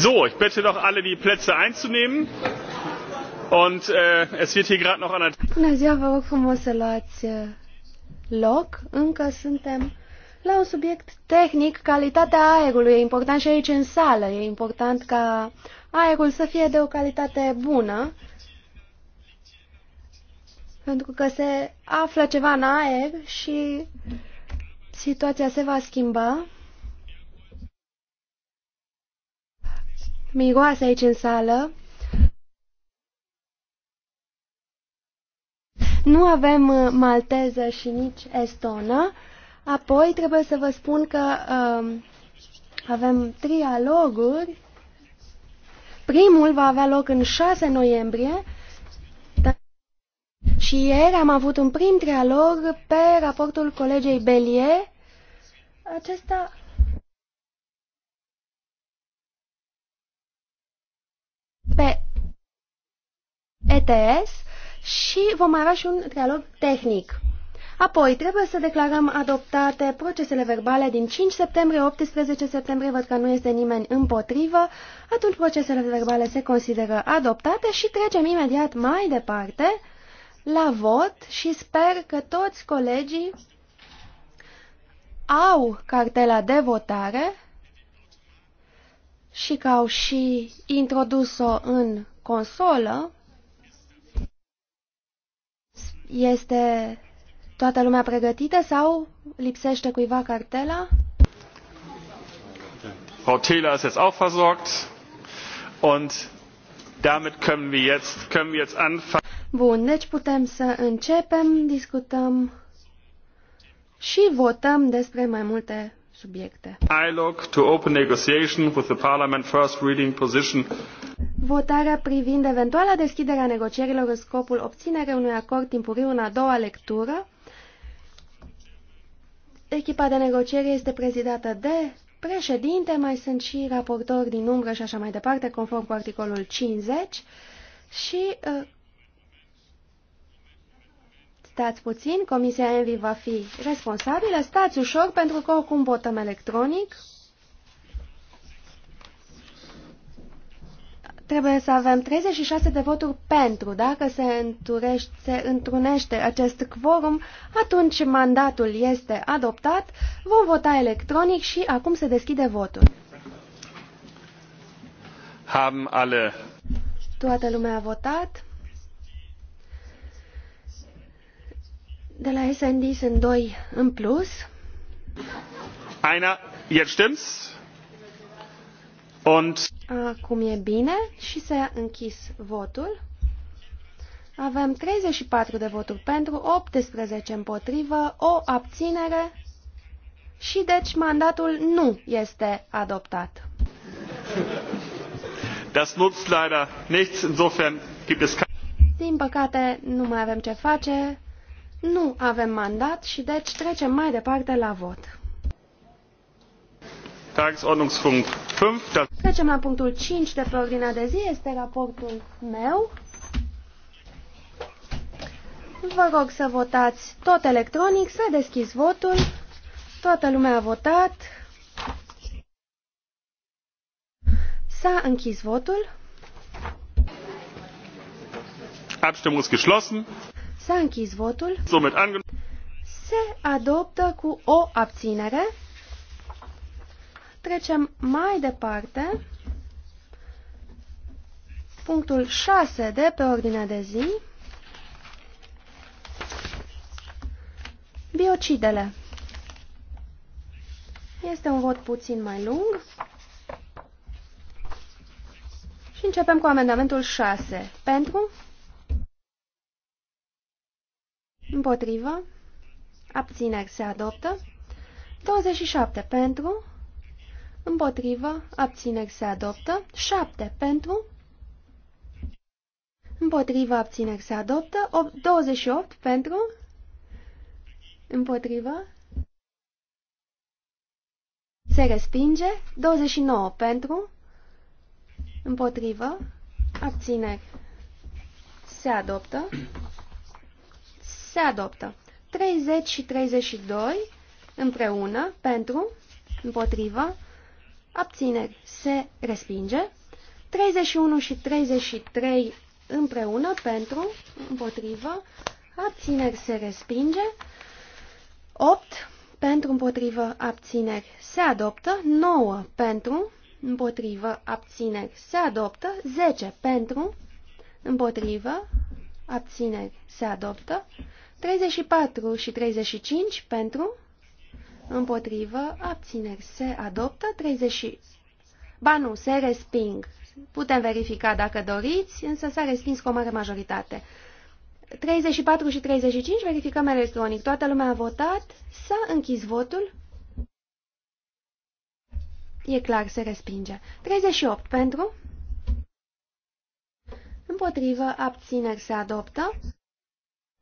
So, ich bitte doch alle, die Plätze einzunehmen. Und äh, es wird hier gerade noch an der... Bună ziua, vă rog frumos să luați uh, loc. Încă suntem la un subiect tehnic, calitatea aerului. E important și aici în sală. E important ca aerul să fie de o calitate bună. Pentru că se află ceva în aer și situația se va schimba. miroase aici în sală. Nu avem uh, malteză și nici estonă. Apoi trebuie să vă spun că um, avem trialoguri. Primul va avea loc în 6 noiembrie și ieri am avut un prim trialog pe raportul colegei Belie. Acesta pe ETS și vom avea și un trialog tehnic. Apoi, trebuie să declarăm adoptate procesele verbale din 5 septembrie, 18 septembrie, văd că nu este nimeni împotrivă, atunci procesele verbale se consideră adoptate și trecem imediat mai departe la vot și sper că toți colegii au cartela de votare și că au și introdus-o în consolă, este toată lumea pregătită sau lipsește cuiva cartela? Frau Thela ist jetzt auch versorgt und damit können wir jetzt, können wir jetzt anfangen. Bun, deci putem să începem, discutăm și votăm despre mai multe subiecte. To open with the first Votarea privind eventuala deschiderea negocierilor în scopul obținerea unui acord timpuriu în a doua lectură. Echipa de negociere este prezidată de președinte, mai sunt și raportori din umbră și așa mai departe, conform cu articolul 50 și uh, Stați puțin, Comisia Envi va fi responsabilă. Stați ușor, pentru că oricum votăm electronic. Trebuie să avem 36 de voturi pentru. Dacă se, înturește, se întrunește acest quorum, atunci mandatul este adoptat. Vom vota electronic și acum se deschide votul. Haben alle. Toată lumea a votat. De la SND sunt doi în plus. Einer, jetzt stimmt's. Und Acum e bine și s-a închis votul. Avem 34 de voturi pentru, 18 împotrivă, o abținere și deci mandatul nu este adoptat. Das nutzt leider nichts, insofern gibt es Din păcate, nu mai avem ce face. Nu avem mandat și deci trecem mai departe la vot. Trecem la punctul 5 de pe ordinea de zi, este raportul meu. Vă rog să votați tot electronic, să deschizi votul. Toată lumea a votat. S-a închis votul. Abstimmung ist geschlossen. S-a închis votul. Se adoptă cu o abținere. Trecem mai departe. Punctul 6 de pe ordinea de zi. Biocidele. Este un vot puțin mai lung. Și începem cu amendamentul 6. Pentru? Împotrivă. Abțineri se adoptă. 27 pentru. Împotrivă. Abțineri se adoptă. 7 pentru. Împotrivă. Abțineri se adoptă. 28 pentru. Împotrivă. Se respinge. 29 pentru. Împotrivă. Abțineri se adoptă se adoptă. 30 și 32 împreună, pentru, împotrivă, abțineri, se respinge. 31 și 33 împreună, pentru, împotrivă, abțineri, se respinge. 8 pentru, împotrivă, abțineri, se adoptă. 9 pentru, împotrivă, abțineri, se adoptă. 10 pentru, împotrivă, abțineri, se adoptă. 34 și 35 pentru, împotrivă, abțineri se adoptă, 30... Ba nu, se resping. Putem verifica dacă doriți, însă s-a respins cu o mare majoritate. 34 și 35, verificăm electronic. Toată lumea a votat, s-a închis votul. E clar, se respinge. 38 pentru. Împotrivă, abțineri se adoptă.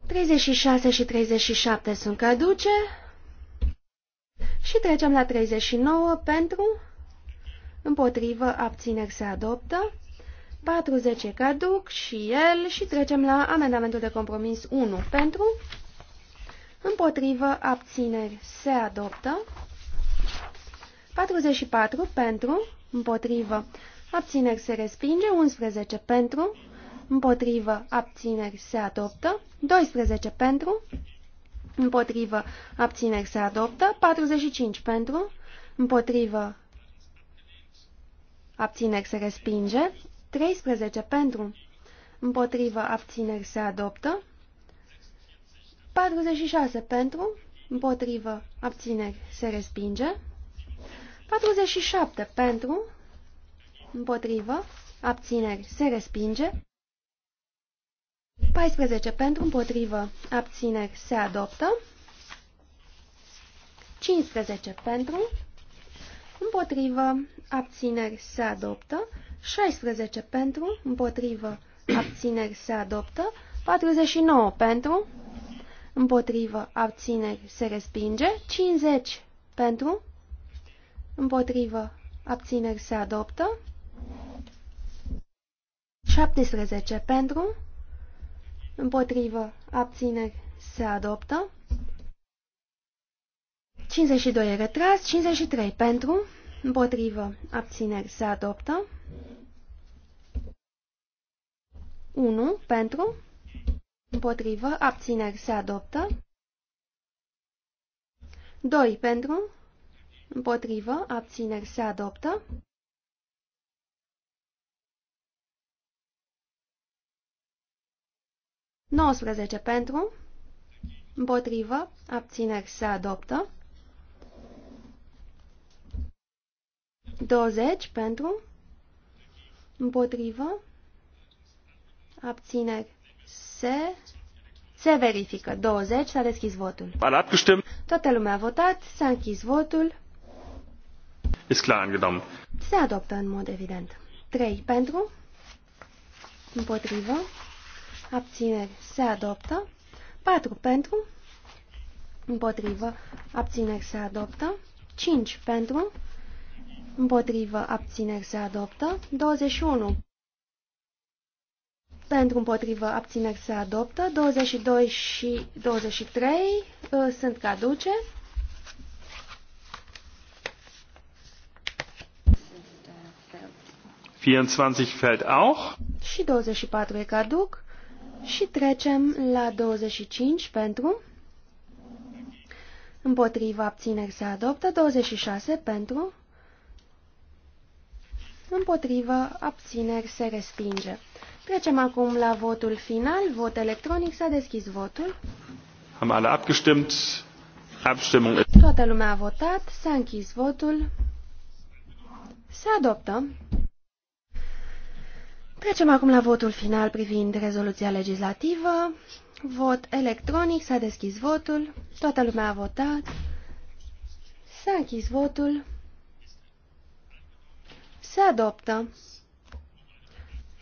36 și 37 sunt caduce. Și trecem la 39 pentru, împotrivă, abțineri se adoptă. 40 caduc și el și trecem la amendamentul de compromis 1 pentru, împotrivă, abțineri se adoptă. 44 pentru, împotrivă, abțineri se respinge, 11 pentru, împotrivă, abțineri, se adoptă. 12 pentru, împotrivă, abțineri, se adoptă. 45 pentru, împotrivă, abțineri, se respinge. 13 pentru, împotrivă, abțineri, se adoptă. 46 pentru, împotrivă, abțineri, se respinge. 47 pentru, împotrivă, abțineri, se respinge. 14 pentru împotrivă abțineri se adoptă. 15 pentru împotrivă abțineri se adoptă. 16 pentru împotrivă abțineri se adoptă. 49 pentru împotrivă abțineri se respinge. 50 pentru împotrivă abțineri se adoptă. 17 pentru Împotrivă. Abțineri. Se adoptă. 52 e retras. 53 pentru. Împotrivă. Abțineri. Se adoptă. 1 pentru. Împotrivă. Abțineri. Se adoptă. 2 pentru. Împotrivă. Abțineri. Se adoptă. 19 pentru, împotrivă, abțineri se adoptă. 20 pentru, împotrivă, abțineri se, se verifică. 20 s-a deschis votul. Toată lumea a votat, s-a închis votul. Ist klar angenommen. Se adoptă în mod evident. 3 pentru, împotrivă, abțineri se adoptă, 4 pentru, împotrivă, abțineri se adoptă, 5 pentru, împotrivă, abțineri se adoptă, 21 pentru împotrivă abțineri se adoptă, 22 și 23 uh, sunt caduce. Și 24 e caduc. Și trecem la 25 pentru, împotriva abțineri se adoptă, 26 pentru, împotriva abțineri se respinge. Trecem acum la votul final, vot electronic, s-a deschis votul. Am alle abgestimmt. Abstimmung. Toată lumea a votat, s-a închis votul. Se adoptă. Trecem acum la votul final privind rezoluția legislativă. Vot electronic, s-a deschis votul, toată lumea a votat, s-a închis votul, se adoptă.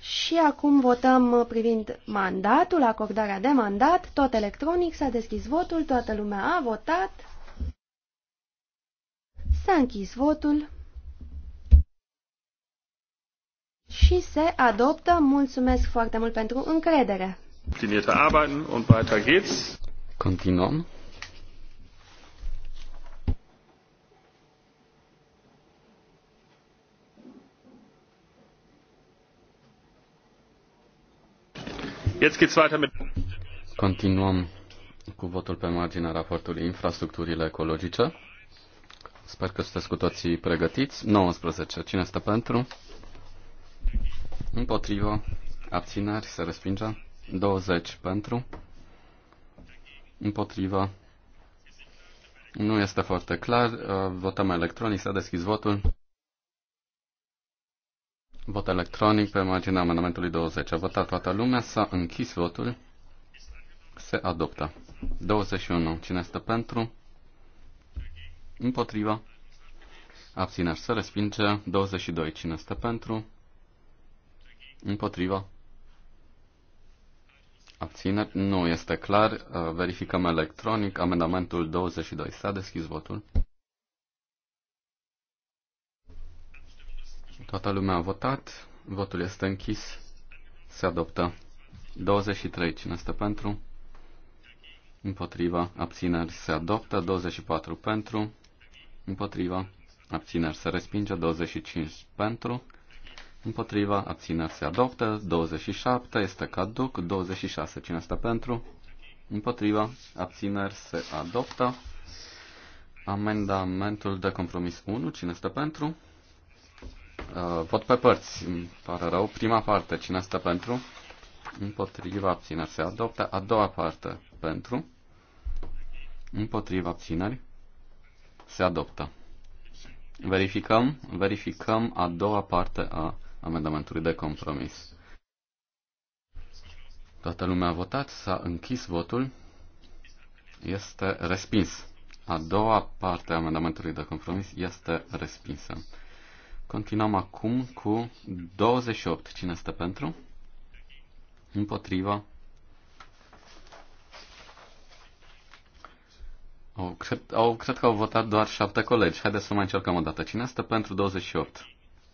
Și acum votăm privind mandatul, acordarea de mandat, tot electronic, s-a deschis votul, toată lumea a votat, s-a închis votul. și se adoptă. Mulțumesc foarte mult pentru încredere. Continuăm. Continuăm cu votul pe marginea raportului infrastructurile ecologice. Sper că sunteți cu toții pregătiți. 19. Cine este pentru? Împotrivă. Abțineri se respinge. 20 pentru. Împotrivă. Nu este foarte clar. Uh, votăm electronic. S-a deschis votul. Vot electronic pe marginea amendamentului 20. A votat toată lumea. S-a închis votul. Se adoptă. 21. Cine este pentru? Împotriva. Abțineri se respinge. 22. Cine este pentru? Împotriva. Abțineri. Nu este clar. Uh, verificăm electronic. Amendamentul 22. S-a deschis votul. Toată lumea a votat. Votul este închis. Se adoptă. 23. Cine este pentru? Împotriva. Abțineri. Se adoptă. 24 pentru. Împotriva. Abțineri. Se respinge. 25 pentru. Împotriva, abțineri se adoptă. 27 este caduc. 26, cine stă pentru? Împotriva, abțineri se adoptă. Amendamentul de compromis 1, cine stă pentru? Uh, vot pe părți, îmi pare rău. Prima parte, cine stă pentru? Împotriva, abțineri se adoptă. A doua parte, pentru? Împotriva, abțineri se adoptă. Verificăm, verificăm a doua parte a amendamentului de compromis. Toată lumea a votat, s-a închis votul, este respins. A doua parte a amendamentului de compromis este respinsă. Continuăm acum cu 28. Cine este pentru? Împotriva. Au, cred, au, cred că au votat doar șapte colegi. Haideți să mai încercăm o dată. Cine este pentru 28?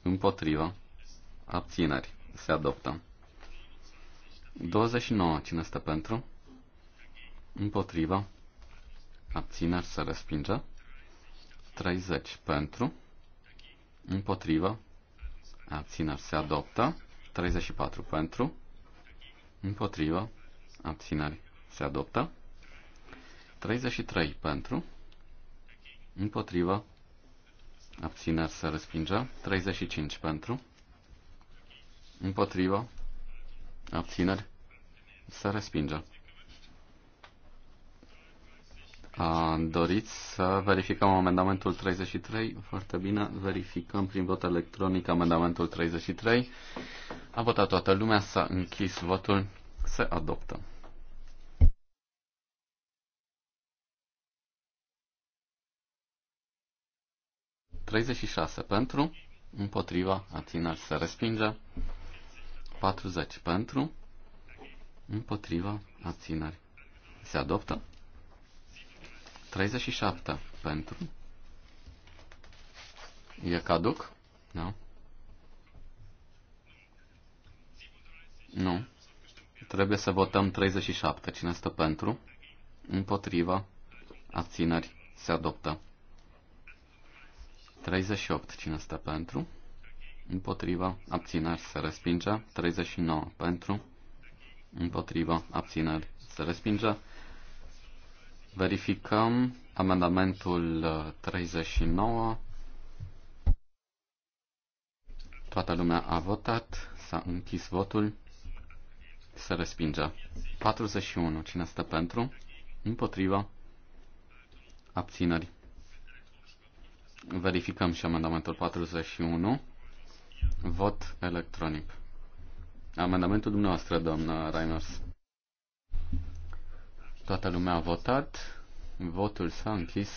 Împotriva abțineri, se adoptă. 29. Cine este pentru? Împotriva. Abțineri se respinge. 30. Pentru. Împotriva. Abțineri se adoptă. 34. Pentru. Împotriva. Abțineri se adoptă. 33. Pentru. Împotriva. Abțineri se respinge. 35. Pentru împotrivă, abțineri, se respinge. A, doriți să verificăm amendamentul 33? Foarte bine, verificăm prin vot electronic amendamentul 33. A votat toată lumea, s-a închis votul, se adoptă. Treizeci și șase pentru, împotriva, abțineri se respinge. 40 pentru, împotriva, abțineri. Se adoptă. 37 pentru. E caduc? Da. Nu. Trebuie să votăm 37. Cine stă pentru? Împotriva. Abțineri. Se adoptă. 38. Cine stă pentru? împotriva, abțineri, se respinge, 39 pentru, împotriva, abțineri, se respinge. Verificăm amendamentul 39. Uh, Toată lumea a votat, s-a închis votul, se respinge. 41. Cine stă pentru? Împotriva. abțineri Verificăm și amendamentul 41. Vot electronic. Amendamentul dumneavoastră, doamna Reimers. Toată lumea a votat. Votul s-a închis.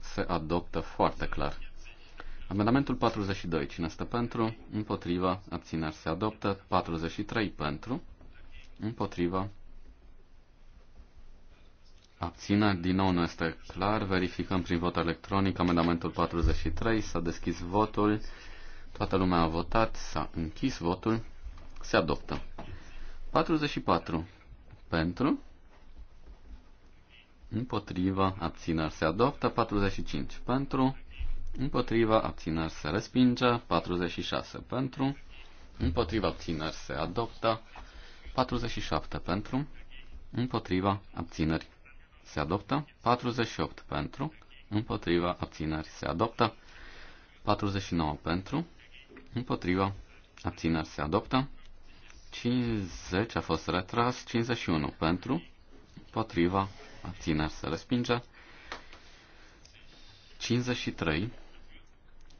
Se adoptă foarte clar. Amendamentul 42. Cine stă pentru? Împotriva. Abțineri se adoptă. 43 pentru. Împotriva. Abțineri. Din nou nu este clar. Verificăm prin vot electronic. Amendamentul 43. S-a deschis votul. Toată lumea a votat, s-a închis votul, se adoptă. 44. Pentru. Împotriva, abțineri se adoptă. 45. Pentru. Împotriva, abțineri se respinge. 46. Pentru. Împotriva, abțineri se adoptă. 47. Pentru. Împotriva, abțineri se adoptă. 48. Pentru. Împotriva, abțineri se adoptă. 49 pentru, Împotriva. Abțineri se adoptă. 50 a fost retras. 51 pentru. Împotriva. Abțineri se respinge. 53.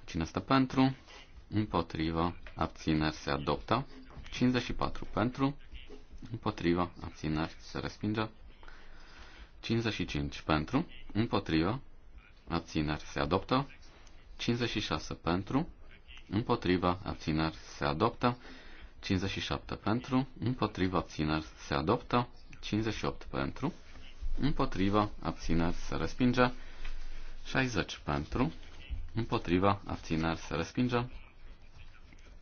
Cine stă pentru? Împotriva. Abțineri se adoptă. 54 pentru. Împotriva. Abțineri se respinge. 55 pentru. Împotriva. Abțineri se adoptă. 56 pentru împotriva, abțineri, se adoptă. 57 pentru, împotriva, abțineri, se adoptă. 58 pentru, împotriva, abțineri, se respinge. 60 pentru, împotriva, abțineri, se respinge.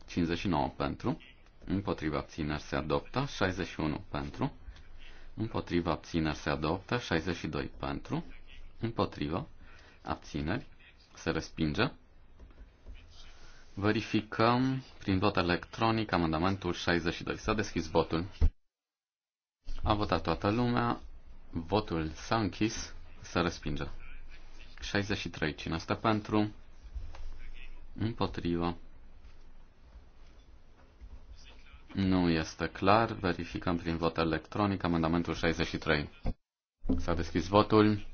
59 pentru, împotriva, abțineri, se adoptă. 61 pentru, împotriva, abțineri, se adoptă. 62 pentru, împotriva, abțineri, se respinge. Verificăm prin vot electronic amendamentul 62. S-a deschis votul. A votat toată lumea. Votul s-a închis. Se respinge. 63. Cine stă pentru? Împotrivă. Nu este clar. Verificăm prin vot electronic amendamentul 63. S-a deschis votul.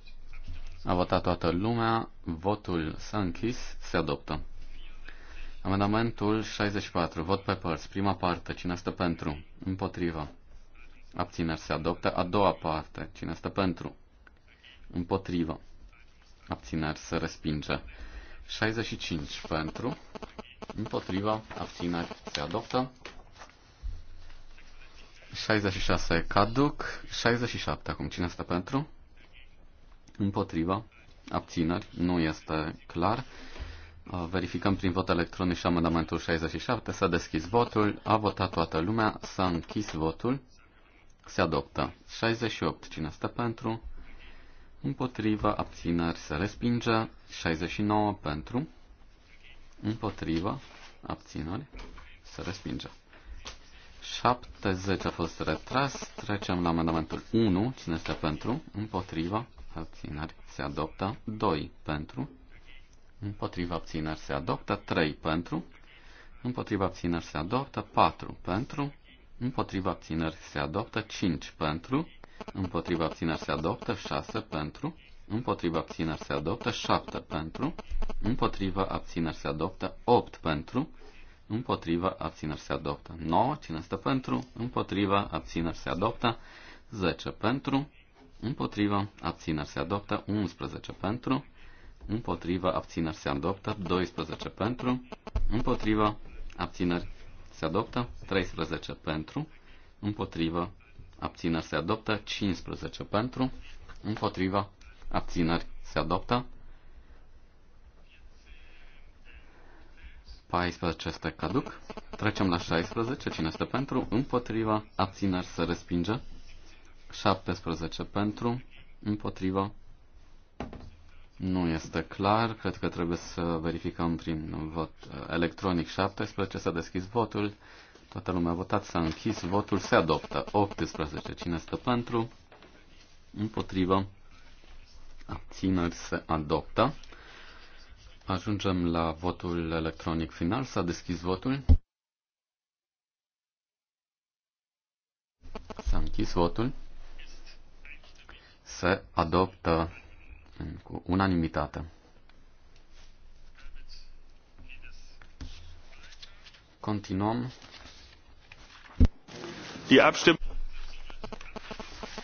A votat toată lumea. Votul s-a închis. Se adoptă. Amendamentul 64. Vot pe părți. Prima parte. Cine stă pentru? Împotrivă. Abțineri se adoptă. A doua parte. Cine stă pentru? Împotrivă. Abțineri se respinge. 65 pentru. Împotriva. Abțineri se adoptă. 66 caduc. 67 acum. Cine stă pentru? Împotriva. Abțineri. Nu este clar. Uh, verificăm prin vot electronic și amendamentul 67. S-a deschis votul, a votat toată lumea, s-a închis votul, se adoptă. 68. Cine stă pentru? Împotriva, abțineri, se respinge. 69 pentru. Împotriva, abțineri, se respinge. 70 a fost retras. Trecem la amendamentul 1. Cine este pentru? Împotriva, abțineri, se adoptă. 2 pentru Împotriva abțineri se adoptă. 3 pentru. Împotriva abțineri se adoptă. 4 pentru. Împotriva abțineri se adoptă. 5 pentru. Împotriva abțineri se adoptă. 6 pentru. Împotriva abțineri se adoptă. 7 pentru. Împotriva abțineri se adoptă. 8 pentru. Împotriva abțineri se adoptă. 9. Cine stă pentru? Împotriva abțineri se adoptă. 10 pentru. Împotriva abțineri se adoptă. 11 pentru împotriva, abțineri se adoptă, 12 pentru, împotriva, abțineri se adoptă, 13 pentru, împotriva, abțineri se adoptă, 15 pentru, împotriva, abțineri se adoptă, 14 este caduc, trecem la 16, cine este pentru, împotriva, abțineri se respinge, 17 pentru, împotriva, nu este clar, cred că trebuie să verificăm prin vot electronic 17, s-a deschis votul, toată lumea a votat, s-a închis votul, se adoptă 18, cine stă pentru, împotrivă, abțineri se adoptă. Ajungem la votul electronic final, s-a deschis votul. S-a închis votul. Se adoptă cu unanimitate. Continuăm.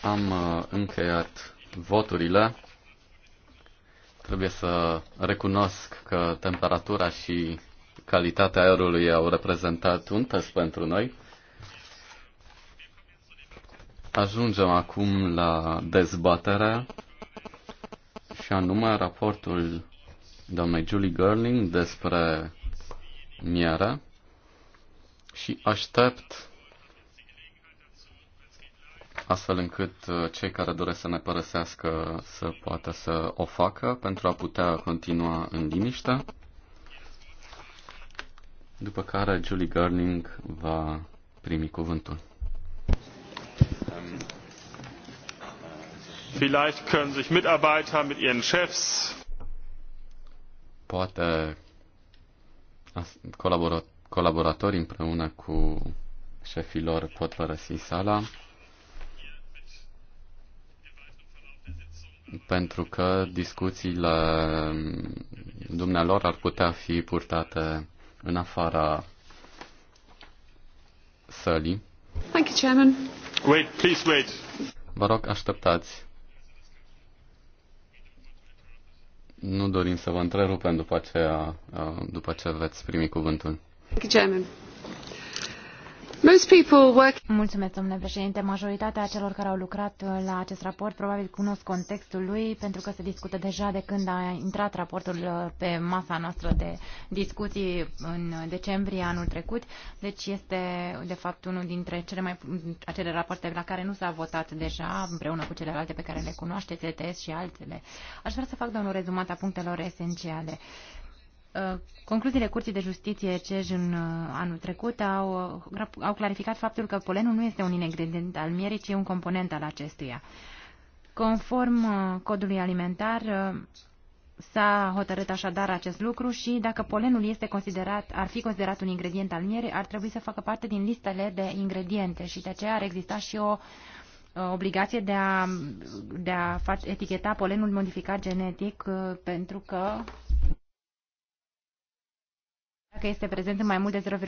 Am uh, încheiat voturile. Trebuie să recunosc că temperatura și calitatea aerului au reprezentat un test pentru noi. Ajungem acum la dezbaterea și anume raportul doamnei Julie Gerling despre miere și aștept astfel încât uh, cei care doresc să ne părăsească să poată să o facă pentru a putea continua în liniște. După care Julie Garning va primi cuvântul. Vielleicht können sich Mitarbeiter mit ihren Chefs. Poate colaboratorii împreună cu șefii lor pot părăsi sala pentru că discuțiile dumnealor ar putea fi purtate în afara sălii. Thank you, Chairman. Wait, please wait. Vă rog, așteptați. Nu dorim să vă întrerupem după, aceea, după ce veți primi cuvântul. Chairman. Mulțumesc, domnule președinte. Majoritatea celor care au lucrat uh, la acest raport probabil cunosc contextul lui, pentru că se discută deja de când a intrat raportul uh, pe masa noastră de discuții în decembrie anul trecut. Deci este, de fapt, unul dintre cele mai, acele rapoarte la care nu s-a votat deja, împreună cu celelalte pe care le cunoașteți, ETS și altele. Aș vrea să fac doar un rezumat a punctelor esențiale. Uh, concluziile Curții de Justiție CEJ în uh, anul trecut au, uh, au clarificat faptul că polenul nu este un ingredient al mierii, ci un component al acestuia. Conform codului alimentar, S-a hotărât așadar acest lucru și dacă polenul este considerat, ar fi considerat un ingredient al mierii, ar trebui să facă parte din listele de ingrediente și de aceea ar exista și o obligație de a, de a eticheta polenul modificat genetic pentru că dacă este prezent în mai mult de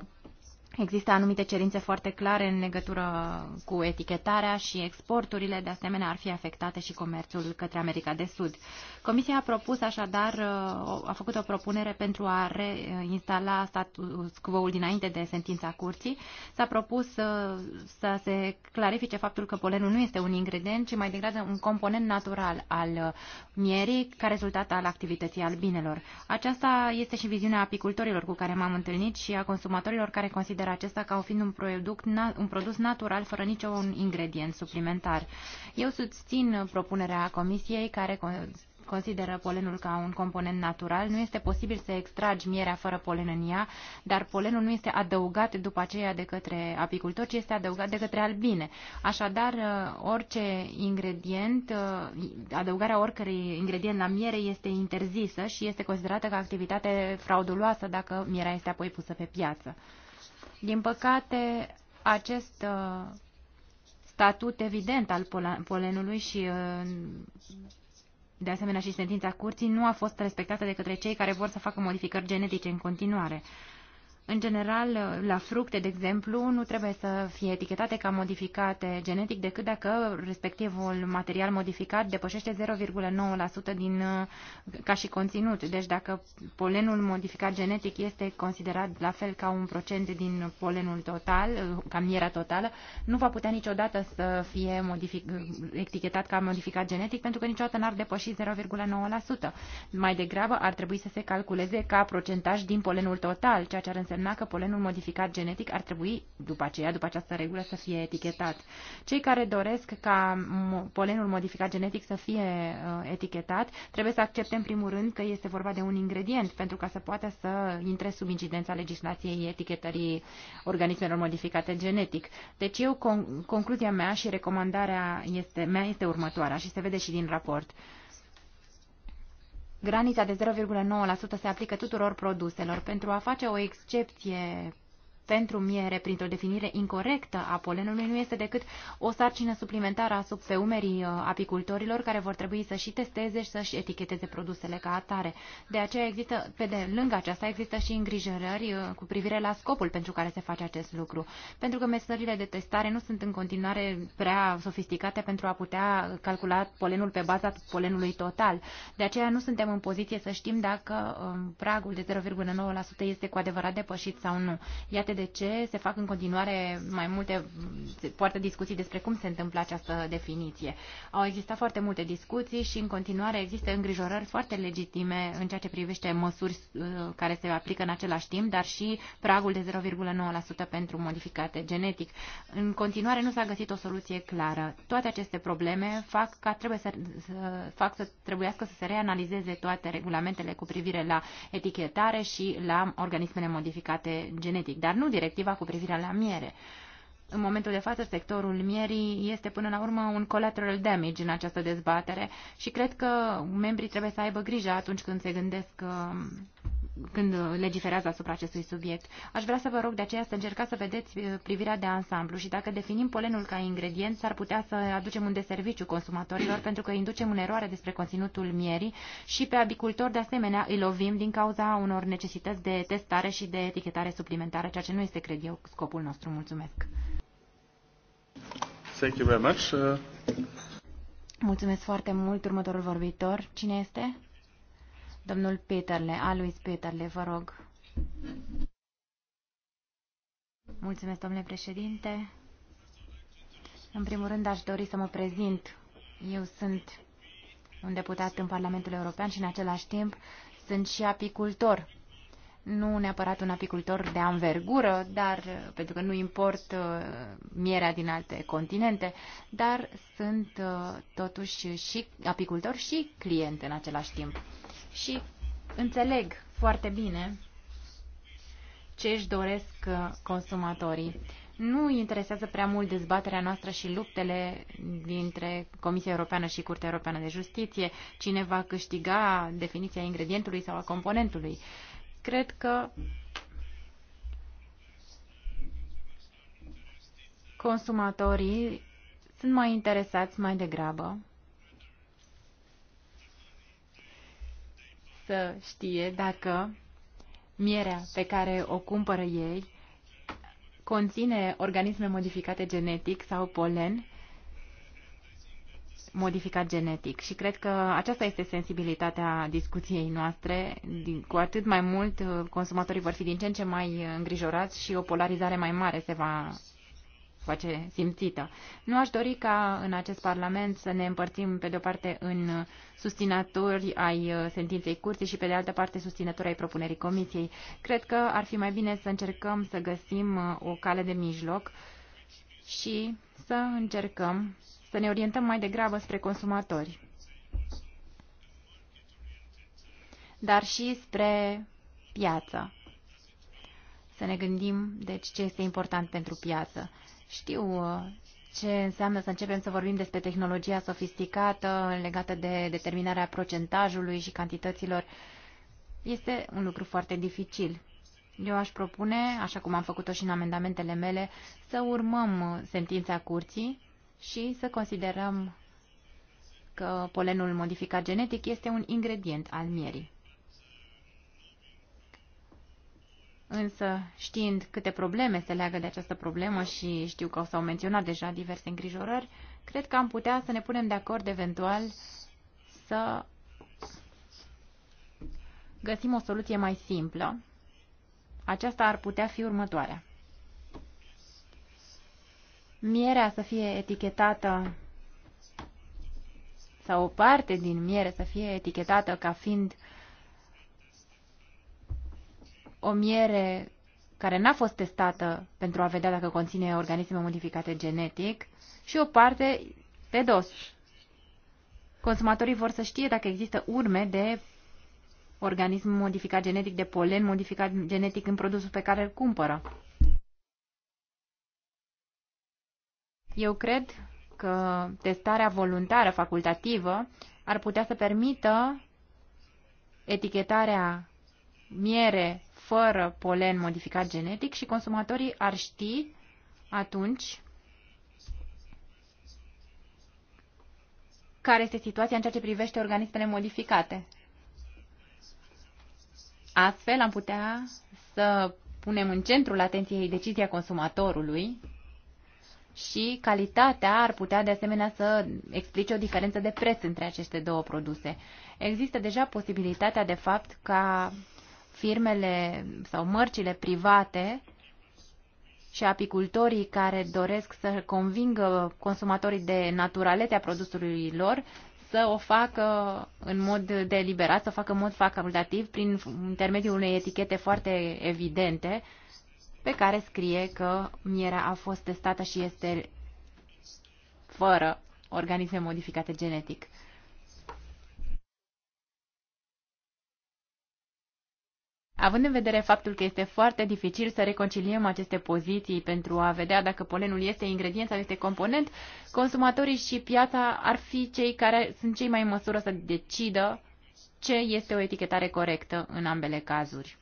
0,9%. Există anumite cerințe foarte clare în legătură cu etichetarea și exporturile, de asemenea ar fi afectate și comerțul către America de Sud. Comisia a propus așadar, uh, a făcut o propunere pentru a reinstala status quo-ul dinainte de sentința curții. S-a propus să, uh, să se clarifice faptul că polenul nu este un ingredient, ci mai degrabă un component natural al uh, mierii ca rezultat al activității albinelor. Aceasta este și viziunea apicultorilor cu care m-am întâlnit și a consumatorilor care consideră consideră acesta ca fiind un, product, un produs natural fără niciun ingredient suplimentar. Eu susțin propunerea Comisiei care consideră polenul ca un component natural, nu este posibil să extragi mierea fără polen în ea, dar polenul nu este adăugat după aceea de către apicultori, ci este adăugat de către albine. Așadar, uh, orice ingredient, uh, adăugarea oricărui ingredient la miere este interzisă și este considerată ca activitate frauduloasă dacă mierea este apoi pusă pe piață. Din păcate, acest uh, statut evident al polenului și uh, de asemenea și sentința curții nu a fost respectată de către cei care vor să facă modificări genetice în continuare. În general, la fructe, de exemplu, nu trebuie să fie etichetate ca modificate genetic decât dacă respectivul material modificat depășește 0,9% din, uh, ca și conținut. Deci dacă polenul modificat genetic este considerat la fel ca un procent din polenul total, uh, ca miera totală, nu va putea niciodată să fie modific, etichetat ca modificat genetic pentru că niciodată n-ar depăși 0,9%. Mai degrabă ar trebui să se calculeze ca procentaj din polenul total, ceea ce ar însemna însemna că polenul modificat genetic ar trebui, după aceea, după această regulă, să fie etichetat. Cei care doresc ca polenul modificat genetic să fie uh, etichetat trebuie să accepte, în primul rând, că este vorba de un ingredient pentru ca să poată să intre sub incidența legislației etichetării organismelor modificate genetic. Deci eu, con concluzia mea și recomandarea este, mea este următoarea și se vede și din raport. Uh, granița de 0,9% se aplică tuturor produselor. Pentru a face o excepție pentru miere printr-o definire incorrectă a polenului nu este decât o sarcină suplimentară a sub pe umerii uh, apicultorilor care vor trebui să și testeze și să-și eticheteze produsele ca atare. De aceea există, pe de lângă aceasta, există și îngrijorări uh, cu privire la scopul pentru care se face acest lucru. Pentru că mesările de testare nu sunt în continuare prea sofisticate pentru a putea calcula polenul pe baza polenului total. De aceea nu suntem în poziție să știm dacă um, pragul de 0,9% este cu adevărat depășit sau nu. Iată de ce se fac în continuare mai multe, se poartă discuții despre cum se întâmplă această definiție. Au existat foarte multe discuții și în continuare există îngrijorări foarte legitime în ceea ce privește măsuri uh, care se aplică în același timp, dar și pragul de 0,9% pentru modificate genetic. În continuare nu s-a găsit o soluție clară. Toate aceste probleme fac ca trebuie să, să, fac să trebuiască să se reanalizeze toate regulamentele cu privire la etichetare și la organismele modificate genetic. Dar nu nu directiva cu privire la miere. În momentul de față, sectorul mierii este până la urmă un collateral damage în această dezbatere și cred că membrii trebuie să aibă grijă atunci când se gândesc uh, când legiferează asupra acestui subiect. Aș vrea să vă rog de aceea să încercați să vedeți uh, privirea de ansamblu și dacă definim polenul ca ingredient, s-ar putea să aducem un deserviciu consumatorilor pentru că inducem în eroare despre conținutul mierii și pe abicultori de asemenea îi lovim din cauza unor necesități de testare și de etichetare suplimentară, ceea ce nu este, cred eu, scopul nostru. Mulțumesc! Thank you very much. Uh... Mulțumesc foarte mult. Următorul vorbitor, cine este? Domnul Peterle, a lui Peterle, vă rog. Mulțumesc, domnule președinte. În primul rând, aș dori să mă prezint. Eu sunt un deputat în Parlamentul European și, în același timp, sunt și apicultor. Nu neapărat un apicultor de anvergură, dar, pentru că nu import uh, mierea din alte continente, dar sunt uh, totuși și apicultor și client în același timp și înțeleg foarte bine ce își doresc uh, consumatorii. Nu interesează prea mult dezbaterea noastră și luptele dintre Comisia Europeană și Curtea Europeană de Justiție, cine va câștiga definiția ingredientului sau a componentului. Cred că consumatorii sunt mai interesați mai degrabă să știe dacă mierea pe care o cumpără ei conține organisme modificate genetic sau polen modificat genetic. Și cred că aceasta este sensibilitatea discuției noastre. Cu atât mai mult, uh, consumatorii vor fi din ce în ce mai uh, îngrijorați și o polarizare mai mare se va face simțită. Nu aș dori ca în acest Parlament să ne împărțim, pe de-o parte, în susținători ai uh, sentinței curții și, pe de altă parte, susținători ai propunerii Comisiei. Cred că ar fi mai bine să încercăm să găsim uh, o cale de mijloc și să încercăm să ne orientăm mai degrabă spre consumatori, dar și spre piață. Să ne gândim, deci, ce este important pentru piață. Știu uh, ce înseamnă să începem să vorbim despre tehnologia sofisticată legată de determinarea procentajului și cantităților. Este un lucru foarte dificil. Eu aș propune, așa cum am făcut-o și în amendamentele mele, să urmăm sentința curții și să considerăm că polenul modificat genetic este un ingredient al mierii. Însă, știind câte probleme se leagă de această problemă și știu că s-au menționat deja diverse îngrijorări, cred că am putea să ne punem de acord eventual să găsim o soluție mai simplă. Aceasta ar putea fi următoarea. Mierea să fie etichetată sau o parte din miere să fie etichetată ca fiind uh, o miere care n-a fost testată pentru a vedea dacă conține organisme modificate genetic și o parte pe dos. Consumatorii vor să știe dacă există urme de organism modificat genetic, de polen modificat genetic în produsul pe care îl cumpără. Eu cred că testarea voluntară, facultativă, ar putea să permită etichetarea miere fără polen modificat genetic și consumatorii ar ști atunci care este situația în ceea ce privește organismele modificate. Astfel am putea să punem în centrul atenției decizia consumatorului și calitatea ar putea de asemenea să explice o diferență de preț între aceste două produse. Există deja posibilitatea de fapt ca firmele sau mărcile private și apicultorii care doresc să convingă consumatorii de a produsului lor să o facă în mod deliberat, să o facă în mod facultativ prin intermediul unei etichete foarte evidente pe care scrie că mierea a fost testată și este fără organisme modificate genetic. Având în vedere faptul că este foarte dificil să reconciliem aceste poziții pentru a vedea dacă polenul este ingredient sau este component, consumatorii și piața ar fi cei care sunt cei mai în măsură să decidă ce este o etichetare corectă în ambele cazuri.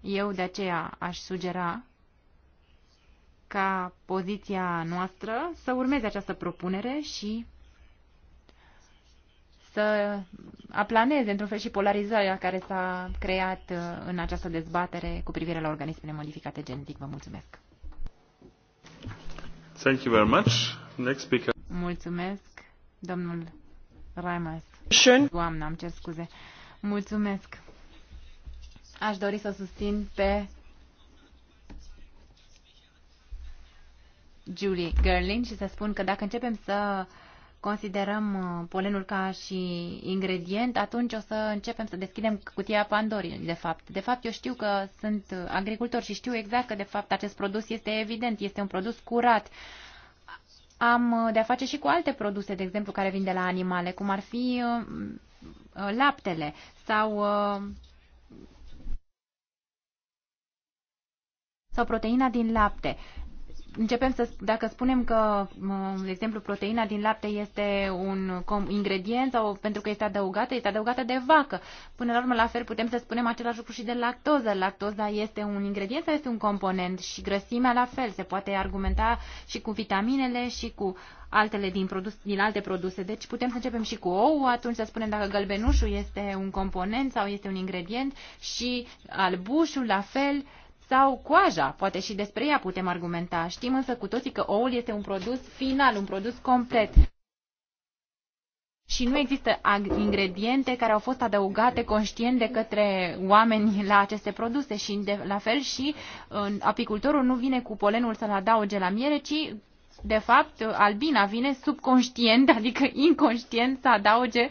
Eu de aceea aș sugera ca poziția noastră să urmeze această propunere și să aplaneze într-un fel și polarizarea care s-a creat uh, în această dezbatere cu privire la organismele modificate genetic. Vă mulțumesc! Thank you very much. Next speaker. Mulțumesc, domnul Raimas. Schön. Doamna, am cer scuze. Mulțumesc. Aș dori să susțin pe Julie Gerlin și să spun că dacă începem să uh, considerăm uh, polenul ca și ingredient, atunci o să începem să deschidem cutia Pandorii, de fapt. De fapt, eu știu că sunt agricultor și știu exact că, de fapt, acest produs este evident, este un produs curat. Am uh, de-a face și cu alte produse, de exemplu, care vin de la animale, cum ar fi uh, laptele sau sau proteina din lapte începem să, dacă spunem că, de exemplu, proteina din lapte este un ingredient sau pentru că este adăugată, este adăugată de vacă. Până la urmă, la fel, putem să spunem același lucru și de lactoză. Lactoza este un ingredient sau este un component și grăsimea la fel. Se poate argumenta și cu vitaminele și cu altele din, produs, din alte produse. Deci putem să începem și cu ou, atunci să spunem dacă gălbenușul este un component sau este un ingredient și albușul la fel sau coaja, poate și despre ea putem argumenta. Știm însă cu toții că oul este un produs final, un produs complet. Și nu există ingrediente care au fost adăugate conștient de către oameni la aceste produse și de, la fel și uh, apicultorul nu vine cu polenul să-l adauge la miere, ci de fapt albina vine subconștient, adică inconștient să adauge uh,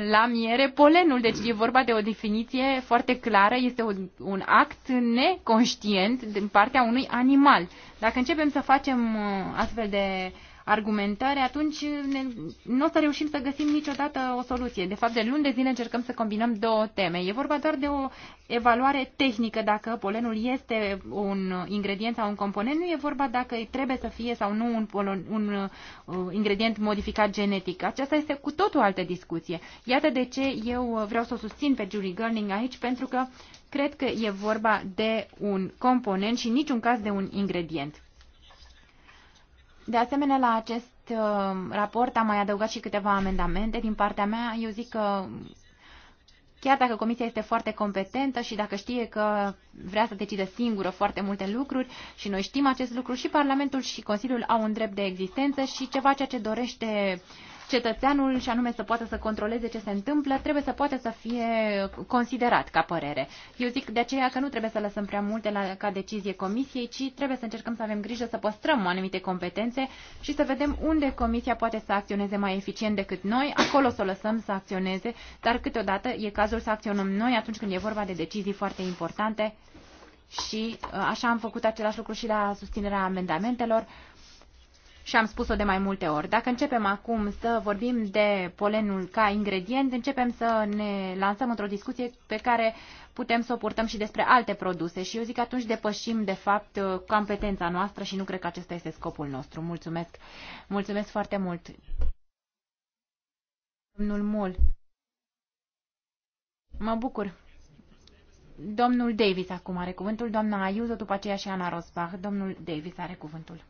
la miere polenul. Deci e vorba de o definiție foarte clară, este un, un act neconștient din partea unui animal. Dacă începem să facem uh, astfel de argumentări, atunci nu o să reușim să găsim niciodată o soluție. De fapt, de luni de zile încercăm să combinăm două teme. E vorba doar de o evaluare tehnică dacă polenul este un ingredient sau un component, nu e vorba dacă trebuie să fie sau nu un, polon, un uh, ingredient modificat genetic. Aceasta este cu totul altă discuție. Iată de ce eu vreau să o susțin pe Julie Gurning aici, pentru că cred că e vorba de un component și niciun caz de un ingredient. De asemenea, la acest uh, raport am mai adăugat și câteva amendamente din partea mea. Eu zic că chiar dacă comisia este foarte competentă și dacă știe că vrea să decide singură foarte multe lucruri și noi știm acest lucru și Parlamentul și Consiliul au un drept de existență și ceva ceea ce dorește uh, cetățeanul, și anume să poată să controleze ce se întâmplă, trebuie să poată să fie considerat ca părere. Eu zic de aceea că nu trebuie să lăsăm prea multe la, ca decizie comisiei, ci trebuie să încercăm să avem grijă să păstrăm anumite competențe și să vedem unde comisia poate să acționeze mai eficient decât noi, acolo să o lăsăm să acționeze, dar câteodată e cazul să acționăm noi atunci când e vorba de decizii foarte importante și uh, așa am făcut același lucru și la susținerea amendamentelor și am spus-o de mai multe ori. Dacă începem acum să vorbim de polenul ca ingredient, începem să ne lansăm într-o discuție pe care putem să o purtăm și despre alte produse și eu zic că atunci depășim, de fapt, competența noastră și nu cred că acesta este scopul nostru. Mulțumesc! Mulțumesc foarte mult! Domnul Mul. Mă bucur. Domnul Davis acum are cuvântul, doamna Ayuso, după aceea și Ana Rosbach. Domnul Davis are cuvântul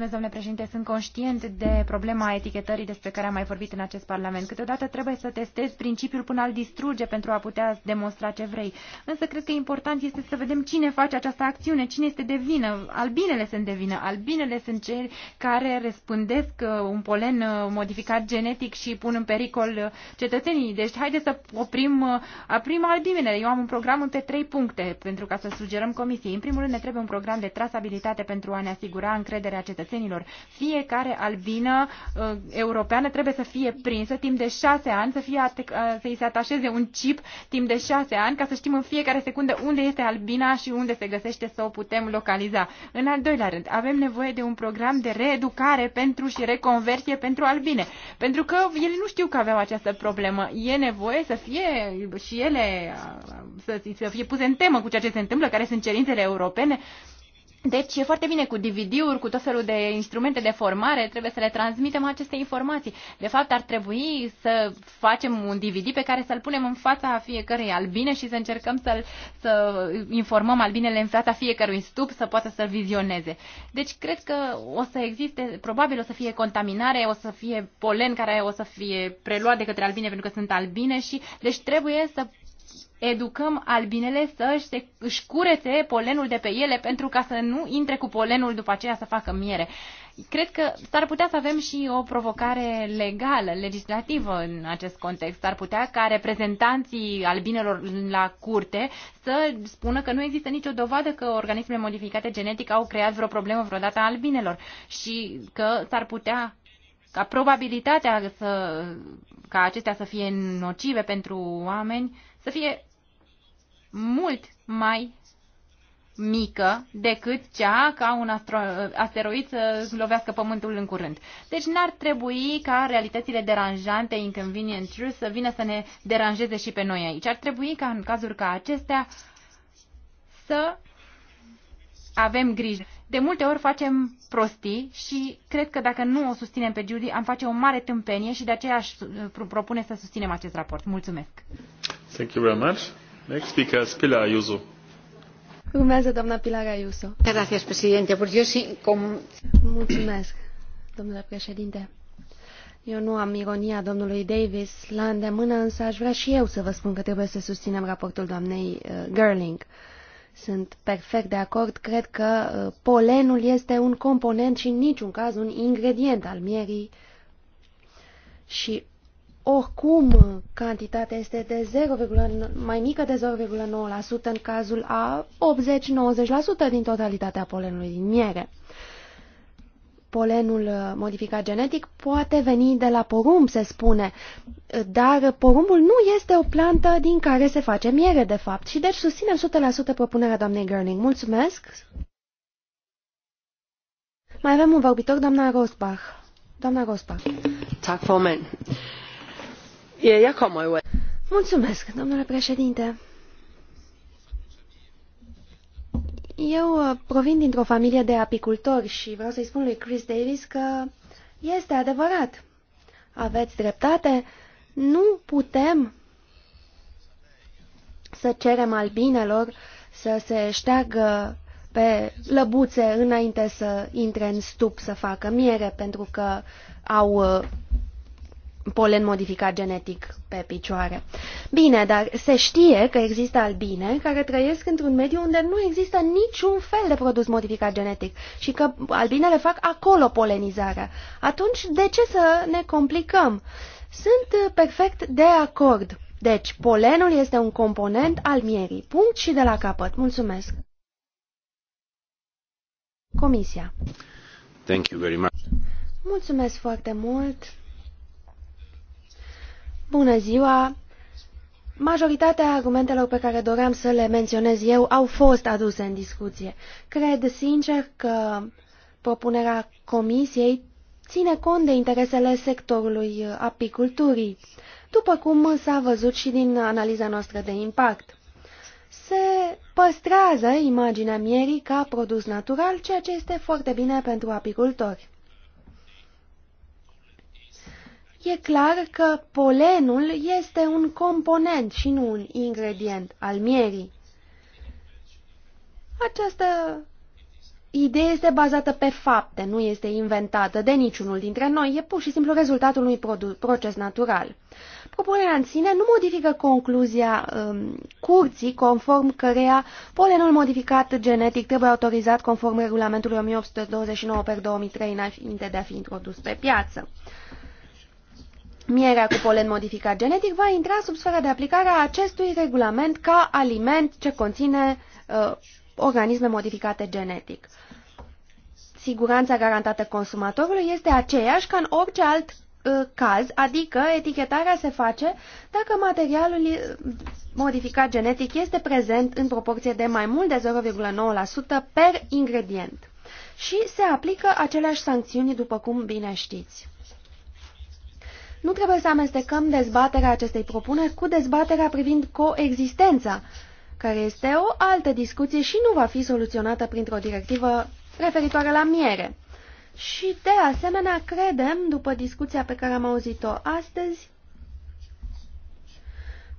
domnule președinte sunt conștient de problema etichetării despre care am mai vorbit în acest parlament. câteodată trebuie să testezi principiul până al distruge pentru a putea demonstra ce vrei însă cred că important este să vedem cine face această acțiune cine este de vină. albinele sunt de vină albinele sunt cei care răspândesc uh, un polen uh, modificat genetic și pun în pericol uh, cetățenii. deci haideți să oprim, oprim albinele. eu am un program pe trei puncte pentru ca să sugerăm comisiei poziției. În primul rând, ne trebuie un program de trasabilitate pentru a ne asigura încrederea cetățenilor. Fiecare albină uh, europeană trebuie să fie prinsă timp de șase ani, să, fie uh, să îi se atașeze un chip timp de șase ani, ca să știm în fiecare secundă unde este albina și unde se găsește să o putem localiza. În al doilea rând, avem nevoie de un program de reeducare pentru și reconversie pentru albine, pentru că ele nu știu că aveau această problemă. E nevoie să fie și ele uh, să, să fie puse în temă cu ceea ce se întâmplă, care sunt cerințe încredere europene. Deci e foarte bine cu DVD-uri, cu tot felul de instrumente de formare, trebuie să le transmitem aceste informații. De fapt, ar trebui să facem un DVD pe care să-l punem în fața fiecărui albine și să încercăm să-l, să informăm albinele în fața fiecărui stup să poată să-l vizioneze. Deci cred că o să existe, probabil o să fie contaminare, o să fie polen care o să fie preluat de către albine pentru că sunt albine și deci trebuie să educăm albinele să se, își curețe polenul de pe ele pentru ca să nu intre cu polenul după aceea să facă miere. Cred că s-ar putea să avem și o provocare legală, legislativă în acest context. S-ar putea ca reprezentanții albinelor la curte să spună că nu există nicio dovadă că organismele modificate genetic au creat vreo problemă vreodată a albinelor și că s-ar putea ca probabilitatea să, ca acestea să fie nocive pentru oameni să fie mult mai mică decât cea ca un astro- asteroid să lovească Pământul în curând. Deci n-ar trebui ca realitățile deranjante, inconvenient truth, să vină să ne deranjeze și pe noi aici. Ar trebui ca în cazuri ca acestea să avem grijă. De multe ori facem prostii și cred că dacă nu o susținem pe Judy, am face o mare tâmpenie și de aceea aș uh, propune să susținem acest raport. Mulțumesc! Thank you very much. Next presidente. Eu nu am ironia domnului Davis la îndemână, însă aș vrea și eu să vă spun că trebuie să susținem raportul doamnei uh, girling. Sunt perfect de acord, cred că uh, polenul este un component și în niciun caz un ingredient al mierii și oricum, cantitatea este de 0, mai mică de 0,9% în cazul a 80-90% din totalitatea polenului din miere. Polenul uh, modificat genetic poate veni de la porumb, se spune, uh, dar porumbul nu este o plantă din care se face miere, de fapt, și deci susținem 100% propunerea doamnei Gerning. Mulțumesc! Mai avem un vorbitor, doamna Rosbach. Doamna Rosbach. Tak, domnule președinte. Eu uh, provin dintr-o familie de apicultori și vreau să-i spun lui Chris Davis că este adevărat. Aveți dreptate. Nu putem să cerem albinelor să se șteargă pe lăbuțe înainte să intre în stup să facă miere, pentru că au uh, polen modificat genetic pe picioare. Bine, dar se știe că există albine care trăiesc într-un mediu unde nu există niciun fel de produs modificat genetic și că albinele fac acolo polenizarea. Atunci, de ce să ne complicăm? Sunt perfect de acord. Deci, polenul este un component al mierii. Punct și de la capăt. Mulțumesc. Comisia. Thank you very much. Mulțumesc foarte mult. Bună ziua! Majoritatea argumentelor pe care doream să le menționez eu au fost aduse în discuție. Cred sincer că propunerea Comisiei ține cont de interesele sectorului apiculturii, după cum s-a văzut și din analiza noastră de impact. Se păstrează imaginea mierii ca produs natural, ceea ce este foarte bine pentru apicultori. E clar că polenul este un component și nu un ingredient al mierii. Această idee este bazată pe fapte, nu este inventată de niciunul dintre noi, e pur și simplu rezultatul unui proces natural. Propunerea în sine nu modifică concluzia um, curții conform cărea polenul modificat genetic trebuie autorizat conform regulamentului 1829 per 2003 înainte de a fi introdus pe piață. Mierea cu polen modificat genetic va intra sub sfera de aplicare a acestui regulament ca aliment ce conține uh, organisme modificate genetic. Siguranța garantată consumatorului este aceeași ca în orice alt uh, caz, adică etichetarea se face dacă materialul uh, modificat genetic este prezent în proporție de mai mult de 0,9% per ingredient și se aplică aceleași sancțiuni după cum bine știți. Nu trebuie să amestecăm dezbaterea acestei propuneri cu dezbaterea privind coexistența, care este o altă discuție și nu va fi soluționată printr-o directivă referitoare la miere. Și, de asemenea, credem, după discuția pe care am auzit-o astăzi,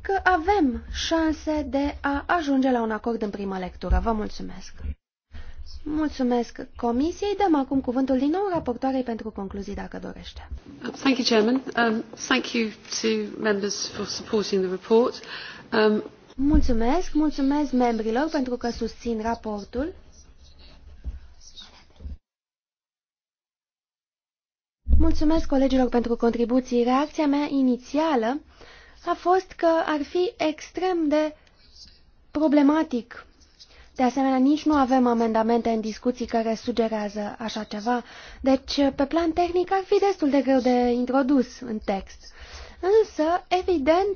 că avem șanse de a ajunge la un acord în prima lectură. Vă mulțumesc! Mulțumesc Comisiei. Dăm acum cuvântul din nou raportoarei pentru concluzii, dacă dorește. Thank you, Chairman. Um, thank you to members for supporting the report. Um, mulțumesc, mulțumesc membrilor pentru că susțin raportul. Mulțumesc colegilor pentru contribuții. Reacția mea inițială a fost că ar fi extrem de problematic de asemenea, nici nu avem amendamente în discuții care sugerează așa ceva, deci pe plan tehnic ar fi destul de greu de introdus în text. Însă, evident,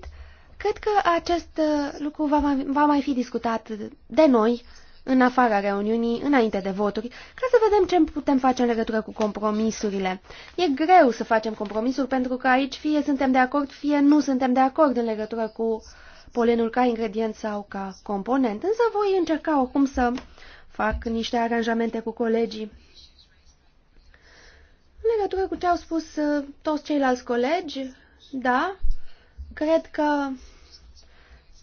cred că acest uh, lucru va mai, va mai fi discutat de noi în afara reuniunii, înainte de voturi, ca să vedem ce putem face în legătură cu compromisurile. E greu să facem compromisuri pentru că aici fie suntem de acord, fie nu suntem de acord în legătură cu uh, polenul ca ingredient sau ca component, însă voi încerca oricum să fac niște aranjamente cu colegii. În legătură cu ce au spus uh, toți ceilalți colegi, da, cred că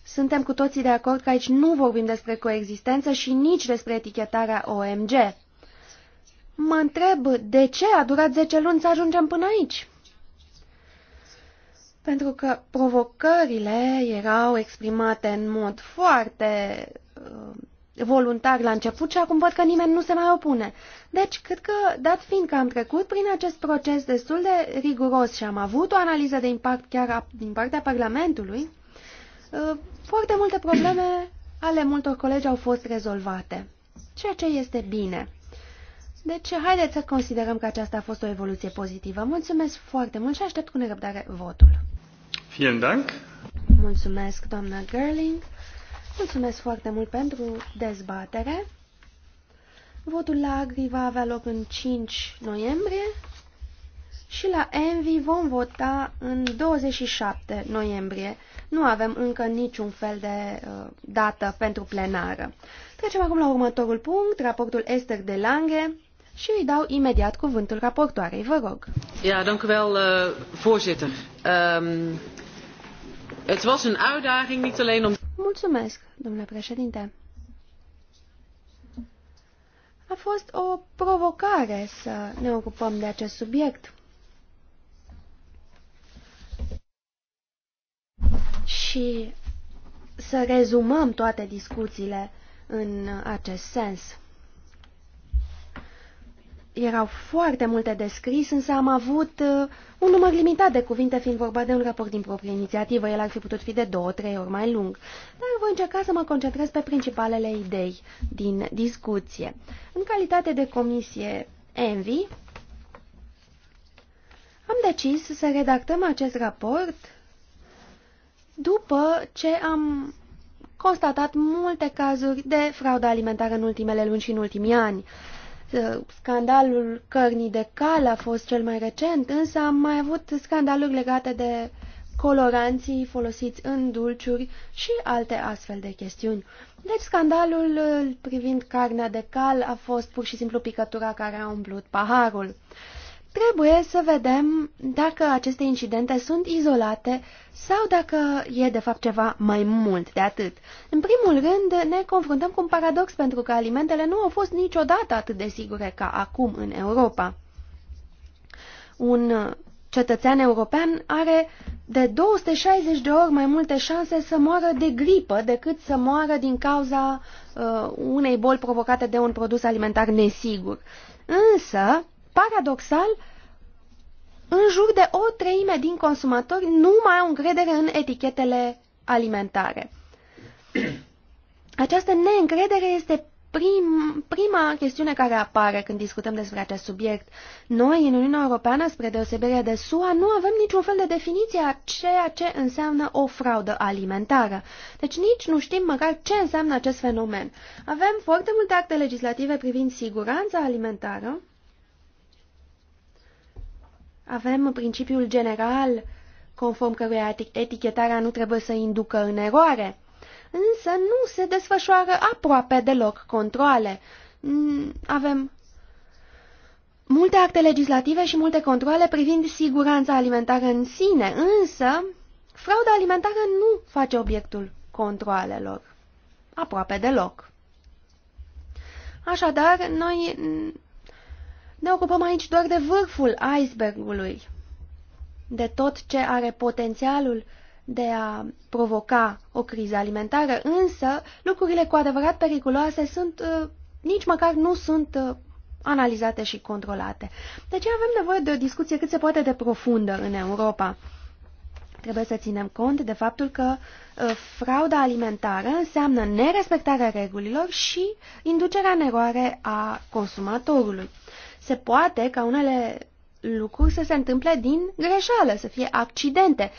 suntem cu toții de acord că aici nu vorbim despre coexistență și nici despre etichetarea OMG. Mă întreb de ce a durat 10 luni să ajungem până aici pentru că provocările erau exprimate în mod foarte uh, voluntar la început și acum văd că nimeni nu se mai opune. Deci, cred că, dat fiind că am trecut prin acest proces destul de riguros și am avut o analiză de impact chiar a, din partea Parlamentului, uh, foarte multe probleme ale multor colegi au fost rezolvate, ceea ce este bine. Deci, haideți să considerăm că aceasta a fost o evoluție pozitivă. Mulțumesc foarte mult și aștept cu nerăbdare votul. Vielen Dank. Mulțumesc, doamna Gerling. Mulțumesc foarte mult pentru dezbatere. Votul la Agri va avea loc în 5 noiembrie și la Envi vom vota în 27 noiembrie. Nu avem încă niciun fel de uh, dată pentru plenară. Trecem acum la următorul punct, raportul Esther de Lange, și îi dau imediat cuvântul raportoarei. Vă rog. Ja, dank u wel, uh, voorzitter. Um, het was een uitdaging niet alleen om... Mulțumesc, domnule președinte. A fost o provocare să ne ocupăm de acest subiect. Și să rezumăm toate discuțiile în acest sens erau foarte multe de scris, însă am avut uh, un număr limitat de cuvinte, fiind vorba de un raport din proprie inițiativă. El ar fi putut fi de două, trei ori mai lung. Dar voi încerca să mă concentrez pe principalele idei din discuție. În calitate de comisie ENVI, am decis să redactăm acest raport după ce am constatat multe cazuri de fraudă alimentară în ultimele luni și în ultimii ani. Uh, scandalul cărnii de cal a fost cel mai recent, însă am mai avut scandaluri legate de coloranții folosiți în dulciuri și alte astfel de chestiuni. Deci scandalul uh, privind carnea de cal a fost pur și simplu picătura care a umplut paharul. Trebuie să vedem dacă aceste incidente sunt izolate sau dacă e de fapt ceva mai mult de atât. În primul rând, ne confruntăm cu un paradox pentru că alimentele nu au fost niciodată atât de sigure ca acum în Europa. Un cetățean european are de 260 de ori mai multe șanse să moară de gripă decât să moară din cauza uh, unei boli provocate de un produs alimentar nesigur. Însă, paradoxal, în jur de o treime din consumatori nu mai au încredere în etichetele alimentare. Această neîncredere este prim, prima chestiune care apare când discutăm despre acest subiect. Noi, în Uniunea Europeană, spre deosebire de SUA, nu avem niciun fel de definiție a ceea ce înseamnă o fraudă alimentară. Deci nici nu știm măcar ce înseamnă acest fenomen. Avem foarte multe acte legislative privind siguranța alimentară, avem principiul general conform căruia etichetarea nu trebuie să inducă în eroare, însă nu se desfășoară aproape deloc controle. Mm, avem multe acte legislative și multe controle privind siguranța alimentară în sine, însă frauda alimentară nu face obiectul controalelor. Aproape deloc. Așadar, noi ne ocupăm aici doar de vârful icebergului, de tot ce are potențialul de a provoca o criză alimentară, însă lucrurile cu adevărat periculoase sunt, uh, nici măcar nu sunt uh, analizate și controlate. Deci avem nevoie de o discuție cât se poate de profundă în Europa. Trebuie să ținem cont de faptul că uh, frauda alimentară înseamnă nerespectarea regulilor și inducerea în eroare a consumatorului. Se poate ca unele lucruri să se întâmple din greșeală, să fie accidente.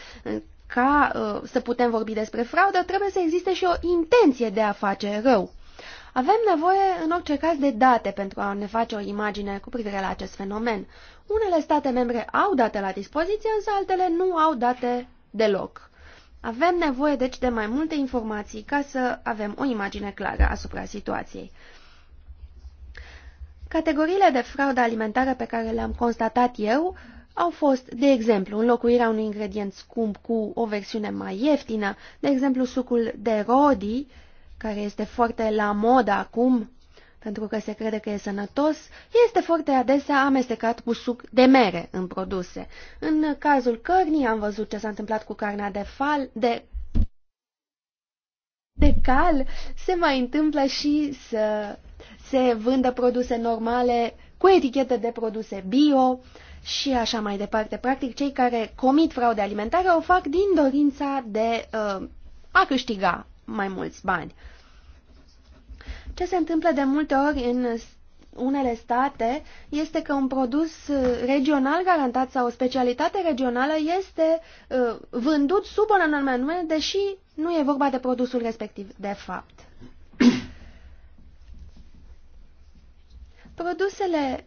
Ca uh, să putem vorbi despre fraudă, trebuie să existe și o intenție de a face rău. Avem nevoie, în orice caz, de date pentru a ne face o imagine cu privire la acest fenomen. Unele state membre au date la dispoziție, însă altele nu au date deloc. Avem nevoie, deci, de mai multe informații ca să avem o imagine clară asupra situației. Categoriile de fraudă alimentară pe care le-am constatat eu au fost, de exemplu, înlocuirea unui ingredient scump cu o versiune mai ieftină, de exemplu sucul de rodi, care este foarte la modă acum, pentru că se crede că e sănătos, este foarte adesea amestecat cu suc de mere în produse. În cazul cărnii am văzut ce s-a întâmplat cu carnea de fal, de de cal, se mai întâmplă și să se vândă produse normale cu etichetă de produse bio și așa mai departe. Practic, cei care comit fraude alimentare o fac din dorința de uh, a câștiga mai mulți bani. Ce se întâmplă de multe ori în unele state este că un produs uh, regional garantat sau o specialitate regională este uh, vândut sub un anume nume, deși nu e vorba de produsul respectiv, de fapt. Produsele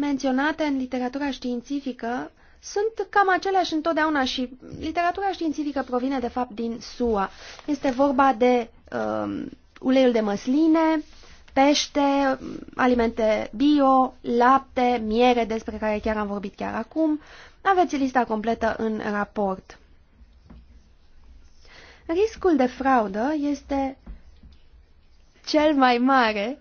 menționate în literatura științifică sunt cam aceleași întotdeauna și literatura științifică provine de fapt din SUA. Este vorba de um, uleiul de măsline, pește, alimente bio, lapte, miere, despre care chiar am vorbit chiar acum. Aveți lista completă în raport. Riscul de fraudă este cel mai mare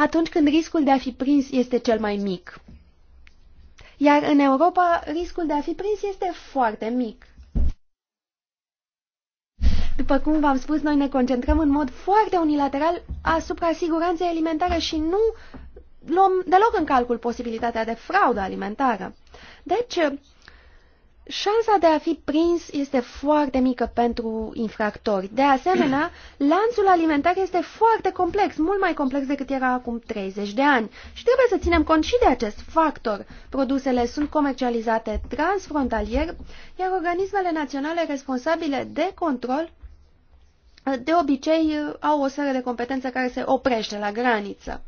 atunci când riscul de a fi prins este cel mai mic. Iar în Europa, riscul de a fi prins este foarte mic. După cum v-am spus, noi ne concentrăm în mod foarte unilateral asupra siguranței alimentare și nu luăm deloc în calcul posibilitatea de fraudă alimentară. Deci, Șansa de a fi prins este foarte mică pentru infractori. De asemenea, lanțul alimentar este foarte complex, mult mai complex decât era acum 30 de ani. Și trebuie să ținem cont și de acest factor. Produsele sunt comercializate transfrontalier, iar organismele naționale responsabile de control de obicei au o seră de competență care se oprește la graniță.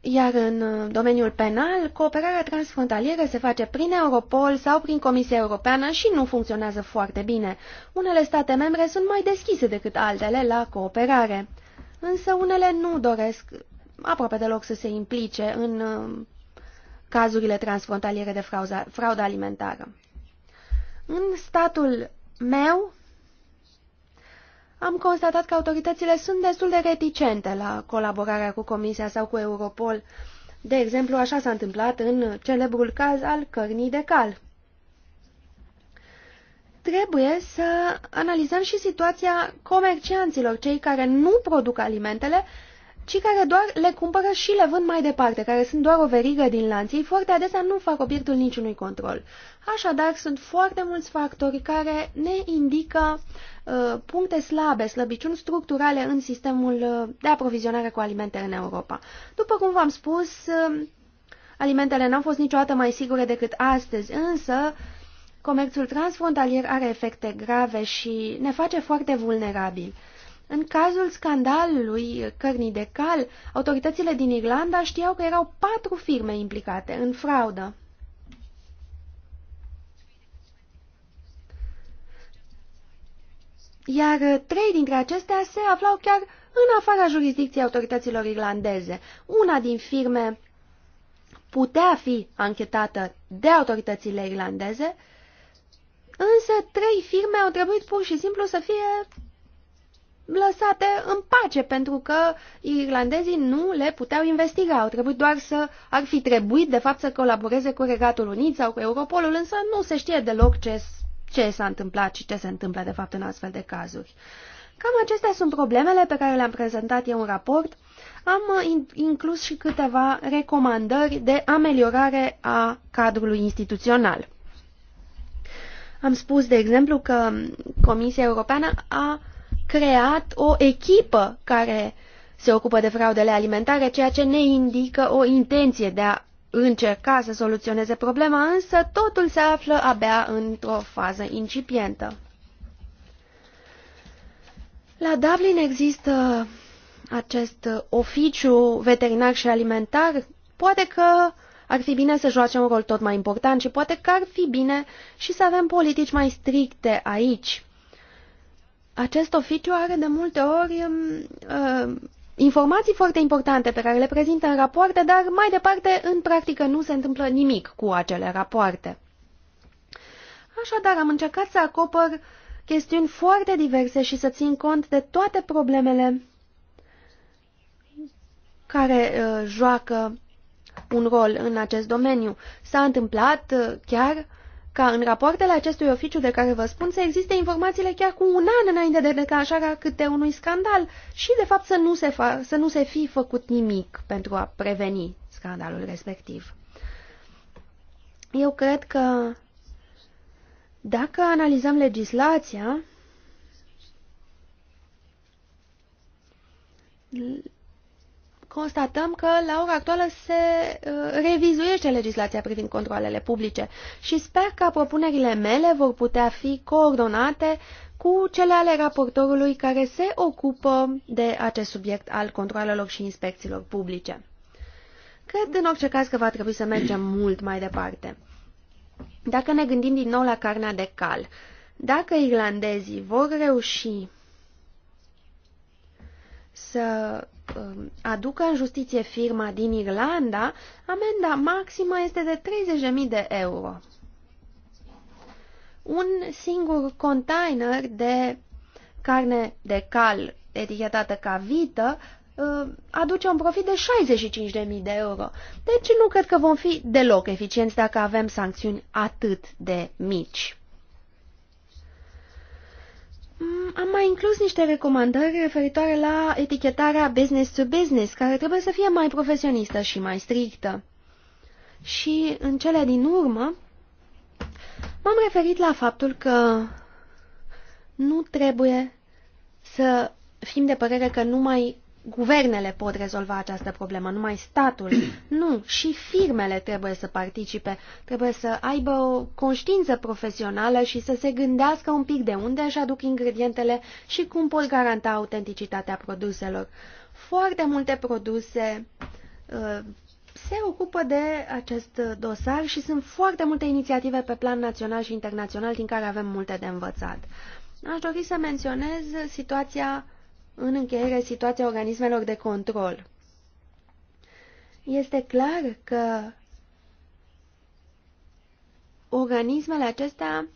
Iar în uh, domeniul penal, cooperarea transfrontalieră se face prin Europol sau prin Comisia Europeană și nu funcționează foarte bine. Unele state membre sunt mai deschise decât altele la cooperare, însă unele nu doresc aproape deloc să se implice în uh, cazurile transfrontaliere de fraudă alimentară. În statul meu, am constatat că autoritățile sunt destul de reticente la colaborarea cu Comisia sau cu Europol. De exemplu, așa s-a întâmplat în celebrul caz al cărnii de cal. Trebuie să analizăm și situația comercianților, cei care nu produc alimentele, ci care doar le cumpără și le vând mai departe, care sunt doar o verigă din lanței, foarte adesea nu fac obiectul niciunui control. Așadar, sunt foarte mulți factori care ne indică uh, puncte slabe, slăbiciuni structurale în sistemul uh, de aprovizionare cu alimente în Europa. După cum v-am spus, uh, alimentele n-au fost niciodată mai sigure decât astăzi, însă comerțul transfrontalier are efecte grave și ne face foarte vulnerabili. În cazul scandalului cărnii de cal, autoritățile din Irlanda știau că erau patru firme implicate în fraudă. Iar trei dintre acestea se aflau chiar în afara jurisdicției autorităților irlandeze. Una din firme putea fi anchetată de autoritățile irlandeze, însă trei firme au trebuit pur și simplu să fie lăsate în pace, pentru că irlandezii nu le puteau investiga. Au trebuit doar să ar fi trebuit, de fapt, să colaboreze cu Regatul Unit sau cu Europolul, însă nu se știe deloc ce, ce s-a întâmplat și ce se întâmplă, de fapt, în astfel de cazuri. Cam acestea sunt problemele pe care le-am prezentat eu în raport. Am uh, inclus și câteva recomandări de ameliorare a cadrului instituțional. Am spus, de exemplu, că Comisia Europeană a uh, creat o echipă care se ocupă de fraudele alimentare, ceea ce ne indică o intenție de a încerca să soluționeze problema, însă totul se află abia într-o fază incipientă. La Dublin există acest oficiu veterinar și alimentar. Poate că ar fi bine să joace un rol tot mai important și poate că ar fi bine și să avem politici mai stricte aici. Acest oficiu are de multe ori um, uh, informații foarte importante pe care le prezintă în rapoarte, dar mai departe, în practică, nu se întâmplă nimic cu acele rapoarte. Așadar, am încercat să acopăr chestiuni foarte diverse și să țin cont de toate problemele care uh, joacă un rol în acest domeniu. S-a întâmplat uh, chiar ca în rapoartele acestui oficiu de care vă spun să existe informațiile chiar cu un an înainte de declanșarea câte unui scandal și, de fapt, să nu se, fa să nu se fi făcut nimic pentru a preveni scandalul respectiv. Eu cred că dacă analizăm legislația, constatăm că la ora actuală se uh, revizuiește legislația privind controlele publice și sper că propunerile mele vor putea fi coordonate cu cele ale raportorului care se ocupă de acest subiect al controlelor și inspecțiilor publice. Cred în orice caz că va trebui să mergem mult mai departe. Dacă ne gândim din nou la carnea de cal, dacă irlandezii vor reuși să um, aducă în justiție firma din Irlanda, amenda maximă este de 30.000 de euro. Un singur container de carne de cal etichetată ca vită um, aduce un profit de 65.000 de euro. Deci nu cred că vom fi deloc eficienți dacă avem sancțiuni atât de mici. Mm, am mai inclus niște recomandări referitoare la etichetarea business to business, care trebuie să fie mai profesionistă și mai strictă. Și în cele din urmă, m-am referit la faptul că nu trebuie să fim de părere că numai guvernele pot rezolva această problemă, numai statul. Nu, și firmele trebuie să participe, trebuie să aibă o conștiință profesională și să se gândească un pic de unde își aduc ingredientele și cum pot garanta autenticitatea produselor. Foarte multe produse uh, se ocupă de acest dosar și sunt foarte multe inițiative pe plan național și internațional din care avem multe de învățat. Aș dori să menționez situația în încheiere, situația organismelor de control. Este clar că organismele acestea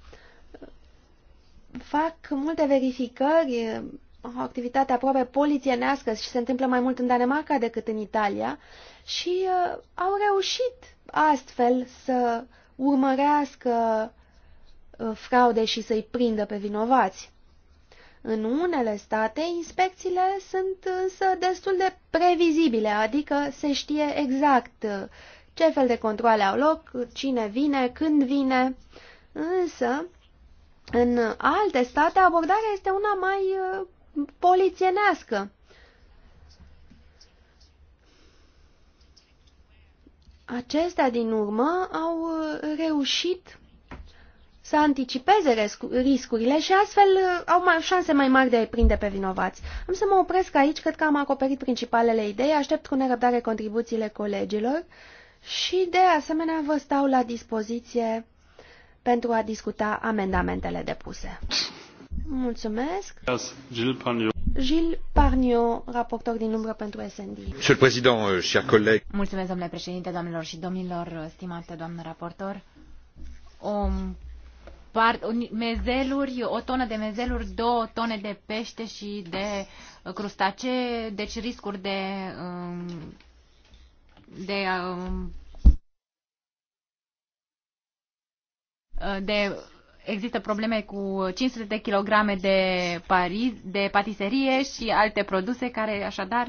fac multe verificări, o activitate aproape polițienească și se întâmplă mai mult în Danemarca decât în Italia și uh, au reușit astfel să urmărească uh, fraude și să-i prindă pe vinovați. În unele state, inspecțiile sunt însă destul de previzibile, adică se știe exact uh, ce fel de controle au loc, cine vine, când vine. Însă, în alte state, abordarea este una mai uh, polițienească. Acestea, din urmă, au uh, reușit să anticipeze riscurile și astfel uh, au mai, șanse mai mari de a-i prinde pe vinovați. Am să mă opresc aici, cred că am acoperit principalele idei, aștept cu nerăbdare contribuțiile colegilor și de asemenea vă stau la dispoziție pentru a discuta amendamentele depuse. Mulțumesc. Gilles Parniot. Gilles Parniot, raportor din umbră pentru SND. Monsieur le Président, euh, chers collègues. Mulțumesc, domnule președinte, doamnelor și domnilor, stimate doamnă raportor. O mezeluri, o tonă de mezeluri, două tone de pește și de uh, crustacee, deci riscuri de, um, de, um, de există probleme cu 500 de kilograme de, pariz, de patiserie și alte produse care așadar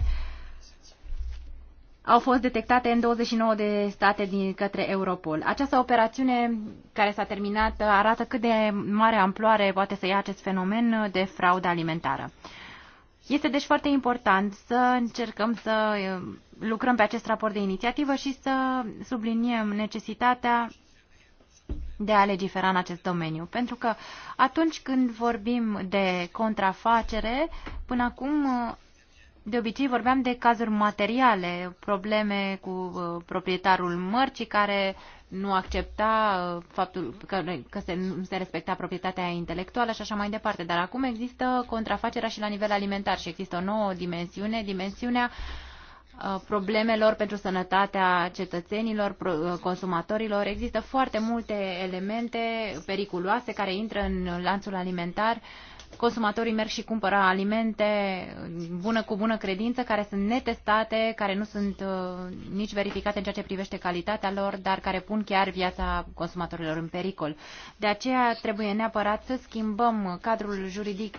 au fost detectate în 29 de state din către Europol. Această operațiune care s-a terminat arată cât de mare amploare poate să ia acest fenomen de fraudă alimentară. Este deci foarte important să încercăm să lucrăm pe acest raport de inițiativă și să subliniem necesitatea de a legifera în acest domeniu. Pentru că atunci când vorbim de contrafacere, până acum de obicei vorbeam de cazuri materiale, probleme cu uh, proprietarul mărcii care nu accepta uh, faptul că, că se, nu se respecta proprietatea intelectuală și așa mai departe. Dar acum există contrafacerea și la nivel alimentar și există o nouă dimensiune, dimensiunea uh, problemelor pentru sănătatea cetățenilor, consumatorilor. Există foarte multe elemente periculoase care intră în lanțul alimentar uh, consumatorii merg și cumpără alimente bună cu bună credință, care sunt netestate, care nu sunt uh, nici verificate în ceea ce privește calitatea lor, dar care pun chiar viața consumatorilor în pericol. De aceea trebuie neapărat să schimbăm cadrul juridic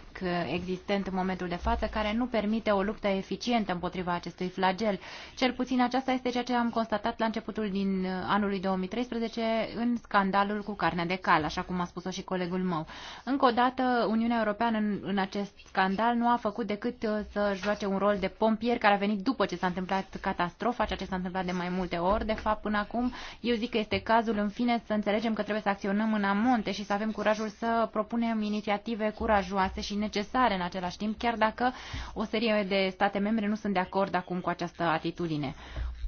existent în momentul de față, care nu permite o luptă eficientă împotriva acestui flagel. Cel puțin aceasta este ceea ce am constatat la începutul din anului 2013 în scandalul cu carnea de cal, așa cum a spus-o și colegul meu. Încă o dată, Uniunea Europeană European în, în acest scandal nu a făcut decât uh, să joace un rol de pompier care a venit după ce s-a întâmplat catastrofa, ceea ce s-a întâmplat de mai multe ori, de fapt, până acum. Eu zic că este cazul, în fine, să înțelegem că trebuie să acționăm în amonte și să avem curajul să propunem inițiative curajoase și necesare în același timp, chiar dacă o serie de state membre nu sunt de acord acum cu această atitudine.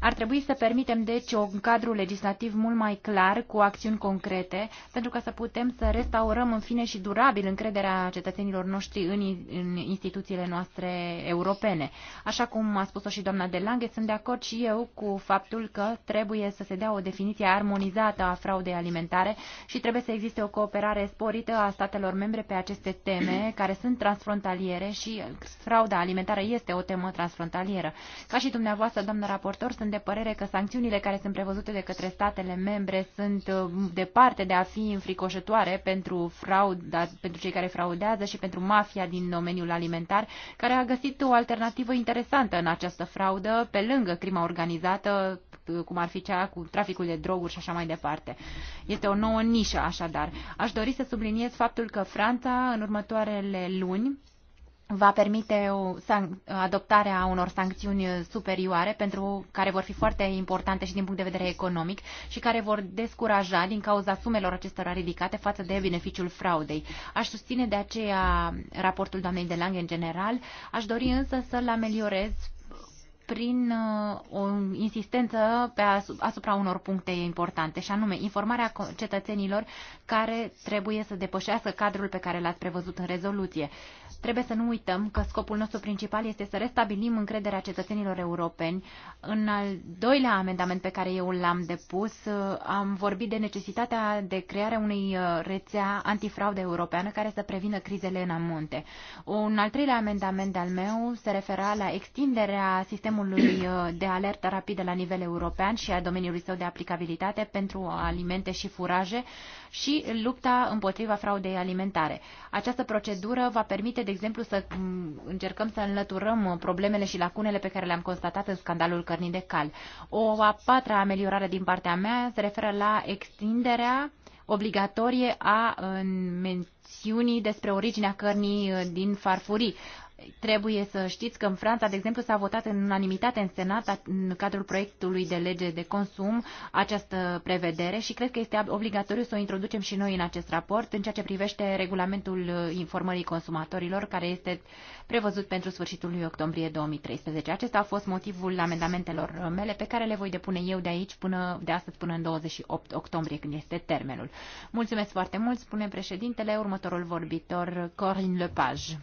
Ar trebui să permitem, deci, un cadru legislativ mult mai clar, cu acțiuni concrete, pentru ca să putem să restaurăm, în fine, și durabil încrederea cetățenilor noștri în, în instituțiile noastre europene. Așa cum a spus-o și doamna de Lange, sunt de acord și eu cu faptul că trebuie să se dea o definiție armonizată a fraudei alimentare și trebuie să existe o cooperare sporită a statelor membre pe aceste teme, care sunt transfrontaliere și frauda alimentară este o temă transfrontalieră. Ca și dumneavoastră, doamnă raportor, sunt de de părere că sancțiunile care sunt prevăzute de către statele membre sunt uh, departe de a fi înfricoșătoare pentru, frauda, pentru cei care fraudează și pentru mafia din domeniul alimentar, care a găsit o alternativă interesantă în această fraudă, pe lângă crima organizată, uh, cum ar fi cea cu traficul de droguri și așa mai departe. Este o nouă nișă, așadar. Aș dori să subliniez faptul că Franța, în următoarele luni, va permite o adoptarea unor sancțiuni superioare pentru care vor fi foarte importante și din punct de vedere economic și care vor descuraja din cauza sumelor acestora ridicate față de beneficiul fraudei. Aș susține de aceea raportul doamnei de Lange în general, aș dori însă să-l ameliorez prin uh, o insistență pe asupra unor puncte importante, și anume informarea cetățenilor care trebuie să depășească cadrul pe care l-ați prevăzut în rezoluție. Trebuie să nu uităm că scopul nostru principal este să restabilim încrederea cetățenilor europeni. În al doilea amendament pe care eu l-am depus, uh, am vorbit de necesitatea de crearea unei uh, rețea antifraudă europeană care să prevină crizele în amonte. Un al treilea amendament al meu se refera la extinderea sistemului sistemului uh, de alertă rapidă la nivel european și a domeniului său de aplicabilitate pentru alimente și furaje și lupta împotriva fraudei alimentare. Această procedură va permite, de exemplu, să mm, încercăm să înlăturăm problemele și lacunele pe care le-am constatat în scandalul cărnii de cal. O a patra ameliorare din partea mea se referă la extinderea obligatorie a uh, mențiunii despre originea cărnii uh, din farfurii. Trebuie să știți că în Franța, de exemplu, s-a votat în unanimitate în Senat, în cadrul proiectului de lege de consum, această prevedere și cred că este obligatoriu să o introducem și noi în acest raport, în ceea ce privește regulamentul uh, informării consumatorilor, care este prevăzut pentru sfârșitul lui octombrie 2013. Acesta a fost motivul amendamentelor uh, mele, pe care le voi depune eu de aici până de astăzi până în 28 octombrie, când este termenul. Mulțumesc foarte mult, spune președintele, următorul vorbitor, Corinne Lepage.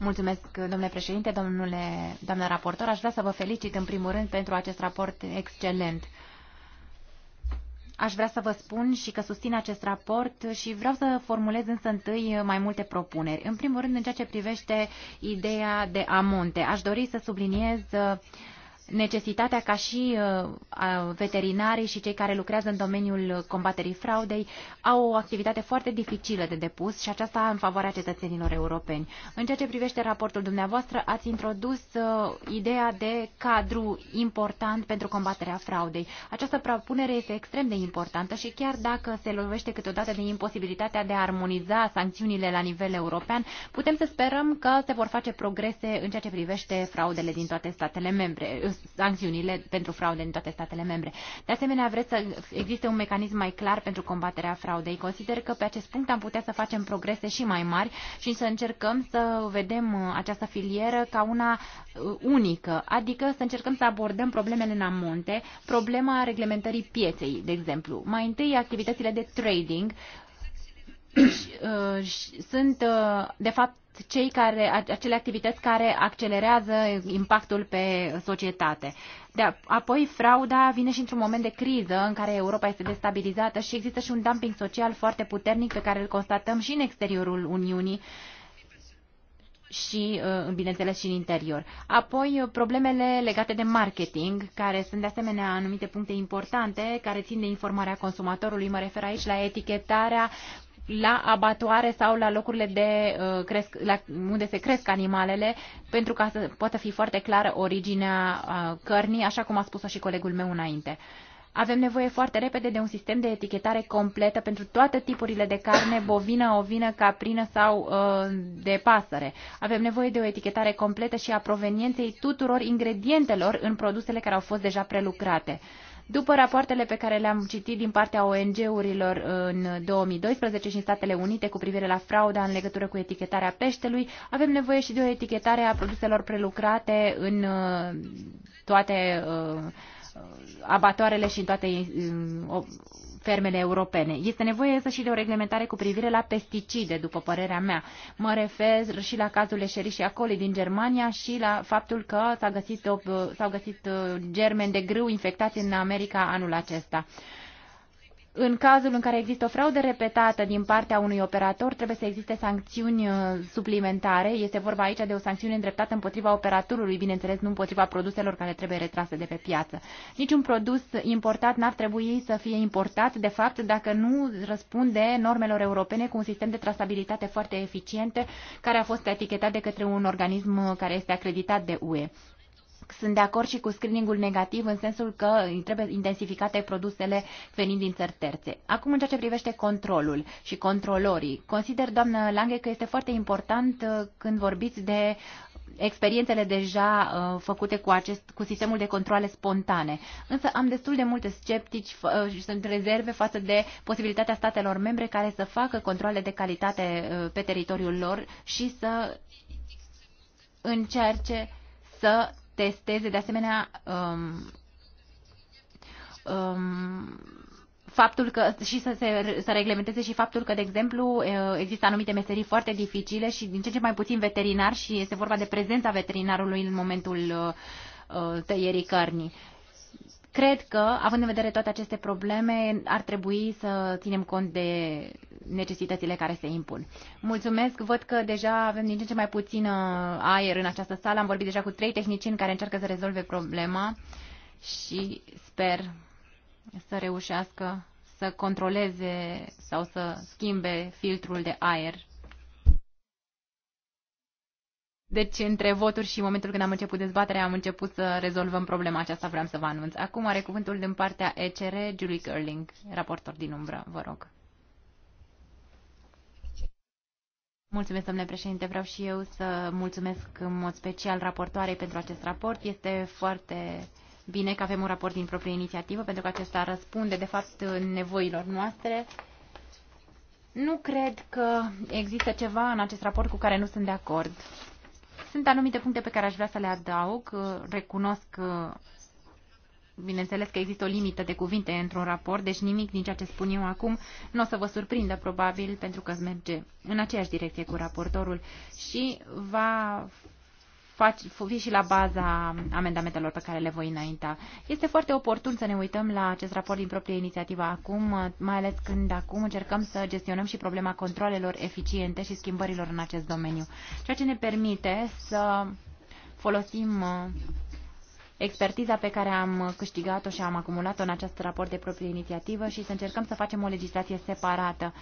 Mulțumesc, domnule președinte, doamnă raportor. Aș vrea să vă felicit, în primul rând, pentru acest raport excelent. Aș vrea să vă spun și că susțin acest raport și vreau să formulez însă întâi mai multe propuneri. În primul rând, în ceea ce privește ideea de amonte, aș dori să subliniez uh, necesitatea ca și uh, veterinarii și cei care lucrează în domeniul combaterii fraudei au o activitate foarte dificilă de depus și aceasta în favoarea cetățenilor europeni. În ceea ce privește raportul dumneavoastră, ați introdus uh, ideea de cadru important pentru combaterea fraudei. Această propunere este extrem de importantă și chiar dacă se lovește câteodată de imposibilitatea de a armoniza sancțiunile la nivel european, putem să sperăm că se vor face progrese în ceea ce privește fraudele din toate statele membre, sancțiunile pentru fraude în toate statele membre. De asemenea, vreți să existe un mecanism mai clar pentru combaterea fraudei. Consider că pe acest punct am putea să facem progrese și mai mari și să încercăm să vedem uh, această filieră ca una uh, unică, adică să încercăm să abordăm problemele în amonte, problema reglementării pieței, de exemplu. Mai întâi, activitățile de trading, Uh, sunt, uh, de fapt, cei care, acele activități care accelerează impactul pe societate. De apoi, frauda vine și într-un moment de criză în care Europa este destabilizată și există și un dumping social foarte puternic pe care îl constatăm și în exteriorul Uniunii și, uh, bineînțeles, și în interior. Apoi, problemele legate de marketing, care sunt de asemenea anumite puncte importante, care țin de informarea consumatorului. Mă refer aici la etichetarea la abatoare sau la locurile de, uh, cresc, la, unde se cresc animalele, pentru ca să poată fi foarte clară originea uh, cărnii, așa cum a spus-o și colegul meu înainte. Avem nevoie foarte repede de un sistem de etichetare completă pentru toate tipurile de carne, bovină, ovină, caprină sau uh, de pasăre. Avem nevoie de o etichetare completă și a provenienței tuturor ingredientelor în produsele care au fost deja prelucrate. Uh, după rapoartele pe care le-am citit din partea ONG-urilor în 2012 și în Statele Unite cu privire la frauda în legătură cu etichetarea peștelui, avem nevoie și de o etichetare a produselor prelucrate în uh, toate uh, abatoarele și în toate um, fermele europene. Este nevoie însă și de o reglementare cu privire la pesticide, după părerea mea. Mă refer și la cazul leșerii și acoli din Germania și la faptul că s-au găsit, s-au uh, găsit germeni de grâu infectați în America anul acesta în cazul în care există o fraudă repetată din partea unui operator, trebuie să existe sancțiuni uh, suplimentare. Este vorba aici de o sancțiune îndreptată împotriva operatorului, bineînțeles, nu împotriva produselor care trebuie retrase de pe piață. Niciun produs importat n-ar trebui să fie importat, de fapt, dacă nu răspunde normelor europene cu un sistem de trasabilitate foarte eficient care a fost etichetat de către un organism uh, care este acreditat de UE. Sunt de acord și cu screeningul negativ în sensul că trebuie intensificate produsele venind din țări terțe. Acum, în ceea ce privește controlul și controlorii, consider, doamnă Lange, că este foarte important uh, când vorbiți de experiențele deja uh, făcute cu, acest, cu sistemul de controle spontane. Însă am destul de multe sceptici uh, și sunt rezerve față de posibilitatea statelor membre care să facă controle de calitate uh, pe teritoriul lor și să încerce să testeze de asemenea um, um, faptul că și să se să reglementeze și faptul că, de exemplu, uh, există anumite meserii foarte dificile și din ce în ce mai puțin veterinar și este vorba de prezența veterinarului în momentul uh, uh, tăierii cărnii. Cred că, având în vedere toate aceste probleme, ar trebui să ținem cont de necesitățile care se impun. Mulțumesc, văd că deja avem din ce ce mai puțin aer în această sală. Am vorbit deja cu trei tehnicieni care încearcă să rezolve problema și sper să reușească să controleze sau să schimbe filtrul de aer. Deci, între voturi și momentul când am început dezbaterea, am început să rezolvăm problema aceasta, vreau să vă anunț. Acum are cuvântul din partea ECR, Julie Curling, raportor din umbră, vă rog. Mulțumesc, domnule președinte. Vreau și eu să mulțumesc în mod special raportoarei pentru acest raport. Este foarte bine că avem un raport din proprie inițiativă, pentru că acesta răspunde, de fapt, nevoilor noastre. Nu cred că există ceva în acest raport cu care nu sunt de acord. Sunt anumite puncte pe care aș vrea să le adaug. Recunosc Bineînțeles că există o limită de cuvinte într-un raport, deci nimic din ceea ce spun eu acum nu o să vă surprindă probabil pentru că merge în aceeași direcție cu raportorul și va fi și la baza amendamentelor pe care le voi înainta. Este foarte oportun să ne uităm la acest raport din proprie inițiativă acum, mai ales când acum încercăm să gestionăm și problema controlelor eficiente și schimbărilor în acest domeniu, ceea ce ne permite să folosim expertiza pe care am câștigat-o și am acumulat-o în acest raport de proprie inițiativă și să încercăm să facem o legislație separată.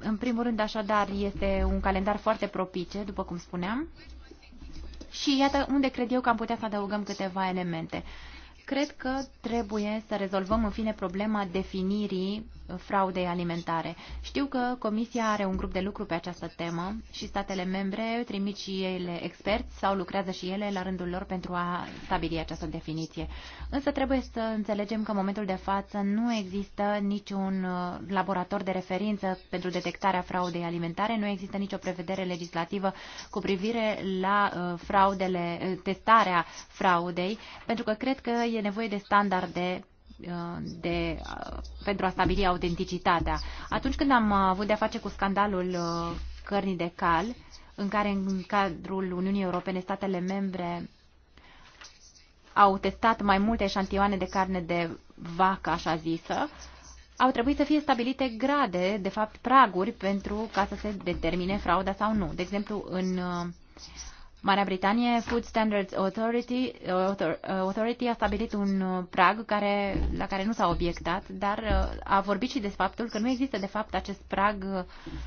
În primul rând, așadar, este un calendar foarte propice, după cum spuneam. Și iată unde cred eu că am putea să adăugăm câteva elemente. Cred că trebuie să rezolvăm, în fine, problema definirii fraudei alimentare. Știu că Comisia are un grup de lucru pe această temă și statele membre trimit și ele experți sau lucrează și ele la rândul lor pentru a stabili această definiție. Însă trebuie să înțelegem că în momentul de față nu există niciun uh, laborator de referință pentru detectarea fraudei alimentare, nu există nicio prevedere legislativă cu privire la uh, fraudele, uh, testarea fraudei, pentru că cred că e nevoie de standarde Uh, de, uh, pentru a stabili autenticitatea. Atunci când am avut de-a face cu scandalul uh, cărnii de cal, în care în cadrul Uniunii Europene statele membre au testat mai multe eșantioane de carne de vacă, așa zisă, au trebuit să fie stabilite grade, de fapt praguri, pentru ca să se determine frauda sau nu. De exemplu, în Marea Britanie, Food Standards Authority, Authority a stabilit un uh, prag care, la care nu s-a obiectat, dar uh, a vorbit și de faptul că nu există de fapt acest prag uh,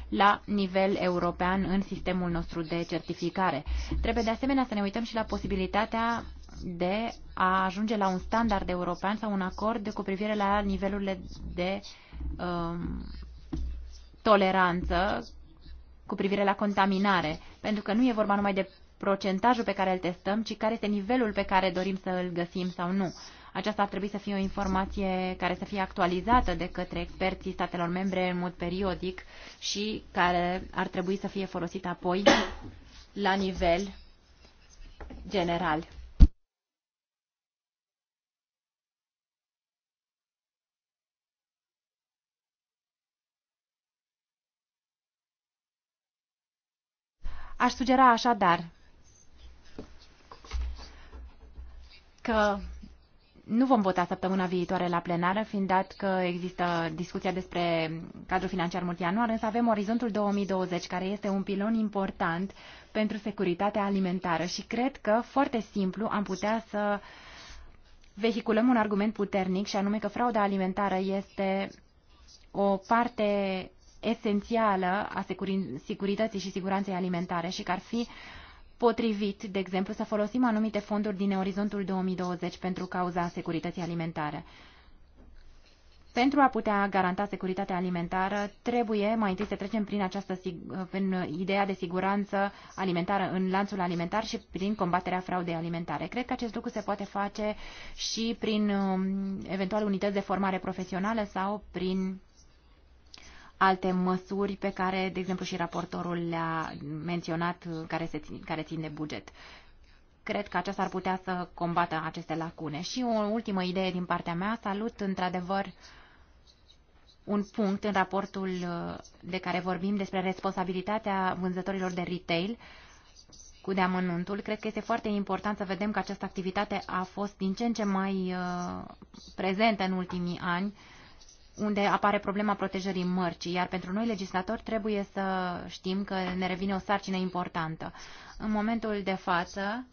la nivel european în sistemul nostru de certificare. Trebuie de asemenea să ne uităm și la posibilitatea de a ajunge la un standard european sau un acord cu privire la nivelurile de um, toleranță cu privire la contaminare, pentru că nu e vorba numai de procentajul pe care îl testăm, ci care este nivelul pe care dorim să îl găsim sau nu. Aceasta ar trebui să fie o informație care să fie actualizată de către experții statelor membre în mod periodic și care ar trebui să fie folosită apoi la nivel general. Aș sugera așadar că nu vom vota săptămâna viitoare la plenară, fiind dat că există discuția despre cadrul financiar multianual, însă avem Orizontul 2020, care este un pilon important pentru securitatea alimentară și cred că, foarte simplu, am putea să vehiculăm un argument puternic și anume că frauda alimentară este o parte esențială a securității și siguranței alimentare și că ar fi uh, potrivit, de exemplu, să folosim anumite fonduri din orizontul 2020 pentru cauza securității alimentare. Pentru a putea garanta securitatea alimentară, trebuie mai întâi să trecem prin această prin ideea de siguranță alimentară în lanțul alimentar și prin combaterea fraudei alimentare. Cred că acest lucru se poate face și prin um, eventual unități de formare profesională sau prin alte măsuri pe care, de exemplu, și raportorul le-a menționat, uh, care, se țin, care țin de buget. Cred că aceasta ar putea să combată aceste lacune. Și o ultimă idee din partea mea, salut într-adevăr un punct în raportul uh, de care vorbim despre responsabilitatea vânzătorilor de retail cu deamănuntul. Cred că este foarte important să vedem că această activitate a fost din ce în ce mai uh, prezentă în ultimii ani unde apare problema protejării mărcii, iar pentru noi legislatori trebuie să știm că ne revine o sarcină importantă. În momentul de față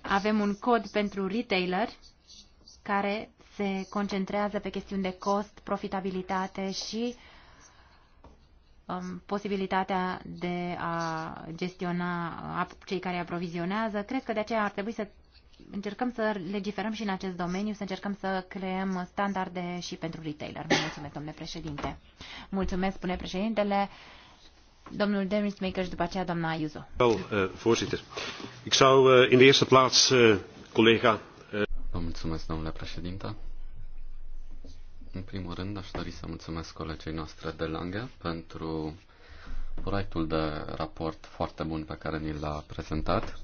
avem un cod pentru retailer care se concentrează pe chestiuni de cost, profitabilitate și um, posibilitatea de a gestiona cei care aprovizionează. Cred că de aceea ar trebui să încercăm să legiferăm și în acest domeniu, să încercăm să creăm standarde și pentru retailer. mulțumesc, domnule președinte. Mulțumesc, spune președintele. Domnul Maker și după aceea doamna Ayuso. Eh, voorzitter. Ik zou eh, in de eerste plaats eh, collega... Vă mulțumesc, domnule președinte. În primul rând, aș dori să mulțumesc colegii noastre de Lange pentru proiectul de raport foarte bun pe care ni l-a prezentat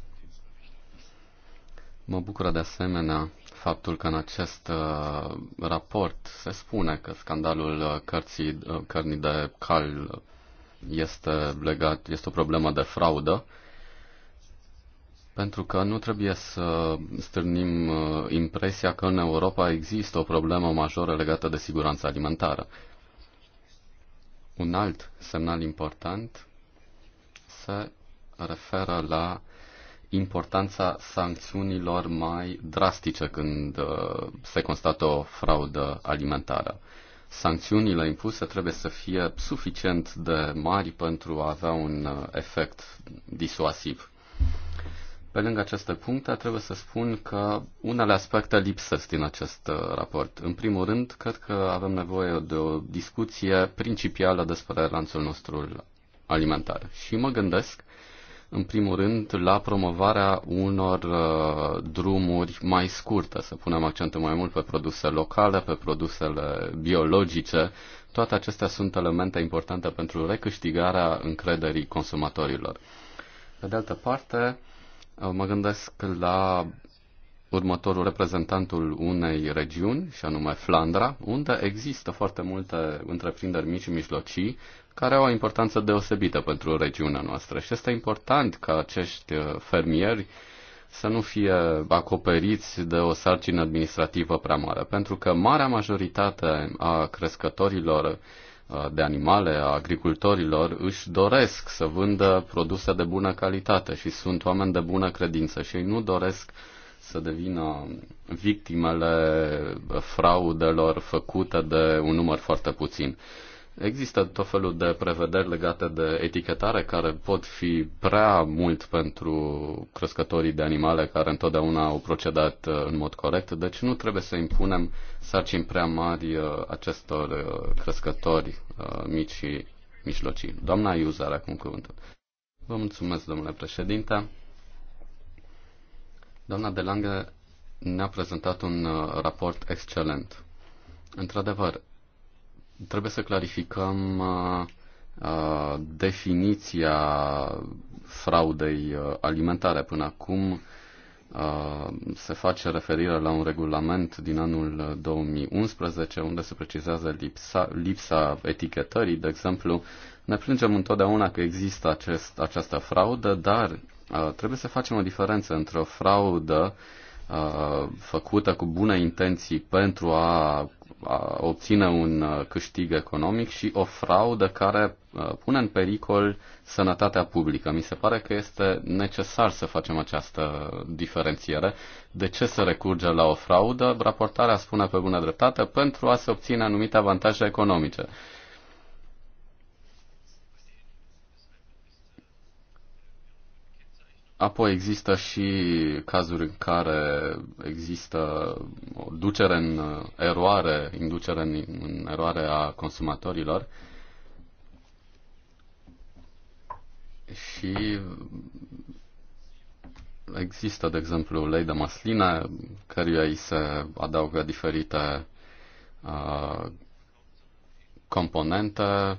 Mă bucură de asemenea faptul că în acest uh, raport se spune că scandalul uh, cărții, uh, cărnii de cal este legat, este o problemă de fraudă, pentru că nu trebuie să stârnim uh, impresia că în Europa există o problemă majoră legată de siguranța alimentară. Un alt semnal important se referă la importanța sancțiunilor mai drastice când uh, se constată o fraudă alimentară. Sancțiunile impuse trebuie să fie suficient de mari pentru a avea un uh, efect disuasiv. Pe lângă aceste puncte, trebuie să spun că unele aspecte lipsesc din acest uh, raport. În primul rând, cred că avem nevoie de o discuție principială despre lanțul nostru alimentar. Și mă gândesc în primul rând, la promovarea unor uh, drumuri mai scurte, să punem accentul mai mult pe produse locale, pe produsele biologice. Toate acestea sunt elemente importante pentru recâștigarea încrederii consumatorilor. Pe de altă parte, uh, mă gândesc la următorul reprezentantul unei regiuni, și anume Flandra, unde există foarte multe întreprinderi mici și mijlocii care au o importanță deosebită pentru regiunea noastră. Și este important ca acești uh, fermieri să nu fie acoperiți de o sarcină administrativă prea mare, pentru că marea majoritate a crescătorilor uh, de animale, a agricultorilor, își doresc să vândă produse de bună calitate și sunt oameni de bună credință și ei nu doresc să devină victimele fraudelor făcute de un număr foarte puțin. Există tot felul de prevederi legate de etichetare care pot fi prea mult pentru crescătorii de animale care întotdeauna au procedat uh, în mod corect, deci nu trebuie să impunem sarcini prea mari uh, acestor uh, crescători mici și mijlocii. Doamna Iuza are acum cuvântul. Vă mulțumesc, domnule președinte. Doamna Delange ne-a prezentat un raport excelent. Într-adevăr, Trebuie să clarificăm uh, uh definiția fraudei uh, alimentare. Până acum uh, se face referire la un regulament din anul 2011 unde se precizează lipsa, lipsa etichetării. De exemplu, ne plângem întotdeauna că există acest, această fraudă, dar uh, trebuie să facem o diferență între o fraudă uh, făcută cu bune intenții pentru a obține un câștig economic și o fraudă care pune în pericol sănătatea publică. Mi se pare că este necesar să facem această diferențiere. De ce să recurge la o fraudă? Raportarea spune pe bună dreptate pentru a se obține anumite avantaje economice. Apoi există și cazuri în care există o ducere în eroare, inducere în, în eroare a consumatorilor. Și există, de exemplu, lei de măsline, căruia îi se adaugă diferite uh, componente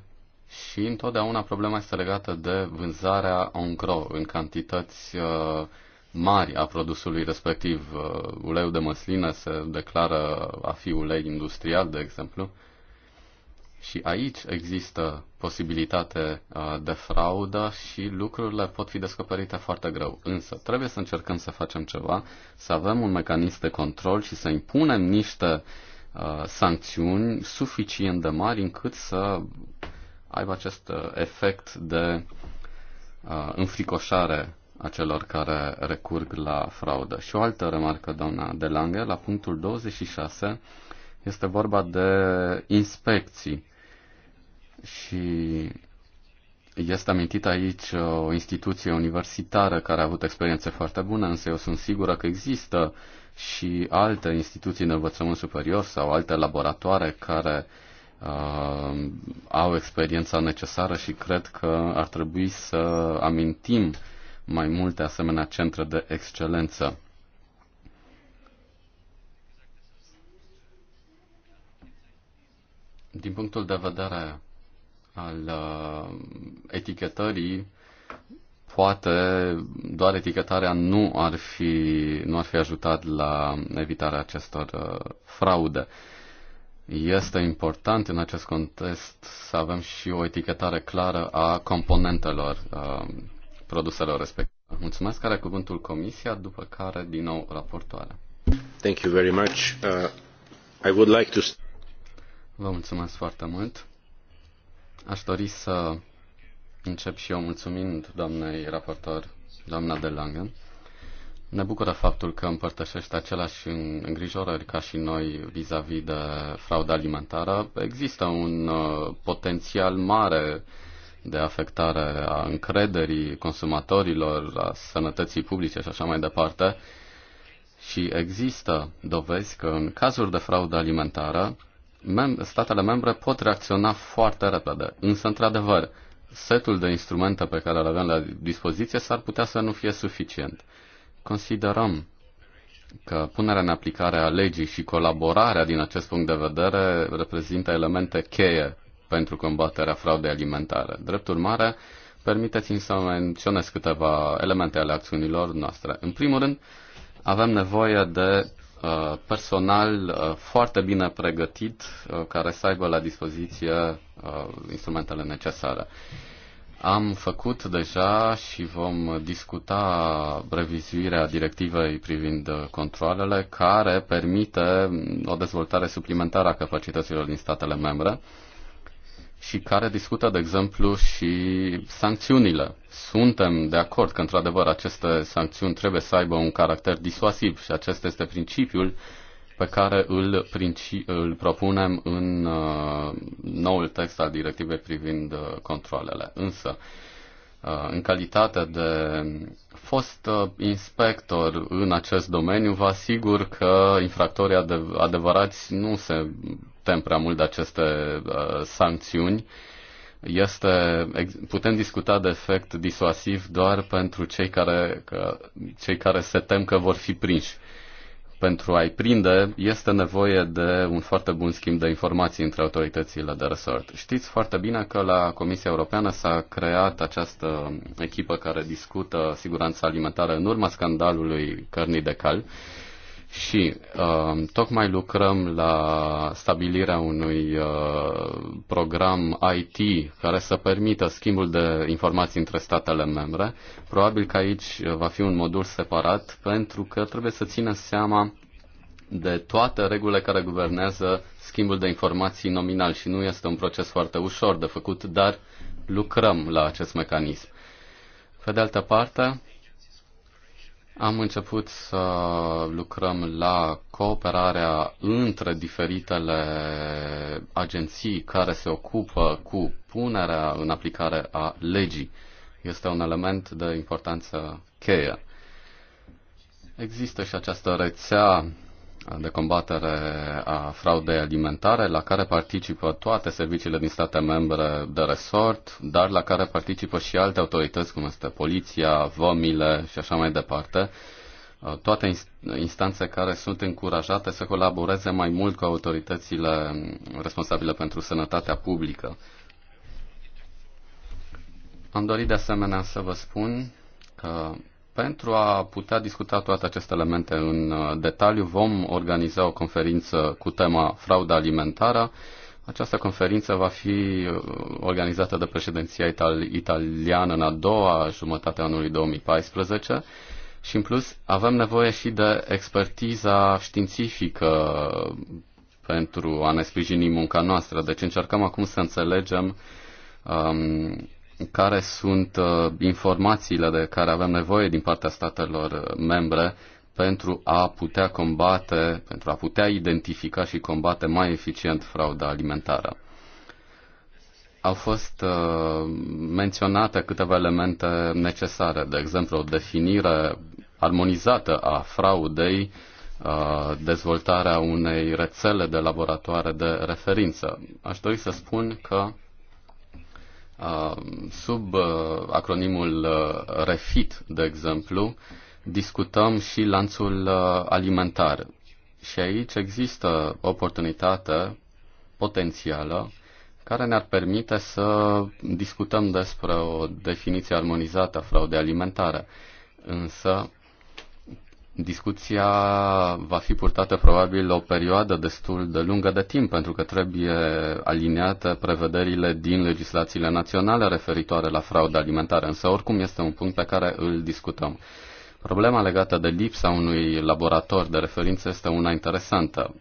și întotdeauna problema este legată de vânzarea on-cro în cantități uh, mari a produsului respectiv. Uh, uleiul de măsline se declară a fi ulei industrial, de exemplu. Și aici există posibilitate uh, de fraudă și lucrurile pot fi descoperite foarte greu. Însă trebuie să încercăm să facem ceva, să avem un mecanism de control și să impunem niște uh, sancțiuni suficient de mari încât să aibă acest uh, efect de uh, înfricoșare a celor care recurg la fraudă. Și o altă remarcă, doamna De Lange, la punctul 26 este vorba de inspecții. Și este amintit aici uh, o instituție universitară care a avut experiențe foarte bune, însă eu sunt sigură că există și alte instituții de învățământ superior sau alte laboratoare care uh, uh, au experiența necesară și cred că ar trebui să amintim mai multe asemenea centre de excelență. Din punctul de vedere al uh, etichetării, poate doar etichetarea nu ar fi, nu ar fi ajutat la evitarea acestor uh, fraude. Uh, este important în acest context să avem și o etichetare clară a componentelor uh, produselor respective. Mulțumesc, care cuvântul Comisia, după care din nou raportoarea. Thank you very much. Uh, I would like to... Vă mulțumesc foarte mult. Aș dori să încep și eu mulțumind doamnei raportor, doamna de Langen, ne bucură faptul că împărtășește aceleași îngrijorări ca și noi vis-a-vis -vis de frauda alimentară. Există un uh, potențial mare de afectare a încrederii consumatorilor, a sănătății publice și așa mai departe. Și există dovezi că în cazuri de fraudă alimentară, mem- statele membre pot reacționa foarte repede. Însă, într-adevăr, setul de instrumente pe care le avem la dispoziție s-ar putea să nu fie suficient. Considerăm că punerea în aplicare a legii și colaborarea din acest punct de vedere reprezintă elemente cheie pentru combaterea fraudei alimentare. Drept urmare, permiteți-mi să menționez câteva elemente ale acțiunilor noastre. În primul rând, avem nevoie de uh, personal uh, foarte bine pregătit uh, care să aibă la dispoziție instrumentele necesare. Am făcut deja și vom discuta revizuirea directivei privind controlele care permite o dezvoltare suplimentară a capacităților din statele membre și care discută, de exemplu, și sancțiunile. Suntem de acord că, într-adevăr, aceste sancțiuni trebuie să aibă un caracter disuasiv și acesta este principiul pe care îl, princi- îl propunem în uh, noul text al directivei privind uh, controlele. Însă, uh, în calitate de fost uh, inspector în acest domeniu, vă asigur că infractorii adev- adevărați nu se tem prea mult de aceste uh, sancțiuni. Este, putem discuta de efect disuasiv doar pentru cei care, că, cei care se tem că vor fi prinși. Uh, pentru a-i prinde, este nevoie de un foarte bun schimb de informații între autoritățile de resort. Știți foarte bine că la Comisia Europeană s-a creat această echipă care discută siguranța alimentară în urma scandalului cărnii de cal și uh, tocmai lucrăm la stabilirea unui uh, program IT care să permită schimbul de informații între statele membre. Probabil că aici uh, va fi un modul separat pentru că trebuie să țină seama de toate regulile care guvernează schimbul de informații nominal și nu este un proces foarte ușor de făcut, dar lucrăm la acest mecanism. Pe de altă parte, am început să lucrăm la cooperarea între diferitele agenții care se ocupă cu punerea în aplicare a legii. Este un element de importanță cheie. Există și această rețea de combatere a fraudei alimentare, la care participă toate serviciile din state membre de resort, dar la care participă și alte autorități, cum este poliția, vămile și așa mai departe, uh, toate instanțe care sunt încurajate să colaboreze mai mult cu autoritățile um, responsabile pentru sănătatea publică. Am dorit de asemenea să vă spun că pentru a putea discuta toate aceste elemente în uh, detaliu, vom organiza o conferință cu tema frauda alimentară. Această conferință va fi uh, organizată de președinția ital- italiană în a doua jumătate a anului 2014 și, în plus, avem nevoie și de expertiza științifică pentru a ne sprijini munca noastră. Deci încercăm acum să înțelegem um, care sunt uh, informațiile de care avem nevoie din partea statelor uh, membre pentru a putea combate, pentru a putea identifica și combate mai eficient frauda alimentară. Au fost uh, menționate câteva elemente necesare, de exemplu o definire armonizată a fraudei, uh, dezvoltarea unei rețele de laboratoare de referință. Aș dori să spun că Uh, sub uh, acronimul uh, REFIT, de exemplu, discutăm și lanțul alimentar. Și aici există oportunitate potențială care ne-ar permite să discutăm despre o definiție armonizată a fraudei alimentare. Însă, Discuția va fi purtată probabil o perioadă destul de lungă de timp, pentru că trebuie aliniate prevederile din legislațiile naționale referitoare la fraude alimentară, însă oricum este un punct pe care îl discutăm. Problema legată de lipsa unui laborator de referință este una interesantă.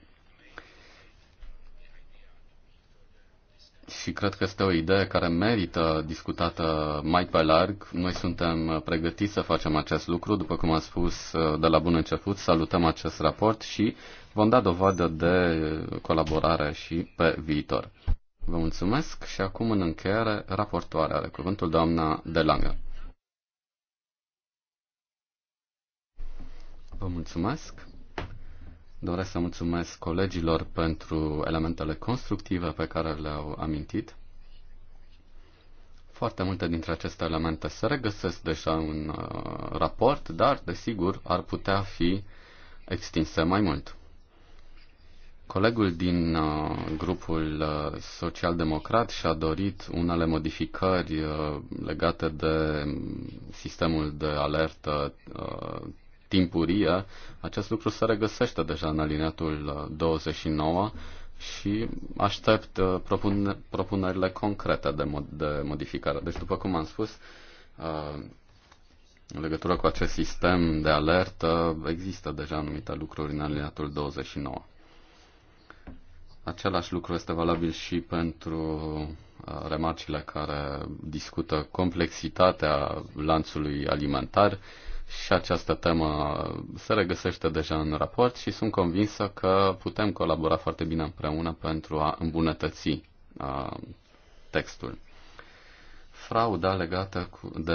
și cred că este o idee care merită discutată mai pe larg. Noi suntem pregătiți să facem acest lucru, după cum am spus de la bun început, salutăm acest raport și vom da dovadă de colaborare și pe viitor. Vă mulțumesc și acum în încheiere raportoarea are cuvântul doamna Delangă. Vă mulțumesc. Doresc să mulțumesc colegilor pentru elementele constructive pe care le-au amintit. Foarte multe dintre aceste elemente se regăsesc deja în uh, raport, dar, desigur, ar putea fi extinse mai mult. Colegul din uh, grupul uh, social-democrat și-a dorit unele modificări uh, legate de sistemul de alertă uh, timpurie, acest lucru se regăsește deja în alineatul 29 uh, și aștept uh, propun, propunerile concrete de, mod, de modificare. Deci, după cum am spus, uh, în legătură cu acest sistem de alertă există deja anumite lucruri în alineatul 29. Același lucru este valabil și pentru remarcile care discută complexitatea lanțului alimentar și această temă se regăsește deja în raport și sunt convinsă că putem colabora foarte bine împreună pentru a îmbunătăți a, textul. Frauda legată cu, de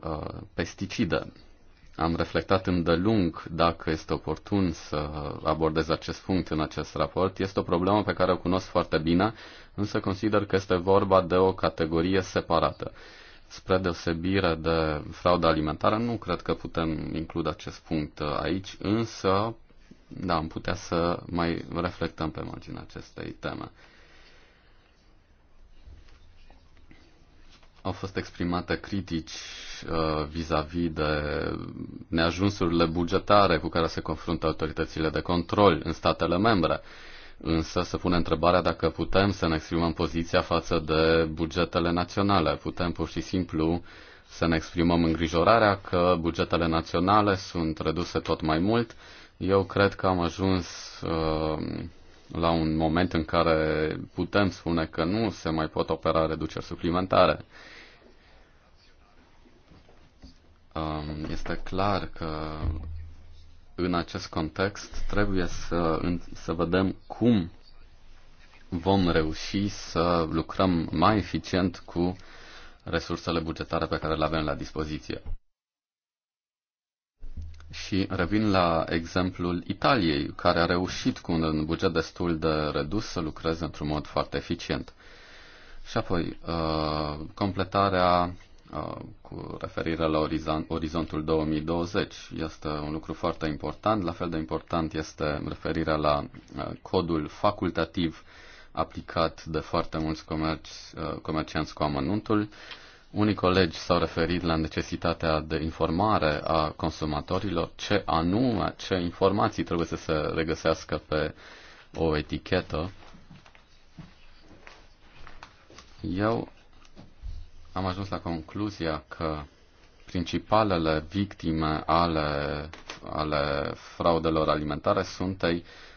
a, pesticide. Am reflectat îndelung dacă este oportun să abordez acest punct în acest raport. Este o problemă pe care o cunosc foarte bine, însă consider că este vorba de o categorie separată. Spre deosebire de frauda alimentară, nu cred că putem include acest punct aici, însă, da, am putea să mai reflectăm pe marginea acestei teme. Au fost exprimate critici uh, vis-a-vis uh, -vis de neajunsurile bugetare cu care se confruntă autoritățile de control în statele membre. Uh, Însă se pune întrebarea dacă putem să ne exprimăm poziția față de bugetele naționale. Putem pur și simplu să ne exprimăm îngrijorarea că bugetele naționale sunt reduse tot mai mult. Eu cred că am ajuns uh, la un moment în care putem spune că nu se mai pot opera reduceri suplimentare. Um, este clar că în acest context trebuie să, să vedem cum vom reuși să lucrăm mai eficient cu resursele bugetare pe care le avem la dispoziție. Și revin la exemplul Italiei, care a reușit cu un buget destul de redus să lucreze într-un mod foarte eficient. Și apoi, uh, completarea Uh, cu referire la orizontul 2020. Este un lucru foarte important. La fel de important este referirea la uh, codul facultativ aplicat de foarte mulți comerci, uh, comercianți cu amănuntul. Unii colegi s-au referit la necesitatea de informare a consumatorilor, ce anume, ce informații trebuie să se regăsească pe o etichetă. Eu am ajuns la concluzia că principalele victime ale, ale fraudelor alimentare sunt,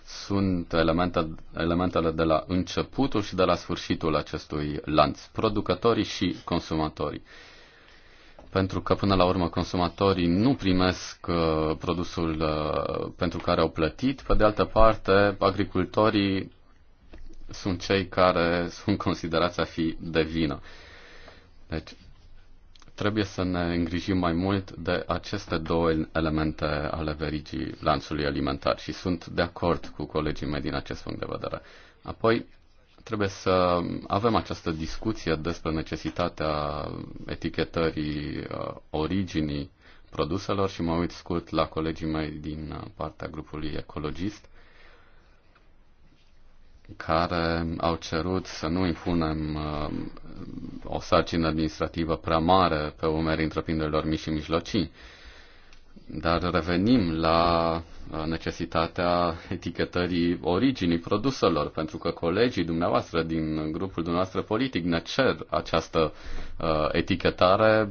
sunt elemente, elementele de la începutul și de la sfârșitul acestui lanț, producătorii și consumatorii. Pentru că, până la urmă, consumatorii nu primesc uh, produsul uh, pentru care au plătit. Pe de altă parte, agricultorii sunt cei care sunt considerați a fi de vină. Uh, deci, trebuie să ne îngrijim mai mult de aceste două elemente ale verigii lanțului alimentar și sunt de acord cu colegii mei din acest punct de vedere. Apoi, trebuie să avem această discuție despre necesitatea etichetării uh, originii produselor și mă uit scurt la colegii mei din uh, partea grupului ecologist care au cerut să nu impunem uh, o sarcină administrativă prea mare pe umerii întreprinderilor mici și mijlocii. Dar revenim la uh, necesitatea etichetării originii produselor, pentru că colegii dumneavoastră din grupul dumneavoastră politic ne cer această uh, etichetare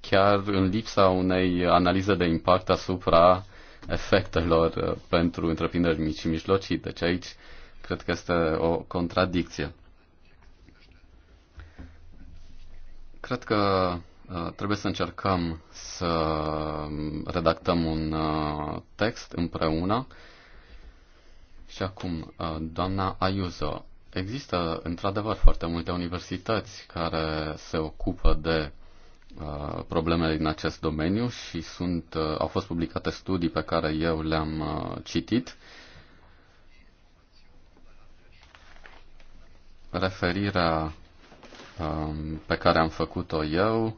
chiar în lipsa unei analize de impact asupra efectelor uh, pentru întreprinderi mici și mijlocii. Deci aici Cred că este o contradicție. Cred că uh, trebuie să încercăm să redactăm un uh, text împreună. Și acum, uh, doamna Ayuso, există într-adevăr foarte multe universități care se ocupă de problemele din acest domeniu și sunt, au fost publicate studii pe care eu le-am citit. Referirea um, pe care am făcut-o eu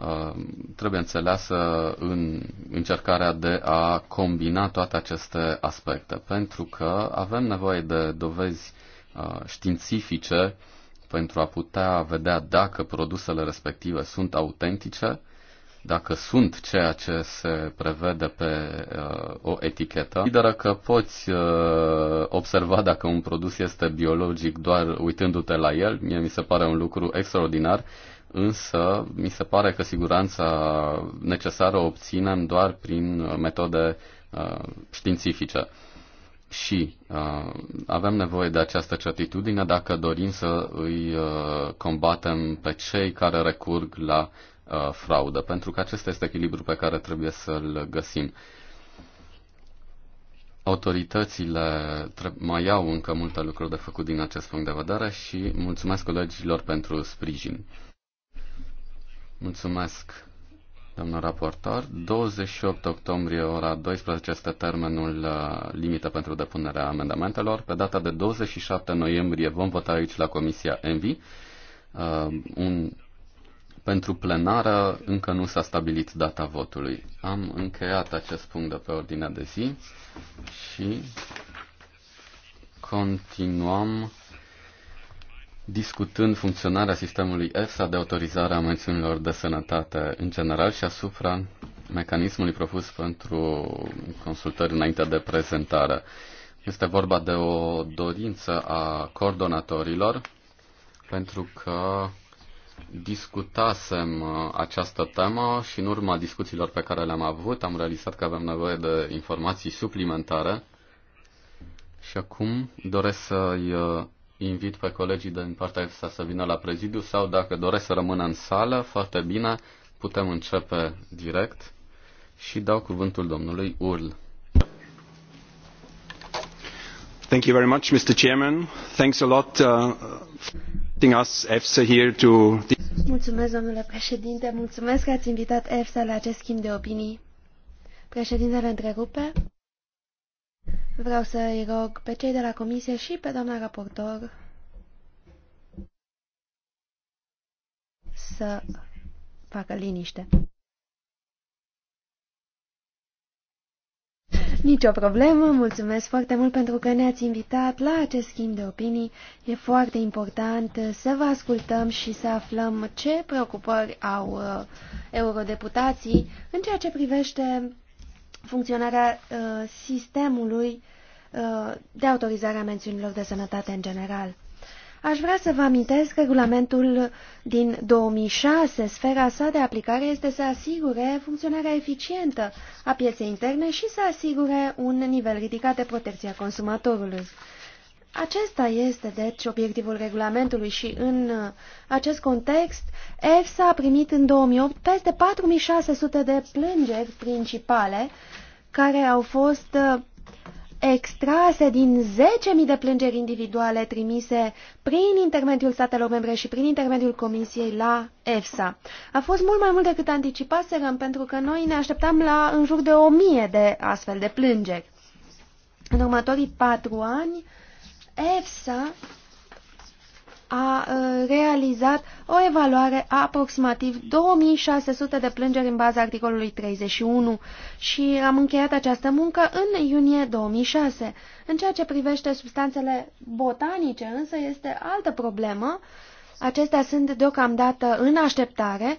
um, trebuie înțeleasă în încercarea de a combina toate aceste aspecte, pentru că avem nevoie de dovezi uh, științifice pentru a putea vedea dacă produsele respective sunt autentice dacă sunt ceea ce se prevede pe uh, o etichetă, consideră că poți uh, observa dacă un produs este biologic doar uitându-te la el. Mie mi se pare un lucru extraordinar, însă mi se pare că siguranța necesară o obținem doar prin uh, metode uh, științifice și uh, avem nevoie de această certitudine dacă dorim să îi uh, combatem pe cei care recurg la Uh, fraudă, pentru că acesta este echilibru pe care trebuie să-l găsim. Autoritățile mai au încă multe lucruri de făcut din acest punct de vedere și mulțumesc colegilor pentru sprijin. Mulțumesc, doamnă raportor. 28 octombrie, ora 12, este termenul uh, limită pentru depunerea amendamentelor. Pe data de 27 noiembrie vom vota aici la Comisia ENVI. Uh, un pentru plenară încă nu s-a stabilit data votului. Am încheiat acest punct de pe ordinea de zi și continuăm discutând funcționarea sistemului EFSA de autorizare a mențiunilor de sănătate în general și asupra mecanismului propus pentru consultări înainte de prezentare. Este vorba de o dorință a coordonatorilor pentru că discutasem uh, această temă și în urma discuțiilor pe care le-am avut am realizat că avem nevoie de informații suplimentare și acum doresc să-i uh, invit pe colegii din partea EFSA să vină la prezidiu sau dacă doresc să rămână în sală, foarte bine, putem începe direct și dau cuvântul domnului Url. Thank you very much, Mr. Chairman. Thanks a lot. Uh... Mulțumesc, domnule președinte. Mulțumesc că ați invitat EFSA la acest schimb de opinii. Președintele întrerupe. Vreau să-i rog pe cei de la comisie și pe doamna raportor să facă liniște. Nicio problemă, mulțumesc foarte mult pentru că ne-ați invitat la acest schimb de opinii. E foarte important să vă ascultăm și să aflăm ce preocupări au uh, eurodeputații în ceea ce privește funcționarea uh, sistemului uh, de autorizare a mențiunilor de sănătate în general. Aș vrea să vă amintesc regulamentul din 2006. Sfera sa de aplicare este să asigure funcționarea eficientă a pieței interne și să asigure un nivel ridicat de protecție a consumatorului. Acesta este, deci, obiectivul regulamentului și în acest context, EFSA a primit în 2008 peste 4600 de plângeri principale care au fost extrase din 10.000 de plângeri individuale trimise prin intermediul statelor membre și prin intermediul Comisiei la EFSA. A fost mult mai mult decât anticipaserăm, pentru că noi ne așteptam la în jur de 1.000 de astfel de plângeri. În următorii patru ani, EFSA a realizat o evaluare a aproximativ 2600 de plângeri în baza articolului 31 și am încheiat această muncă în iunie 2006. În ceea ce privește substanțele botanice, însă, este altă problemă. Acestea sunt deocamdată în așteptare.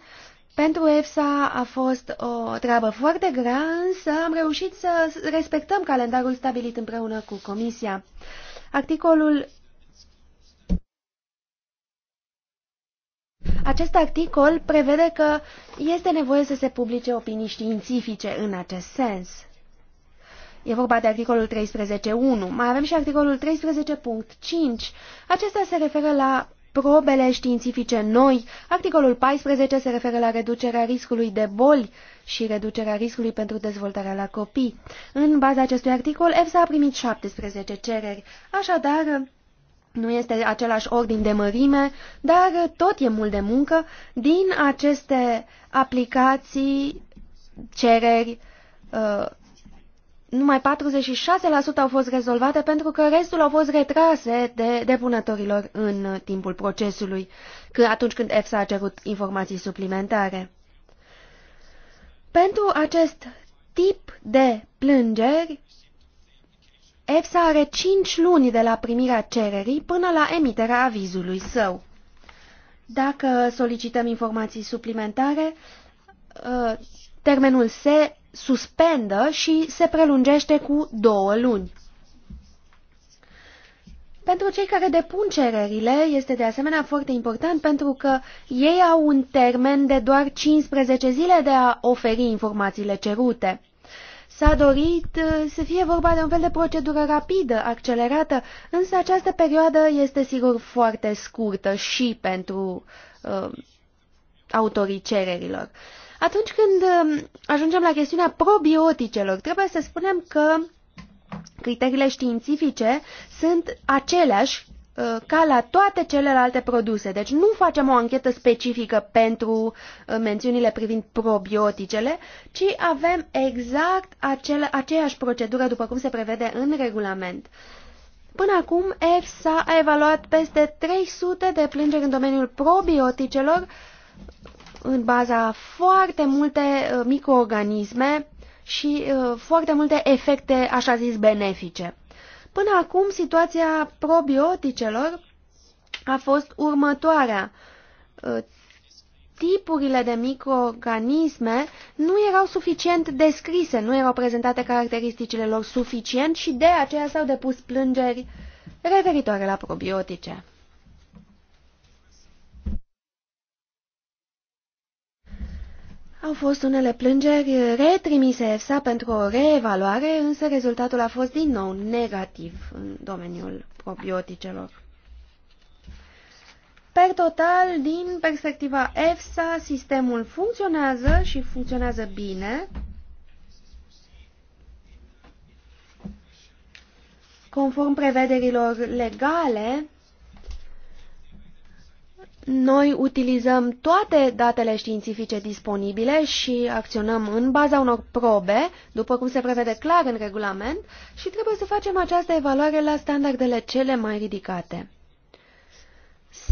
Pentru EFSA a fost o treabă foarte grea, însă am reușit să respectăm calendarul stabilit împreună cu Comisia. Articolul Acest articol prevede că este nevoie să se publice opinii științifice în acest sens. E vorba de articolul 13.1. Mai avem și articolul 13.5. Acesta se referă la probele științifice noi. Articolul 14 se referă la reducerea riscului de boli și reducerea riscului pentru dezvoltarea la copii. În baza acestui articol, EFSA a primit 17 cereri. Așadar, nu este același ordin de mărime, dar tot e mult de muncă. Din aceste aplicații, cereri, uh, numai 46% au fost rezolvate pentru că restul au fost retrase de depunătorilor în timpul procesului, că atunci când EFSA a cerut informații suplimentare. Pentru acest tip de plângeri, EFSA are 5 luni de la primirea cererii până la emiterea avizului său. Dacă solicităm informații suplimentare, uh, termenul se suspendă și se prelungește cu două luni. Pentru cei care depun cererile, este de asemenea foarte important pentru că ei au un termen de doar 15 zile de a oferi informațiile cerute. S-a dorit uh, să fie vorba de un fel de procedură rapidă, accelerată, însă această perioadă este sigur foarte scurtă și pentru uh, autorii cererilor. Atunci când um, ajungem la chestiunea probioticelor, trebuie să spunem că criteriile științifice sunt aceleași Uh, ca la toate celelalte produse. Deci nu facem o anchetă specifică pentru uh, mențiunile privind probioticele, ci avem exact acele, aceeași procedură după cum se prevede în regulament. Până acum, EFSA a evaluat peste 300 de plângeri în domeniul probioticelor în baza foarte multe uh, microorganisme și foarte multe efecte, așa zis, benefice. Până acum, situația probioticelor a fost următoarea. Uh, tipurile de microorganisme nu erau suficient descrise, nu erau prezentate caracteristicile lor suficient și de aceea s-au depus plângeri referitoare la probiotice. Au fost unele plângeri retrimise EFSA pentru o reevaluare, însă rezultatul a fost din nou negativ în domeniul probioticelor. Per total, din perspectiva EFSA, sistemul funcționează și funcționează bine. Conform prevederilor legale, noi utilizăm toate datele științifice disponibile și acționăm în baza unor probe, după cum se prevede clar în regulament, și trebuie să facem această evaluare la standardele cele mai ridicate.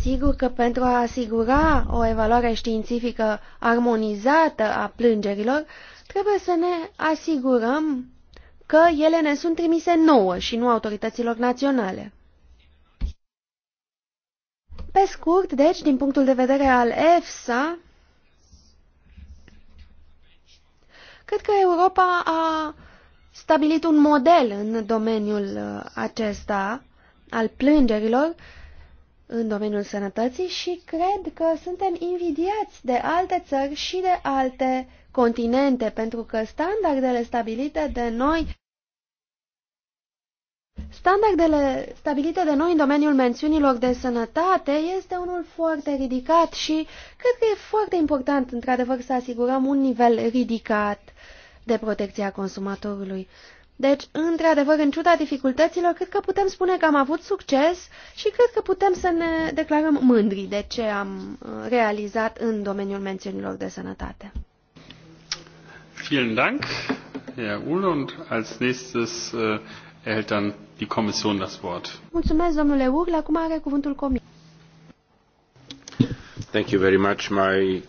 Sigur că pentru a asigura o evaluare științifică armonizată a plângerilor, trebuie să ne asigurăm că ele ne sunt trimise nouă și nu autorităților naționale. Pe scurt, deci, din punctul de vedere al EFSA, cred că Europa a stabilit un model în domeniul uh, acesta al plângerilor, în domeniul sănătății și cred că suntem invidiați de alte țări și de alte continente, pentru că standardele stabilite de noi Standardele stabilite de noi în domeniul mențiunilor de sănătate este unul foarte ridicat și cred că e foarte important, într-adevăr, să asigurăm un nivel ridicat de protecția consumatorului. Deci, într-adevăr, în ciuda dificultăților, cred că putem spune că am avut succes și cred că putem să ne declarăm mândri de ce am uh, realizat în domeniul mențiunilor de sănătate. Vielen Dank, Herr Uhl, und als nächstes äh, erhält dann die Kommission das Wort. Mulțumesc, domnule Url. Acum are cuvântul Comisiei. Thank you very much. My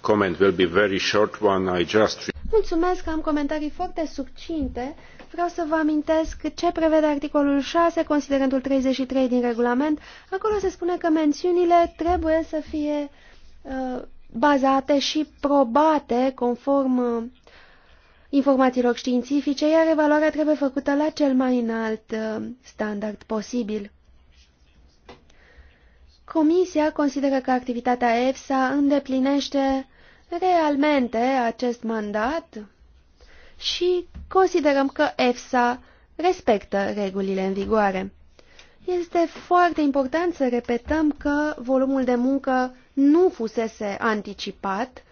comment will be very short one. I just... Mulțumesc, am comentarii foarte succinte. Vreau să vă amintesc ce prevede articolul 6, considerentul 33 din regulament. Acolo se spune că mențiunile trebuie să fie uh, bazate și probate conform uh, informațiilor științifice, iar evaluarea trebuie făcută la cel mai înalt uh, standard posibil. Comisia consideră că activitatea EFSA îndeplinește realmente acest mandat și considerăm că EFSA respectă regulile în vigoare. Este foarte important să repetăm că volumul de muncă nu fusese anticipat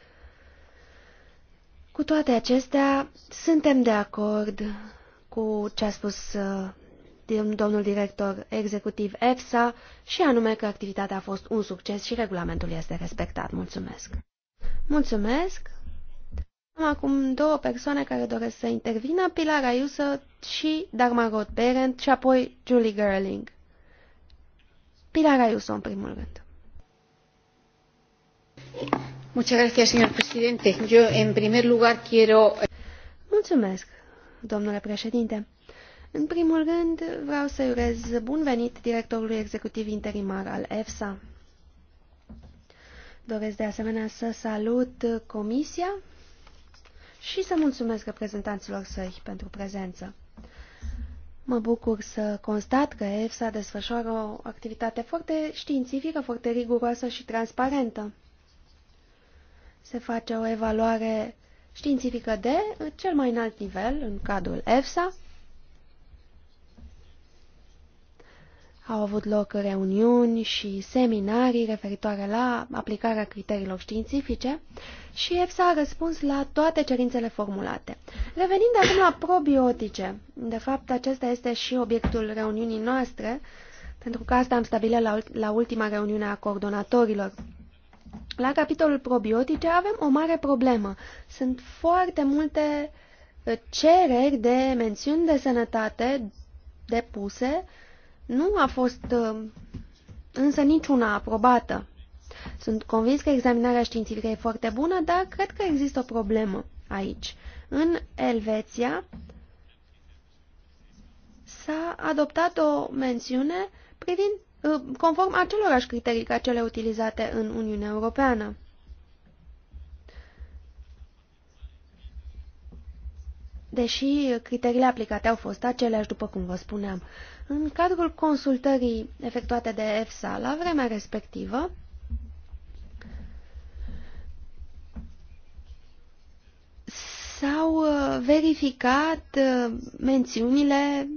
cu toate acestea, suntem de acord cu ce a spus uh, domnul director executiv EFSA și anume că activitatea a fost un succes și regulamentul este respectat. Mulțumesc! Mulțumesc! Am acum două persoane care doresc să intervină, Pilar Ayusă și Darmarot Berend și apoi Julie Gerling. Pilar Ayusă în primul rând señor eh, domnule președinte. În primul rând, vreau să-i urez bun venit directorului executiv interimar al EFSA. Doresc de asemenea să salut comisia și să mulțumesc reprezentanților săi pentru prezență. Mă bucur să constat că EFSA desfășoară o activitate foarte științifică, foarte riguroasă și transparentă se face o evaluare științifică de cel mai înalt nivel în cadrul EFSA. Au avut loc reuniuni și seminarii referitoare la aplicarea criteriilor științifice și EFSA a răspuns la toate cerințele formulate. Revenind acum la probiotice, de fapt acesta este și obiectul reuniunii noastre, pentru că asta am stabilit la, la ultima reuniune a coordonatorilor. La capitolul probiotice avem o mare problemă. Sunt foarte multe uh, cereri de mențiuni de sănătate depuse. Nu a fost uh, însă niciuna aprobată. Sunt convins că examinarea științifică e foarte bună, dar cred că există o problemă aici. În Elveția s-a adoptat o mențiune privind Uh, conform acelorași criterii ca cele utilizate în Uniunea Europeană. Deși criteriile aplicate au fost aceleași, după cum vă spuneam, în cadrul consultării efectuate de EFSA la vremea respectivă, s-au uh, verificat uh, mențiunile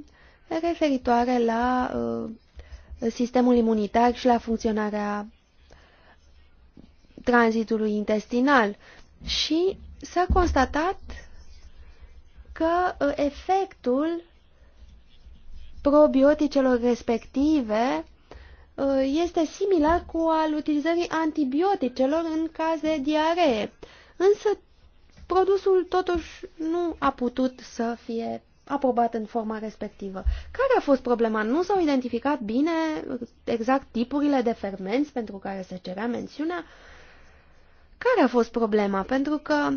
referitoare la sistemul imunitar și la funcționarea tranzitului intestinal. Și s-a constatat că uh, efectul probioticelor respective uh, este similar cu al utilizării antibioticelor în caz de diaree. Însă produsul totuși nu a putut să fie aprobat în forma respectivă. Care a fost problema? Nu s-au identificat bine exact tipurile de fermenți pentru care se cerea mențiunea? Care a fost problema? Pentru că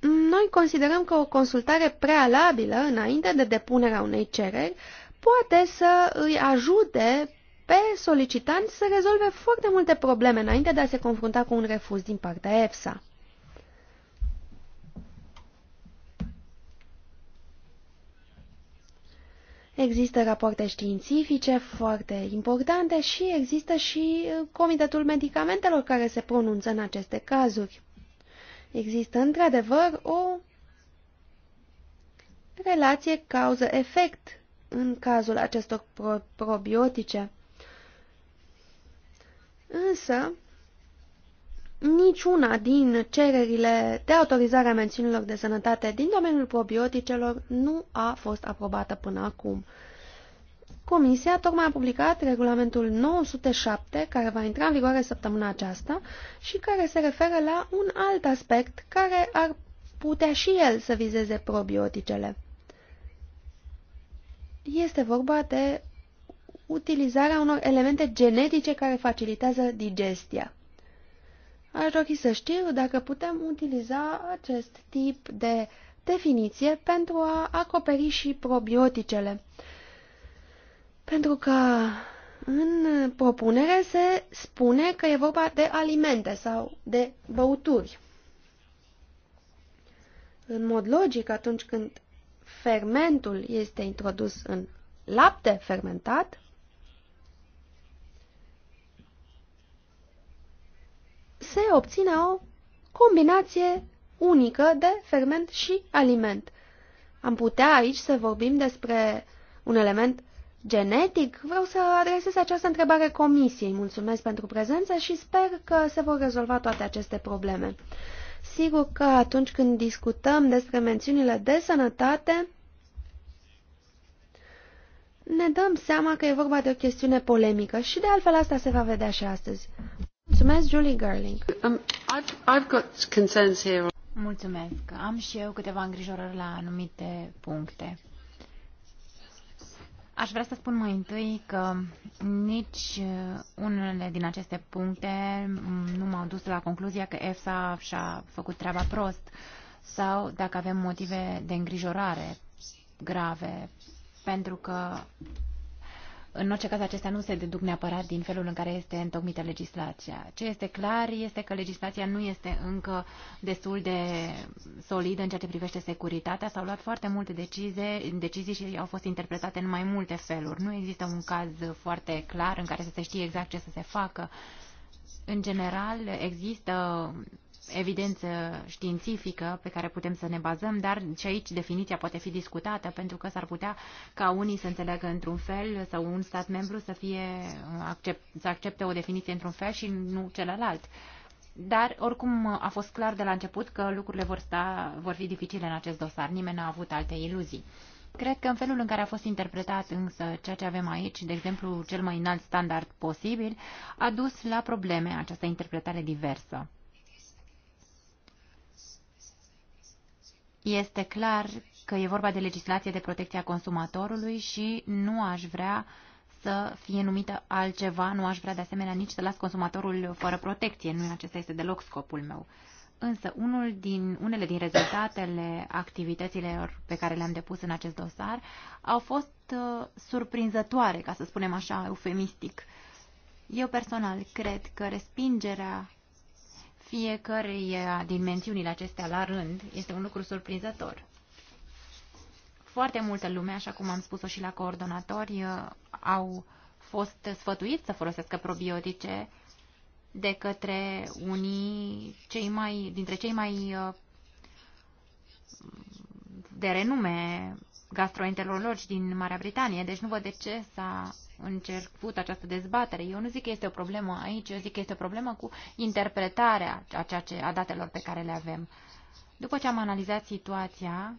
noi considerăm că o consultare prealabilă înainte de depunerea unei cereri poate să îi ajute pe solicitanți să rezolve foarte multe probleme înainte de a se confrunta cu un refuz din partea EFSA. Există rapoarte științifice foarte importante și există și uh, Comitetul Medicamentelor care se pronunță în aceste cazuri. Există într-adevăr o relație cauză-efect în cazul acestor probiotice. Însă, niciuna din cererile de autorizare a mențiunilor de sănătate din domeniul probioticelor nu a fost aprobată până acum. Comisia tocmai a publicat regulamentul 907, care va intra în vigoare săptămâna aceasta și care se referă la un alt aspect care ar putea și el să vizeze probioticele. Este vorba de utilizarea unor elemente genetice care facilitează digestia. Aș dori să știu dacă putem utiliza acest tip de definiție pentru a acoperi și probioticele. Pentru că în propunere se spune că e vorba de alimente sau de băuturi. În mod logic, atunci când fermentul este introdus în lapte fermentat, se obține o combinație unică de ferment și aliment. Am putea aici să vorbim despre un element genetic? Vreau să adresez această întrebare comisiei. Mulțumesc pentru prezență și sper că se vor rezolva toate aceste probleme. Sigur că atunci când discutăm despre mențiunile de sănătate, ne dăm seama că e vorba de o chestiune polemică și de altfel asta se va vedea și astăzi. Mulțumesc, Julie Gerling. Um, I've, I've got concerns here. Mulțumesc. Am și eu câteva îngrijorări la anumite puncte. Aș vrea să spun mai întâi că nici uh, unele din aceste puncte mm, nu m-au dus la concluzia că EFSA și-a făcut treaba prost sau dacă avem motive de îngrijorare grave, pentru că în orice caz, acestea nu se deduc neapărat din felul în care este întocmită legislația. Ce este clar este că legislația nu este încă destul de solidă în ceea ce privește securitatea. S-au luat foarte multe decizii, decizii și au fost interpretate în mai multe feluri. Nu există un caz foarte clar în care să se știe exact ce să se facă. În general, există evidență științifică pe care putem să ne bazăm, dar și aici definiția poate fi discutată pentru că s-ar putea ca unii să înțeleagă într-un fel sau un stat membru să, fie, uh, accept, să accepte o definiție într-un fel și nu celălalt. Dar, oricum, a fost clar de la început că lucrurile vor, sta, vor fi dificile în acest dosar. Nimeni n-a avut alte iluzii. Cred că în felul în care a fost interpretat însă ceea ce avem aici, de exemplu cel mai înalt standard posibil, a dus la probleme această interpretare diversă. Este clar că e vorba de legislație de protecție a consumatorului și nu aș vrea să fie numită altceva, nu aș vrea de asemenea nici să las consumatorul fără protecție, nu acesta este deloc scopul meu. Însă unul din, unele din rezultatele activităților pe care le-am depus în acest dosar au fost uh, surprinzătoare, ca să spunem așa, eufemistic. Eu personal cred că respingerea fiecarei dimensiunile acestea la rând este un lucru surprinzător. Foarte multă lume, așa cum am spus-o și la coordonatori, uh, au fost sfătuiți să folosească probiotice de către unii cei mai, dintre cei mai uh, de renume gastroenterologi din Marea Britanie, deci nu văd de ce s-a început această dezbatere. Eu nu zic că este o problemă aici, eu zic că este o problemă cu interpretarea a, ceea ce, a datelor pe care le avem. După ce am analizat situația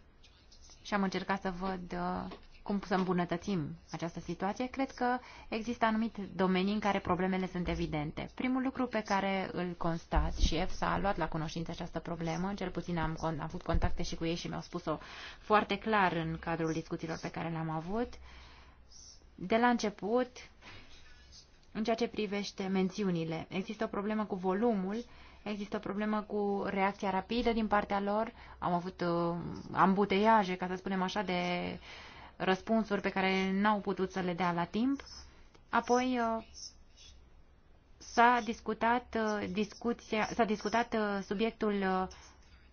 și am încercat să văd uh, cum să îmbunătățim această situație, cred că există anumite domenii în care problemele sunt evidente. Primul lucru pe care îl constat și EFSA a luat la cunoștință această problemă, cel puțin am, am avut contacte și cu ei și mi-au spus-o foarte clar în cadrul discuțiilor pe care le-am avut, uh, de la început, în ceea ce privește mențiunile, există o problemă cu volumul, există o problemă cu reacția rapidă din partea lor, am avut uh, ambuteiaje, ca să spunem așa, de răspunsuri pe care n-au putut să le dea la timp. Apoi uh, s-a discutat, uh, discuția, s-a discutat uh, subiectul uh,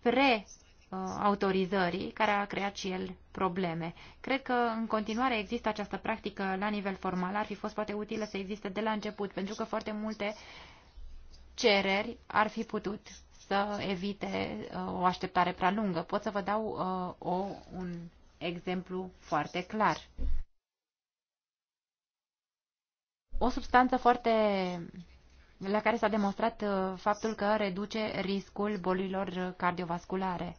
pre Uh, autorizării, care a creat și el probleme. Cred că în continuare există această practică la nivel formal. Ar fi fost poate utilă să existe de la început, pentru că foarte multe cereri ar fi putut să evite uh, o așteptare prea lungă. Pot să vă dau uh, o, un exemplu foarte clar. O substanță foarte la care s-a demonstrat uh, faptul că reduce riscul bolilor cardiovasculare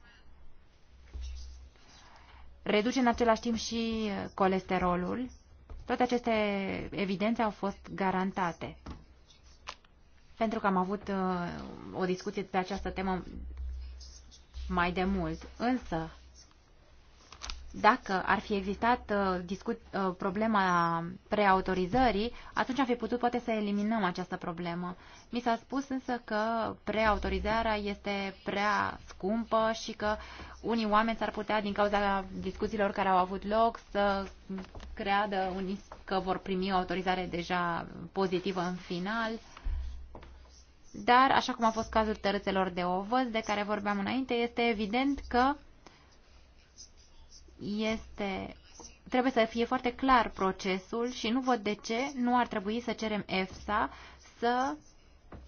reduce în același timp și uh, colesterolul. Toate aceste evidențe au fost garantate. Pentru că am avut uh, o discuție pe această temă mai de mult. Însă, dacă ar fi existat uh, discut, uh, problema preautorizării, atunci am fi putut poate să eliminăm această problemă. Mi s-a spus însă că preautorizarea este prea scumpă și că unii oameni s-ar putea, din cauza discuțiilor care au avut loc, să creadă unii că vor primi o autorizare deja pozitivă în final. Dar, așa cum a fost cazul tărâțelor de ovăz de care vorbeam înainte, este evident că este, trebuie să fie foarte clar procesul și nu văd de ce nu ar trebui să cerem EFSA să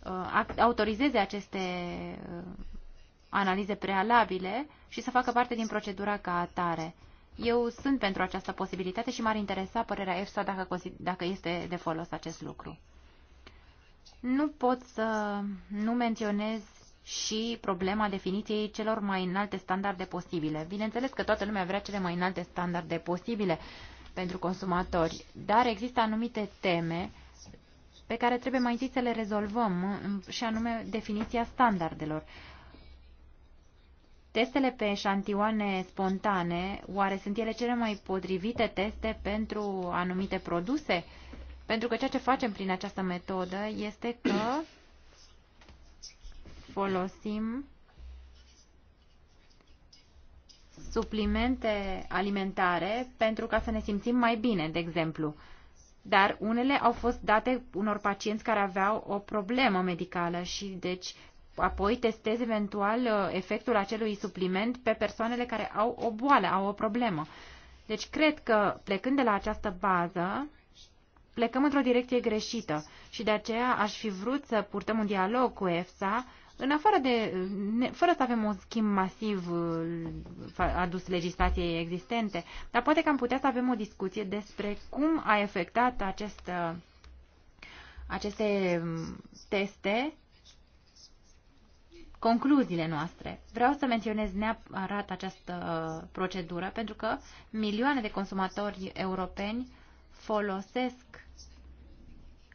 uh, autorizeze aceste uh, analize prealabile și să facă parte din procedura ca atare. Eu sunt pentru această posibilitate și m-ar interesa părerea EFSA dacă, dacă este de folos acest lucru. Nu pot să nu menționez și problema definiției celor mai înalte standarde posibile. Bineînțeles că toată lumea vrea cele mai înalte standarde posibile pentru consumatori, dar există anumite teme pe care trebuie mai întâi să le rezolvăm, și anume definiția standardelor. Testele pe eșantioane spontane, oare sunt ele cele mai potrivite teste pentru anumite produse? Pentru că ceea ce facem prin această metodă este că folosim suplimente alimentare pentru ca să ne simțim mai bine, de exemplu. Dar unele au fost date unor pacienți care aveau o problemă medicală și deci apoi testez eventual uh, efectul acelui supliment pe persoanele care au o boală, au o problemă. Deci cred că plecând de la această bază, plecăm într-o direcție greșită și de aceea aș fi vrut să purtăm un dialog cu EFSA în afară de, fără să avem un schimb masiv uh, adus legislației existente, dar poate că am putea să avem o discuție despre cum a efectat acest, uh, aceste um, teste concluziile noastre. Vreau să menționez neapărat această procedură, pentru că milioane de consumatori europeni folosesc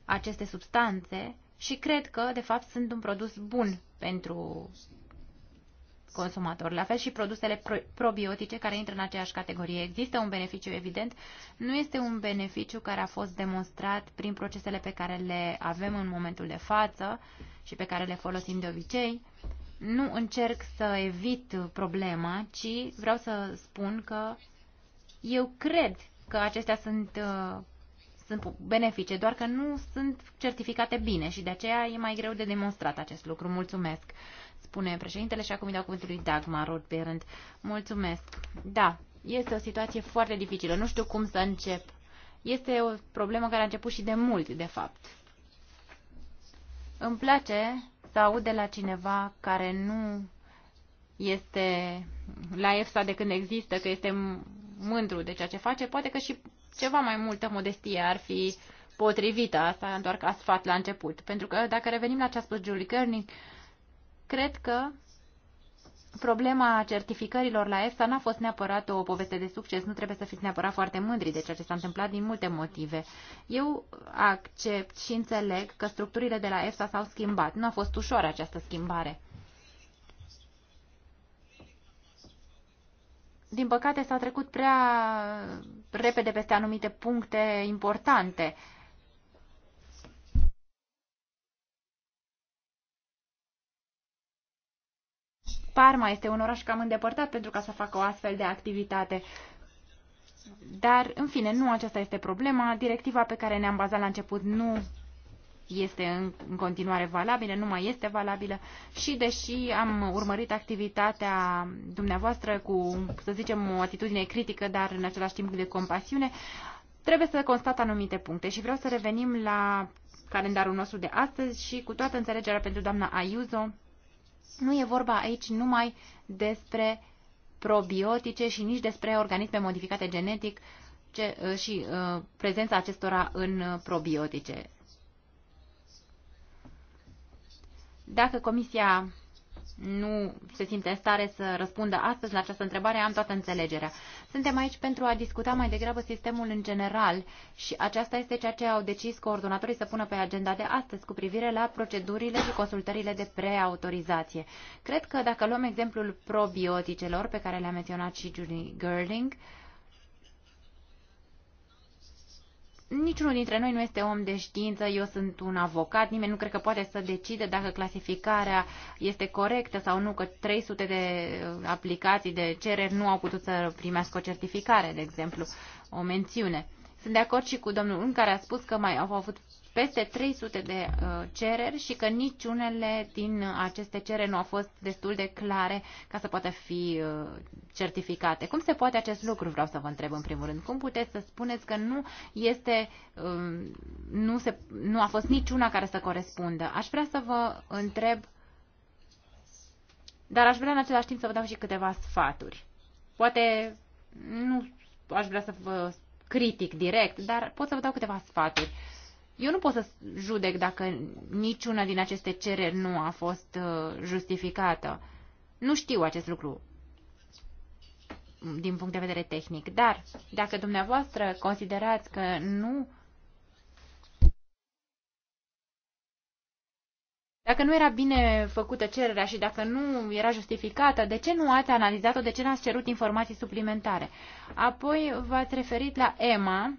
aceste substanțe și cred că, de fapt, sunt un produs bun pentru consumator. La fel și produsele probiotice care intră în aceeași categorie. Există un beneficiu evident, nu este un beneficiu care a fost demonstrat prin procesele pe care le avem în momentul de față și pe care le folosim de obicei. Nu încerc să evit problema, ci vreau să spun că eu cred că acestea sunt uh, sunt benefice, doar că nu sunt certificate bine și de aceea e mai greu de demonstrat acest lucru. Mulțumesc, spune președintele și acum îi dau cuvântul lui Dagmar Rodberând. Mulțumesc. Da, este o situație foarte dificilă. Nu știu cum să încep. Este o problemă care a început și de mult, de fapt. Îmi place să aud de la cineva care nu este la EFSA de când există, că este mândru de ceea ce face, poate că și ceva mai multă modestie ar fi potrivită, asta doar ca sfat la început. Pentru că dacă revenim la ce a spus Julie Kerning, cred că problema certificărilor la EFSA n-a fost neapărat o poveste de succes, nu trebuie să fiți neapărat foarte mândri de ceea ce s-a întâmplat din multe motive. Eu accept și înțeleg că structurile de la EFSA s-au schimbat. Nu a fost ușoară această schimbare. Din păcate s-a trecut prea repede peste anumite puncte importante. Parma este un oraș cam îndepărtat pentru ca să facă o astfel de activitate. Dar, în fine, nu aceasta este problema. Directiva pe care ne-am bazat la început nu este în continuare valabilă, nu mai este valabilă și deși am urmărit activitatea dumneavoastră cu, să zicem, o atitudine critică, dar în același timp de compasiune, trebuie să constat anumite puncte și vreau să revenim la calendarul nostru de astăzi și cu toată înțelegerea pentru doamna Ayuso, nu e vorba aici numai despre probiotice și nici despre organisme modificate genetic ce, și uh, prezența acestora în probiotice. Dacă Comisia nu se simte în stare să răspundă astăzi la această întrebare, am toată înțelegerea. Suntem aici pentru a discuta mai degrabă sistemul în general și aceasta este ceea ce au decis coordonatorii să pună pe agenda de astăzi cu privire la procedurile și consultările de preautorizație. Cred că dacă luăm exemplul probioticelor pe care le-a menționat și Julie Gerling, uh, niciunul dintre noi nu este om de știință, eu sunt un avocat, nimeni nu cred că poate să decide dacă clasificarea este corectă sau nu, că 300 de uh, aplicații de cereri nu au putut să primească o certificare, de exemplu, o mențiune. Sunt de acord și cu domnul în care a spus că mai au avut peste 300 de uh, cereri și că niciunele din aceste cereri nu au fost destul de clare ca să poată fi uh, certificate. Cum se poate acest lucru, vreau să vă întreb în primul rând. Cum puteți să spuneți că nu este, um, nu, se, nu a fost niciuna care să corespundă? Aș vrea să vă întreb, dar aș vrea în același timp să vă dau și câteva sfaturi. Poate nu aș vrea să vă critic direct, dar pot să vă dau câteva sfaturi. Uh, eu nu pot să judec dacă niciuna din aceste cereri nu a fost uh, justificată. Nu știu acest lucru din punct de vedere tehnic, dar dacă dumneavoastră considerați că nu Dacă nu era bine făcută cererea și dacă nu era justificată, de ce nu ați analizat-o, de ce n-ați cerut informații suplimentare? Apoi v-ați referit la EMA,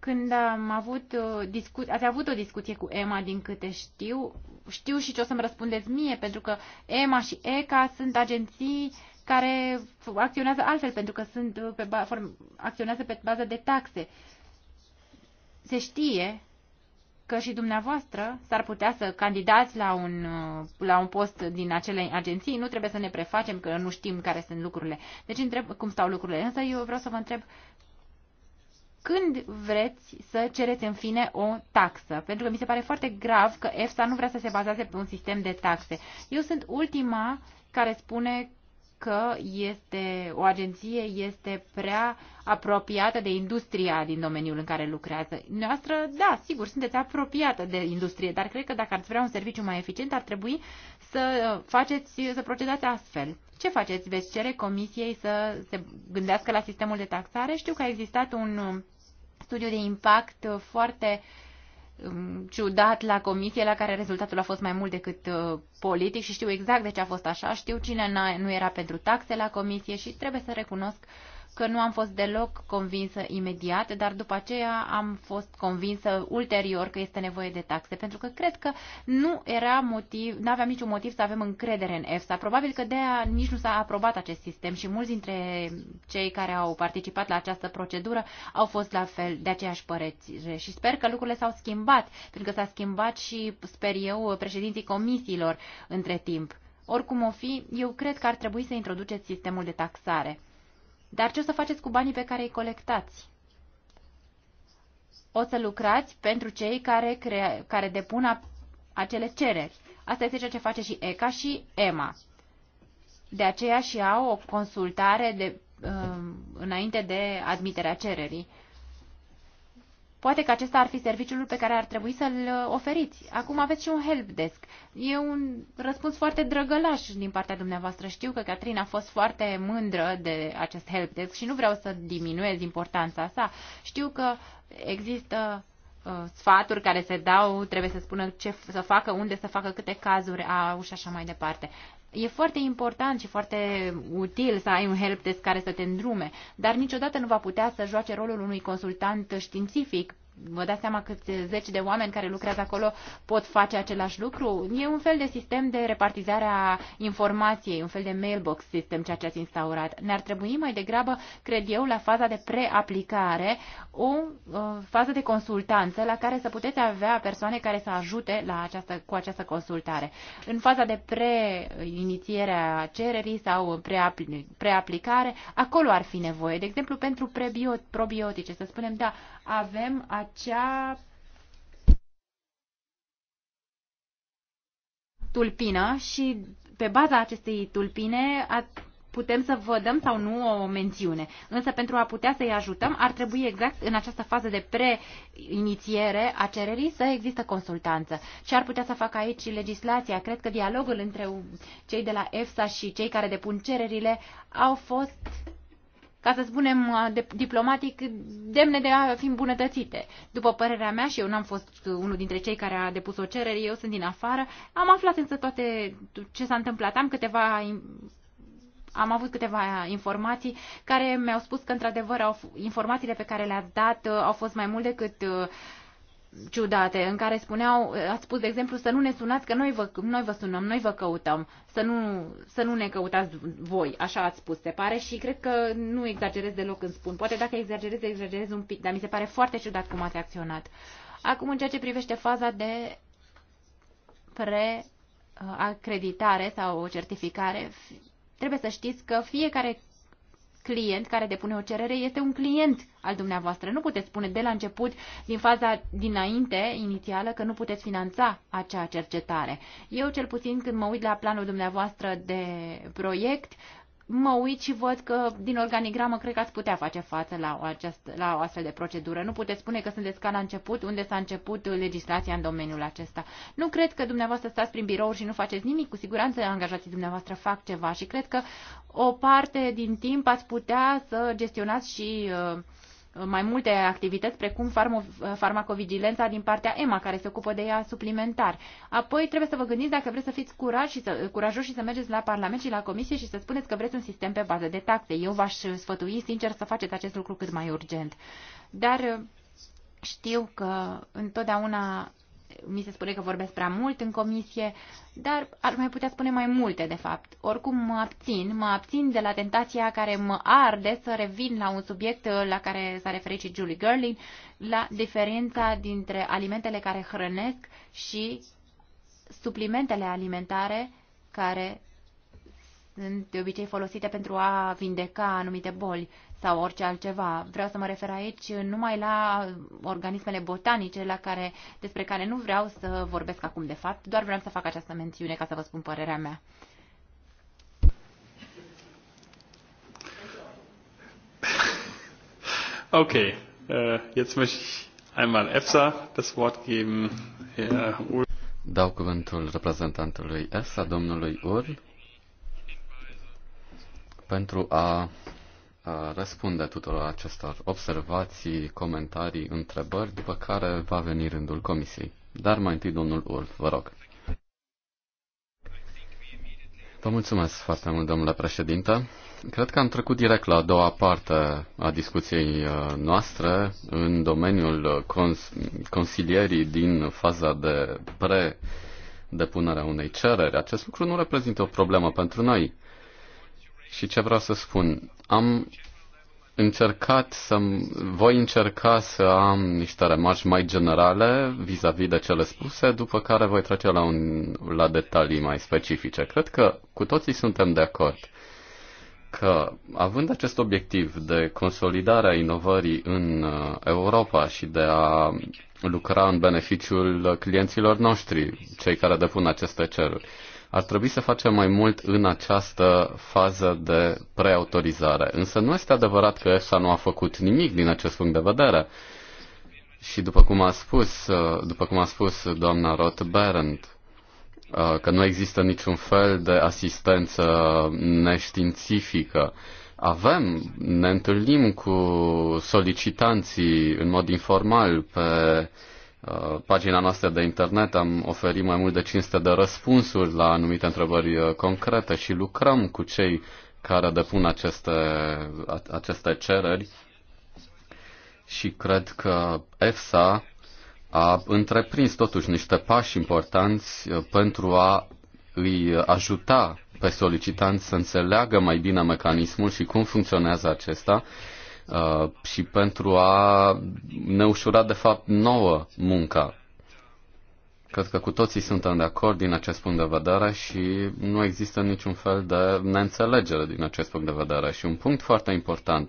când am avut uh, discu- ați avut o discuție cu Emma, din câte știu, știu și ce o să-mi răspundeți mie, pentru că Emma și ECA sunt agenții care acționează altfel, pentru că sunt uh, pe ba- acționează pe bază de taxe. Se știe că și dumneavoastră s-ar putea să candidați la un, uh, la un post din acele agenții, nu trebuie să ne prefacem că nu știm care sunt lucrurile. Deci întreb cum stau lucrurile. Însă eu vreau să vă întreb când vreți să cereți în fine o taxă? Pentru că mi se pare foarte grav că EFSA nu vrea să se bazeze pe un sistem de taxe. Eu sunt ultima care spune că este, o agenție este prea apropiată de industria din domeniul în care lucrează. Noastră, da, sigur, sunteți apropiată de industrie, dar cred că dacă ați vrea un serviciu mai eficient, ar trebui să uh, faceți, să procedați astfel. Ce faceți? Veți cere comisiei să se gândească la sistemul de taxare? Știu că a existat un uh, studiu de impact uh, foarte uh, Mm, ciudat la comisie la care rezultatul a fost mai mult decât uh, politic și știu exact de ce a fost așa, știu cine nu era pentru taxe la comisie și trebuie să recunosc că nu am fost deloc convinsă imediat, dar după aceea am fost convinsă ulterior că este nevoie de taxe, pentru că cred că nu era motiv, nu aveam niciun motiv să avem încredere în EFSA. Probabil că de aia nici nu s-a aprobat acest sistem și mulți dintre cei care au participat la această procedură au fost la fel de aceeași părere și sper că lucrurile s-au schimbat, pentru că s-a schimbat și, sper eu, președinții comisiilor între timp. Oricum o fi, eu cred că ar trebui să introduceți sistemul de taxare. Dar ce o să faceți cu banii pe care îi colectați? O să lucrați pentru cei care, crea, care depun acele cereri. Asta este ceea ce face și ECA și EMA. De aceea și au o consultare de, um, înainte de admiterea cererii. Poate că acesta ar fi serviciul pe care ar trebui să-l uh, oferiți. Acum aveți și un helpdesk. E un răspuns foarte drăgălaș din partea dumneavoastră. Știu că Catrina a fost foarte mândră de acest helpdesk și nu vreau să diminuez importanța sa. Știu că există uh, sfaturi care se dau, trebuie să spună ce să facă, unde să facă, câte cazuri au și așa mai departe. E foarte important și foarte util să ai un helpdesk care să te îndrume, dar niciodată nu va putea să joace rolul unui consultant științific vă dați seama cât zeci de oameni care lucrează acolo pot face același lucru? E un fel de sistem de repartizare a informației, un fel de mailbox system, ceea ce ați instaurat. Ne-ar trebui mai degrabă, cred eu, la faza de preaplicare, o uh, fază de consultanță la care să puteți avea persoane care să ajute la această, cu această consultare. În faza de preinițiere a cererii sau preaplicare, acolo ar fi nevoie. De exemplu, pentru probiotice, să spunem, da, avem acea tulpină și pe baza acestei tulpine putem să vă dăm sau nu o mențiune. Însă pentru a putea să-i ajutăm, ar trebui exact în această fază de pre-inițiere a cererii să există consultanță. Ce ar putea să facă aici legislația? Cred că dialogul între cei de la EFSA și cei care depun cererile au fost ca să spunem uh, diplomatic, demne de a fi îmbunătățite. După părerea mea, și eu n-am fost unul dintre cei care a depus o cerere, eu sunt din afară, am aflat însă toate ce s-a întâmplat. Am câteva am avut câteva informații care mi-au spus că, într-adevăr, informațiile pe care le-a dat uh, au fost mai mult decât uh, ciudate în care spuneau, ați spus, de exemplu, să nu ne sunați că noi vă, noi vă sunăm, noi vă căutăm, să nu, să nu ne căutați voi, așa ați spus, se pare, și cred că nu exagerez deloc când spun. Poate dacă exagerez, exagerez un pic, dar mi se pare foarte ciudat cum ați acționat. Acum, în ceea ce privește faza de preacreditare uh, sau o certificare, trebuie să știți că fiecare client care depune o cerere este un client al dumneavoastră. Nu puteți spune de la început, din faza dinainte, inițială, că nu puteți finanța acea cercetare. Eu, cel puțin, când mă uit la planul dumneavoastră de proiect, mă uit și văd că din organigramă cred că ați putea face față la o, aceast, la o astfel de procedură. Nu puteți spune că sunteți ca la început, unde s-a început legislația în domeniul acesta. Nu cred că dumneavoastră stați prin birou și nu faceți nimic. Cu siguranță angajații dumneavoastră fac ceva și cred că o parte din timp ați putea să gestionați și uh, Uh, mai multe activități, precum uh, farmacovigilența din partea EMA, care se ocupă de ea suplimentar. Apoi trebuie să vă gândiți dacă vreți să fiți curaj și să, curajoși și să mergeți la Parlament și la Comisie și să spuneți că vreți un sistem pe bază de taxe. Eu v-aș sfătui, sincer, să faceți acest lucru cât mai urgent. Dar uh, știu că întotdeauna mi se spune că vorbesc prea mult în comisie, dar ar mai putea spune mai multe, de fapt. Oricum mă abțin, mă abțin de la tentația care mă arde să revin la un subiect uh, la care s-a referit și Julie Gerlin, la diferența dintre alimentele care hrănesc și suplimentele alimentare care sunt de obicei folosite pentru a vindeca anumite boli sau orice altceva. Vreau să mă refer aici numai la organismele botanice la care, despre care nu vreau să vorbesc acum de fapt, doar vreau să fac această mențiune ca să vă spun părerea mea. Okay, uh, jetzt möchte ich einmal EFSA das Wort geben. Herr Dau cuvântul reprezentantului EFSA, domnului Url, pentru a răspunde tuturor acestor observații, comentarii, întrebări, după care va veni rândul comisiei. Dar mai întâi, domnul Ulf, vă rog. Vă mulțumesc foarte mult, domnule președinte. Cred că am trecut direct la a doua parte a discuției uh, noastre în domeniul uh, cons- consilierii din faza de pre-depunerea unei cereri. Acest lucru nu reprezintă o problemă pentru noi. Și ce vreau să spun? Am încercat să voi încerca să am niște remarci mai generale vis-a-vis -vis de cele spuse, după care voi trece la, un, la detalii mai specifice. Cred că cu toții suntem de acord că, având acest obiectiv de consolidare a inovării în uh, Europa și de a lucra în beneficiul clienților noștri, cei care depun aceste ceruri, ar trebui să facem mai mult în această fază de preautorizare. Însă nu este adevărat că EFSA nu a făcut nimic din acest punct de vedere. Și după cum a spus, uh, după cum a spus doamna Roth Berend, uh, că nu există niciun fel de asistență neștiințifică. Avem, ne întâlnim cu solicitanții în mod informal pe Uh, pagina noastră de internet am oferit mai mult de 500 de răspunsuri la anumite întrebări uh, concrete și lucrăm cu cei care depun aceste, aceste cereri și cred că EFSA a întreprins totuși niște pași importanți uh, pentru a îi ajuta pe solicitanți să înțeleagă mai bine mecanismul și cum funcționează acesta Uh, și pentru a ne ușura, de fapt, nouă munca. Cred că cu toții suntem de acord din acest punct de vedere și nu există niciun fel de neînțelegere din acest punct de vedere. Și un punct foarte important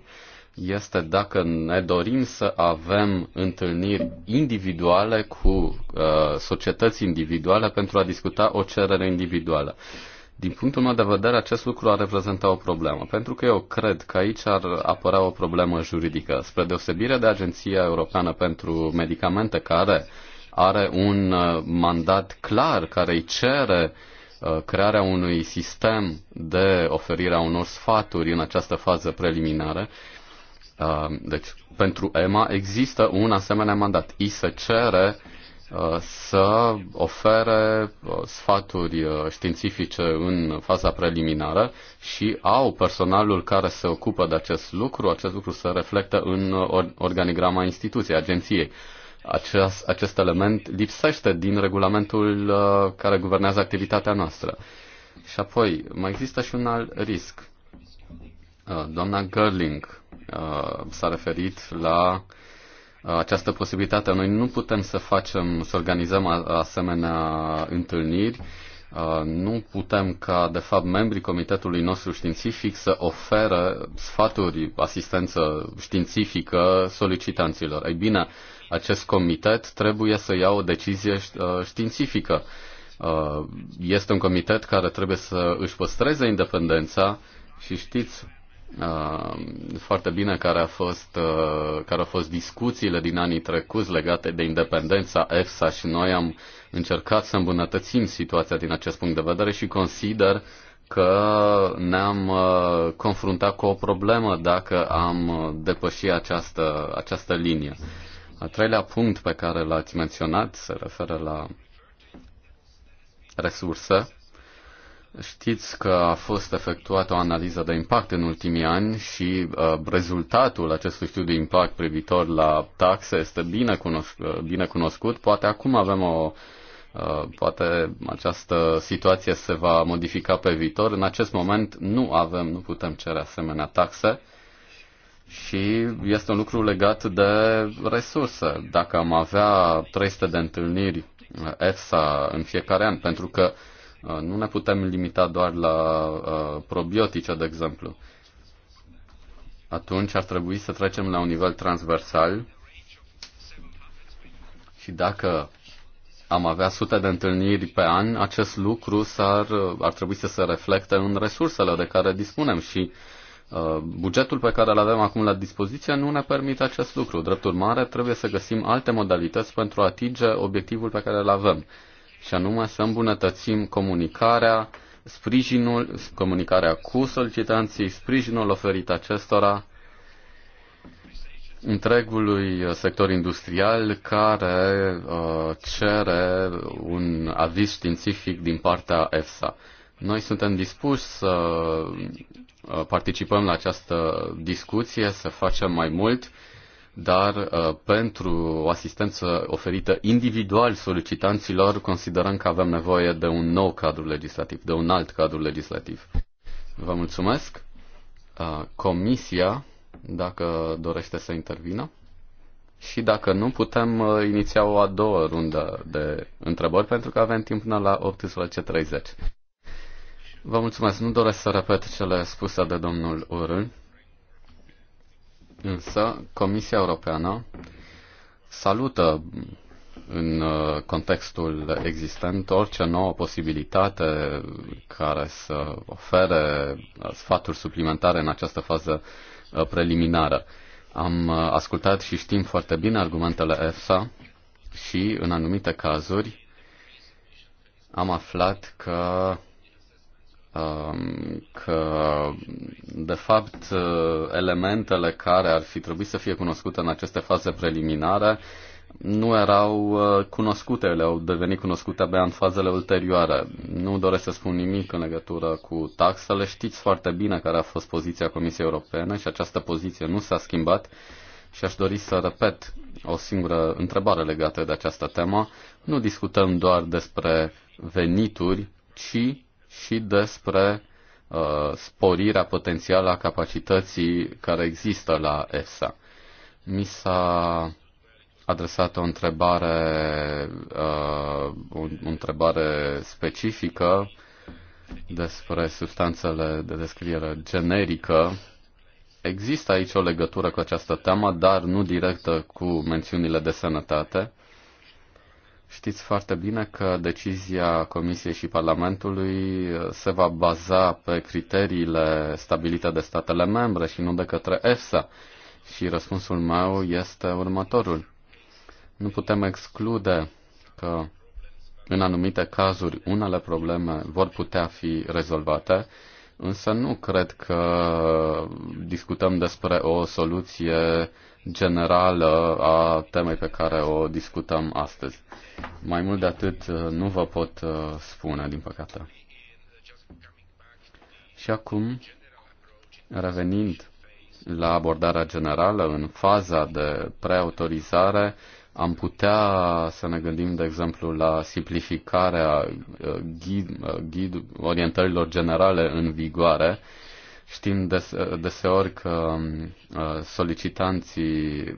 este dacă ne dorim să avem întâlniri individuale cu uh, societăți individuale pentru a discuta o cerere individuală. Din punctul meu de vedere, acest lucru ar reprezenta o problemă, pentru că eu cred că aici ar apărea o problemă juridică, spre deosebire de Agenția Europeană pentru Medicamente, care are un uh, mandat clar care îi cere uh, crearea unui sistem de oferire a unor sfaturi în această fază preliminară. Uh, deci, pentru EMA există un asemenea mandat. I se cere uh, Uh, să ofere uh, sfaturi uh, științifice în faza preliminară și au personalul care se ocupă de acest lucru. Acest lucru se reflectă în organigrama instituției, agenției. Acest, acest element lipsește din regulamentul care guvernează activitatea noastră. Și apoi, mai există și un alt risc. Doamna Gerling s-a referit la această posibilitate. Noi nu putem să facem, să organizăm asemenea întâlniri. Nu putem ca, de fapt, membrii comitetului nostru științific să oferă sfaturi, asistență științifică solicitanților. Ei bine, acest comitet trebuie să ia o decizie științifică. Este un comitet care trebuie să își păstreze independența și știți Uh, foarte bine care, a fost, uh, care au fost discuțiile din anii trecuți legate de independența EFSA și noi am încercat să îmbunătățim situația din acest punct de vedere și consider că ne-am uh, confruntat cu o problemă dacă am depășit această, această linie. Al treilea punct pe care l-ați menționat se referă la resurse Știți că a fost efectuată o analiză de impact în ultimii ani și uh, rezultatul acestui studiu de impact privitor la taxe este bine, cunosc- uh, bine cunoscut. Poate acum avem o. Uh, poate această situație se va modifica pe viitor. În acest moment nu avem, nu putem cere asemenea taxe și este un lucru legat de resurse. Dacă am avea 300 de întâlniri uh, EFSA în fiecare an, pentru că uh, Uh, nu ne putem limita doar la uh, probiotice, de exemplu. Atunci ar trebui să trecem la un nivel transversal și dacă am avea sute de întâlniri pe an, acest lucru s-ar, uh, ar trebui să se reflecte în resursele de care dispunem și bugetul pe care îl avem acum la dispoziție nu ne permite acest lucru. Drept urmare, trebuie să găsim alte modalități pentru a atinge obiectivul pe care îl avem și anume să îmbunătățim comunicarea, sprijinul, comunicarea cu solicitanții, sprijinul oferit acestora întregului sector industrial care uh, cere un aviz științific din partea EFSA. Noi suntem dispuși să uh, participăm la această discuție, să facem mai mult dar uh, pentru o asistență oferită individual solicitanților considerăm că avem nevoie de un nou cadru legislativ, de un alt cadru legislativ. Vă mulțumesc. Uh, comisia, dacă dorește să intervină. Și dacă nu, putem uh, iniția o a doua rundă de întrebări, pentru că avem timp până la 18.30. Vă mulțumesc. Nu doresc să repet cele spuse de domnul Urân Însă, Comisia Europeană salută în uh, contextul existent orice nouă posibilitate care să ofere uh, sfaturi suplimentare în această fază uh, preliminară. Am ascultat și știm foarte bine argumentele EFSA și, în anumite cazuri, am aflat că Um, că, de fapt, uh, elementele care ar fi trebuit să fie cunoscute în aceste faze preliminare nu erau uh, cunoscute, ele au devenit cunoscute abia în fazele ulterioare. Nu doresc să spun nimic în legătură cu taxele. Știți foarte bine care a fost poziția Comisiei Europene și această poziție nu s-a schimbat și aș dori să repet o singură întrebare legată de această temă. Nu discutăm doar despre venituri, ci și despre uh, sporirea potențială a capacității care există la EFSA. Mi s-a adresat o întrebare, uh, o întrebare specifică despre substanțele de descriere generică. Există aici o legătură cu această temă, dar nu directă cu mențiunile de sănătate. Știți foarte bine că decizia Comisiei și Parlamentului uh, se va baza pe criteriile stabilite de statele membre și nu de către EFSA. Și răspunsul meu este următorul. Nu putem exclude că în anumite cazuri unele probleme vor putea fi rezolvate, însă nu cred că discutăm despre o soluție generală a temei pe care o discutăm astăzi. Mai mult de atât uh, nu vă pot uh, spune, din păcate. Și acum, revenind la abordarea generală, în faza de preautorizare, am putea să ne gândim, de exemplu, la simplificarea uh, ghid, ghid orientărilor generale în vigoare, uh, Știm dese- deseori că uh, solicitanții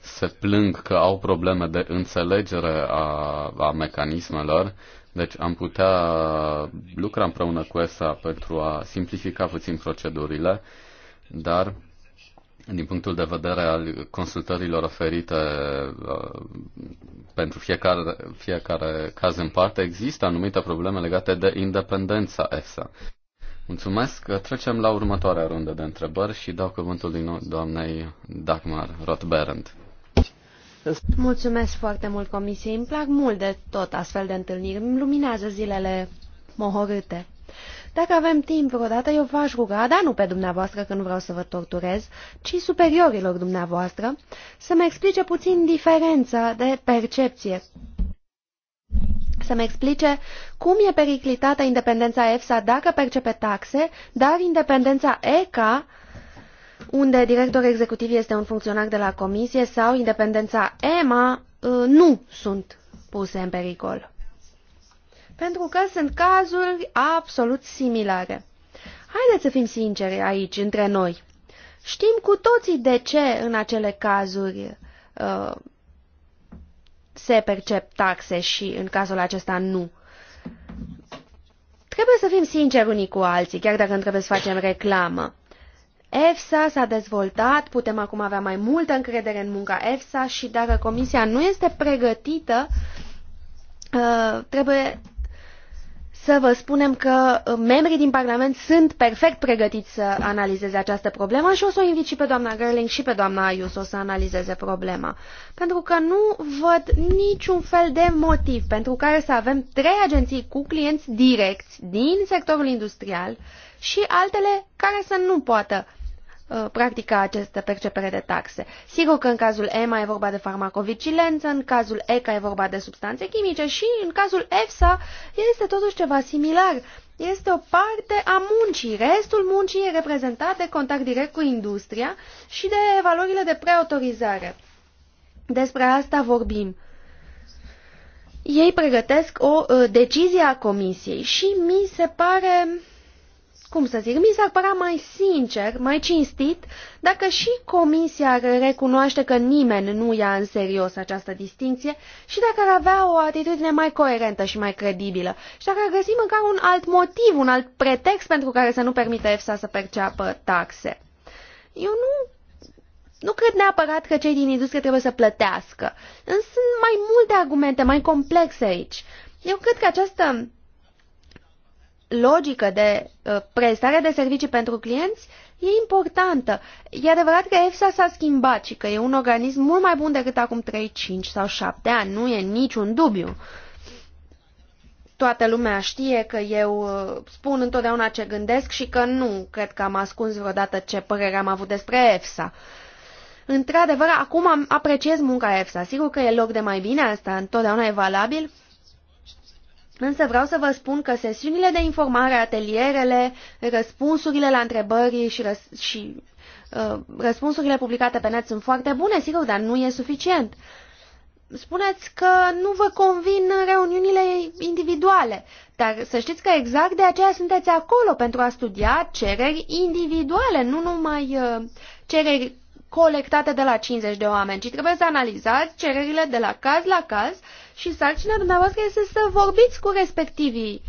se plâng că au probleme de înțelegere a, a mecanismelor, deci am putea lucra împreună cu ESA pentru a simplifica puțin procedurile, dar din punctul de vedere al consultărilor oferite uh, pentru fiecare, fiecare caz în parte, există anumite probleme legate de independența ESA. Mulțumesc. Trecem la următoarea rundă de întrebări și dau cuvântul din nou doamnei Dagmar Rotberend. Mulțumesc foarte mult comisiei. Îmi plac mult de tot astfel de întâlniri. Îmi luminează zilele mohorâte. Dacă avem timp vreodată, eu v-aș ruga, dar nu pe dumneavoastră când vreau să vă torturez, ci superiorilor dumneavoastră, să-mi explice puțin diferența de percepție să-mi explice cum e periclitată independența EFSA dacă percepe taxe, dar independența ECA, unde director executiv este un funcționar de la comisie, sau independența EMA, uh, nu sunt puse în pericol. Pentru că sunt cazuri absolut similare. Haideți să fim sinceri aici, între noi. Știm cu toții de ce în acele cazuri uh, se percep taxe și în cazul acesta nu. Trebuie să fim sinceri unii cu alții, chiar dacă nu trebuie să facem reclamă. EFSA s-a dezvoltat, putem acum avea mai multă încredere în munca EFSA și dacă comisia nu este pregătită, uh, trebuie să vă spunem că uh, membrii din Parlament sunt perfect pregătiți să analizeze această problemă și o să o invit și pe doamna Gerling și pe doamna Ayuso să analizeze problema. Pentru că nu văd niciun fel de motiv pentru care să avem trei agenții cu clienți direcți din sectorul industrial și altele care să nu poată Uh, practica această percepere de taxe. Sigur că în cazul EMA e vorba de farmacovigilență, în cazul ECA e vorba de substanțe chimice și în cazul EFSA este totuși ceva similar. Este o parte a muncii. Restul muncii e reprezentat de contact direct cu industria și de valorile de preautorizare. Despre asta vorbim. Ei pregătesc o uh, decizie a comisiei și mi se pare cum să zic, mi s-ar părea mai sincer, mai cinstit, dacă și Comisia ar recunoaște că nimeni nu ia în serios această distinție și dacă ar avea o atitudine mai coerentă și mai credibilă și dacă ar găsi măcar un alt motiv, un alt pretext pentru care să nu permită EFSA să perceapă taxe. Eu nu nu cred neapărat că cei din industrie trebuie să plătească, însă sunt mai multe argumente, mai complexe aici. Eu cred că această logică de uh, prestare de servicii pentru clienți e importantă. E adevărat că EFSA s-a schimbat și că e un organism mult mai bun decât acum 3, 5 sau 7 ani, nu e niciun dubiu. Toată lumea știe că eu uh, spun întotdeauna ce gândesc și că nu cred că am ascuns vreodată ce părere am avut despre EFSA. Într-adevăr, acum apreciez munca EFSA. Sigur că e loc de mai bine, asta întotdeauna e valabil, Însă vreau să vă spun că sesiunile de informare, atelierele, răspunsurile la întrebări și, răs și uh, răspunsurile publicate pe net sunt foarte bune, sigur, dar nu e suficient. Spuneți că nu vă convin reuniunile individuale, dar să știți că exact de aceea sunteți acolo pentru a studia cereri individuale, nu numai uh, cereri colectate de la 50 de oameni, ci trebuie să analizați cererile de la caz la caz și sarcina dumneavoastră este să vorbiți cu respectivii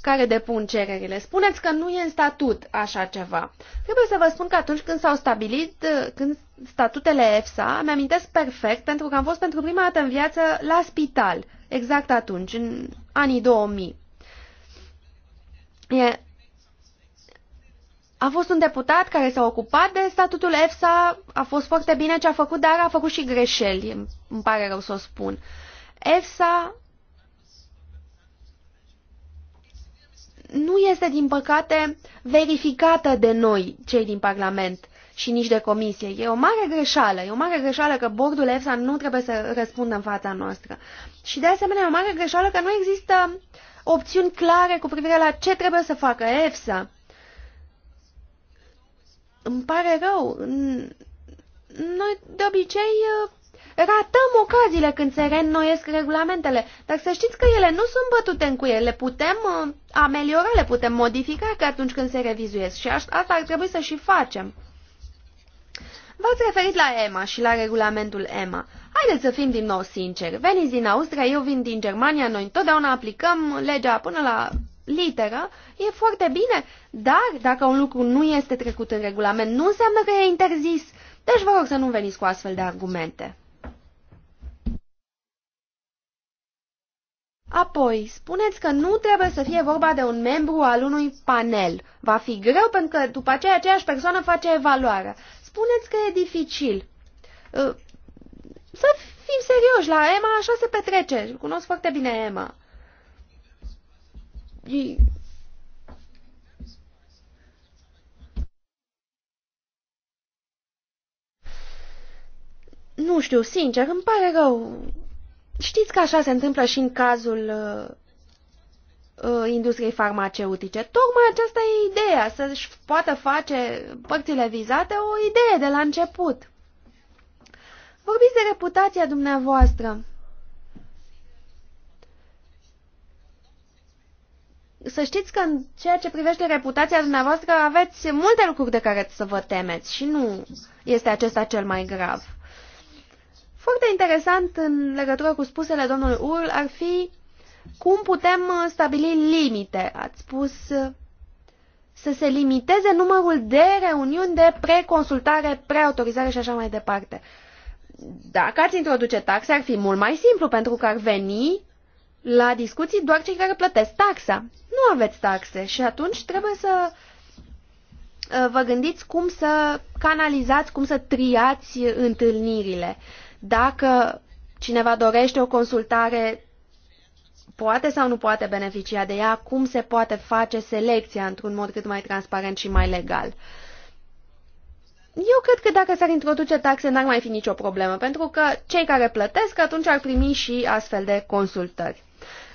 care depun cererile. Spuneți că nu e în statut așa ceva. Trebuie să vă spun că atunci când s-au stabilit când statutele EFSA, îmi amintesc perfect pentru că am fost pentru prima dată în viață la spital, exact atunci, în anii 2000. E a fost un deputat care s-a ocupat de statutul EFSA, a fost foarte bine ce a făcut, dar a făcut și greșeli, îmi pare rău să o spun. EFSA nu este, din păcate, verificată de noi, cei din Parlament, și nici de comisie. E o mare greșeală, e o mare greșeală că bordul EFSA nu trebuie să răspundă în fața noastră. Și de asemenea, e o mare greșeală că nu există opțiuni clare cu privire la ce trebuie să facă EFSA. Îmi pare rău. Noi, de obicei, uh, ratăm ocaziile când se reînnoiesc regulamentele, dar să știți că ele nu sunt bătute în cuie, le putem uh, ameliora, le putem modifica că atunci când se revizuiesc și asta ar trebui să și facem. V-ați referit la EMA și la regulamentul EMA. Haideți să fim din nou sinceri. Veniți din Austria, eu vin din Germania, noi întotdeauna aplicăm legea până la literă, e foarte bine, dar dacă un lucru nu este trecut în regulament, nu înseamnă că e interzis. Deci vă rog să nu veniți cu astfel de argumente. Apoi, spuneți că nu trebuie să fie vorba de un membru al unui panel. Va fi greu pentru că după aceea aceeași persoană face evaluarea. Spuneți că e dificil. Uh, să fim serioși, la Emma așa se petrece. Cunosc foarte bine Emma ei Nu știu, sincer, îmi pare rău. Știți că așa se întâmplă și în cazul uh, uh, industriei farmaceutice. Tocmai aceasta e ideea, să-și poată face părțile vizate o idee de la început. Vorbiți de reputația dumneavoastră. să știți că în ceea ce privește reputația dumneavoastră aveți multe lucruri de care să vă temeți și nu este acesta cel mai grav. Foarte interesant în legătură cu spusele domnului Url ar fi cum putem stabili limite. Ați spus să se limiteze numărul de reuniuni de preconsultare, preautorizare și așa mai departe. Dacă ați introduce taxe, ar fi mult mai simplu, pentru că ar veni la discuții doar cei care plătesc taxa. Nu aveți taxe și atunci trebuie să uh, vă gândiți cum să canalizați, cum să triați întâlnirile. Dacă cineva dorește o consultare, poate sau nu poate beneficia de ea, cum se poate face selecția într-un mod cât mai transparent și mai legal. Eu cred că dacă s-ar introduce taxe, n-ar mai fi nicio problemă, pentru că cei care plătesc atunci ar primi și astfel de consultări.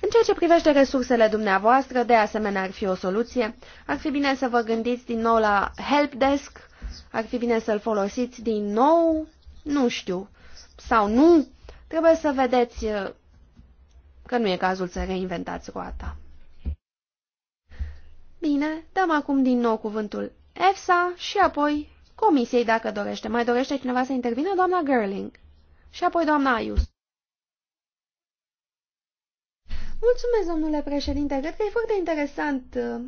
În ceea ce privește resursele dumneavoastră, de asemenea ar fi o soluție. Ar fi bine să vă gândiți din nou la helpdesk, ar fi bine să-l folosiți din nou, nu știu, sau nu. Trebuie să vedeți uh, că nu e cazul să reinventați roata. Bine, dăm acum din nou cuvântul EFSA și apoi Comisiei dacă dorește. Mai dorește cineva să intervină? Doamna Gerling. Și apoi doamna Ayuso. Mulțumesc, domnule președinte. Cred că e foarte interesant uh,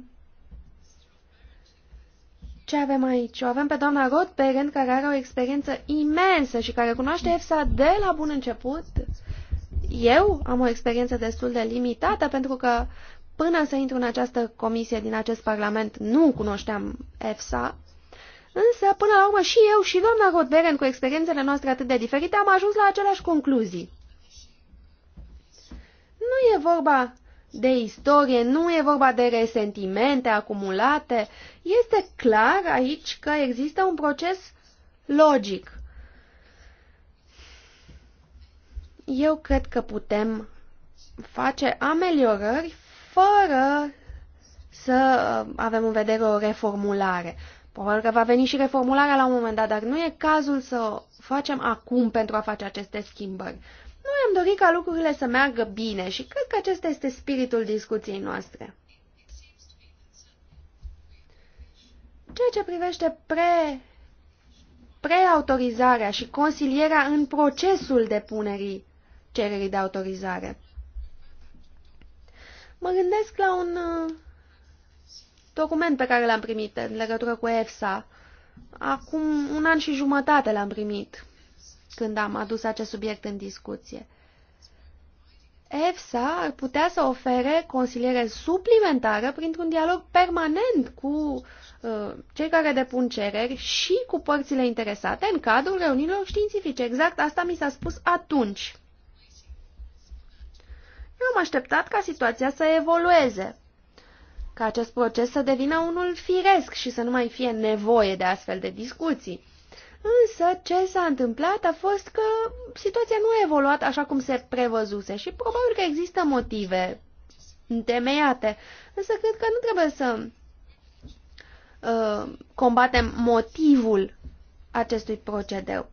ce avem aici. O avem pe doamna Rothbergen, care are o experiență imensă și care cunoaște EFSA de la bun început. Eu am o experiență destul de limitată, pentru că până să intru în această comisie din acest parlament nu cunoșteam EFSA. Însă, până la urmă, și eu și doamna Rothbergen, cu experiențele noastre atât de diferite, am ajuns la aceleași concluzii nu e vorba de istorie, nu e vorba de resentimente acumulate. Este clar aici că există un proces logic. Eu cred că putem face ameliorări fără să avem în vedere o reformulare. Probabil că va veni și reformularea la un moment dat, dar nu e cazul să o facem acum pentru a face aceste schimbări. Noi am dorit ca lucrurile să meargă bine și cred că acesta este spiritul discuției noastre. Ceea ce privește pre preautorizarea și consilierea în procesul depunerii cererii de autorizare. Mă gândesc la un uh, document pe care l-am primit în legătură cu EFSA. Acum un an și jumătate l-am primit când am adus acest subiect în discuție. EFSA ar putea să ofere consiliere suplimentară printr-un dialog permanent cu uh, cei care depun cereri și cu părțile interesate în cadrul reuniilor științifice. Exact asta mi s-a spus atunci. Eu am așteptat ca situația să evolueze, ca acest proces să devină unul firesc și să nu mai fie nevoie de astfel de discuții. Însă ce s-a întâmplat a fost că situația nu a evoluat așa cum se prevăzuse și probabil că există motive întemeiate. Însă cred că nu trebuie să uh, combatem motivul acestui procedeu.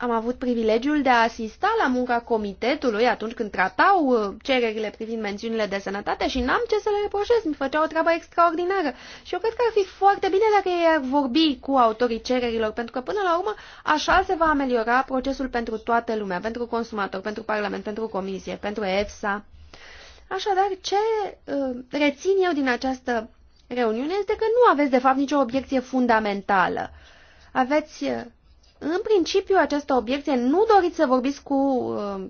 Am avut privilegiul de a asista la munca comitetului atunci când tratau uh, cererile privind mențiunile de sănătate și n-am ce să le reproșez, mi făceau o treabă extraordinară. Și eu cred că ar fi foarte bine dacă ei ar vorbi cu autorii cererilor, pentru că până la urmă așa se va ameliora procesul pentru toată lumea, pentru consumator, pentru Parlament, pentru Comisie, pentru EFSA. Așadar, ce uh, rețin eu din această reuniune este că nu aveți de fapt nicio obiecție fundamentală. Aveți uh, în principiu, această obiecție, nu doriți să vorbiți cu uh,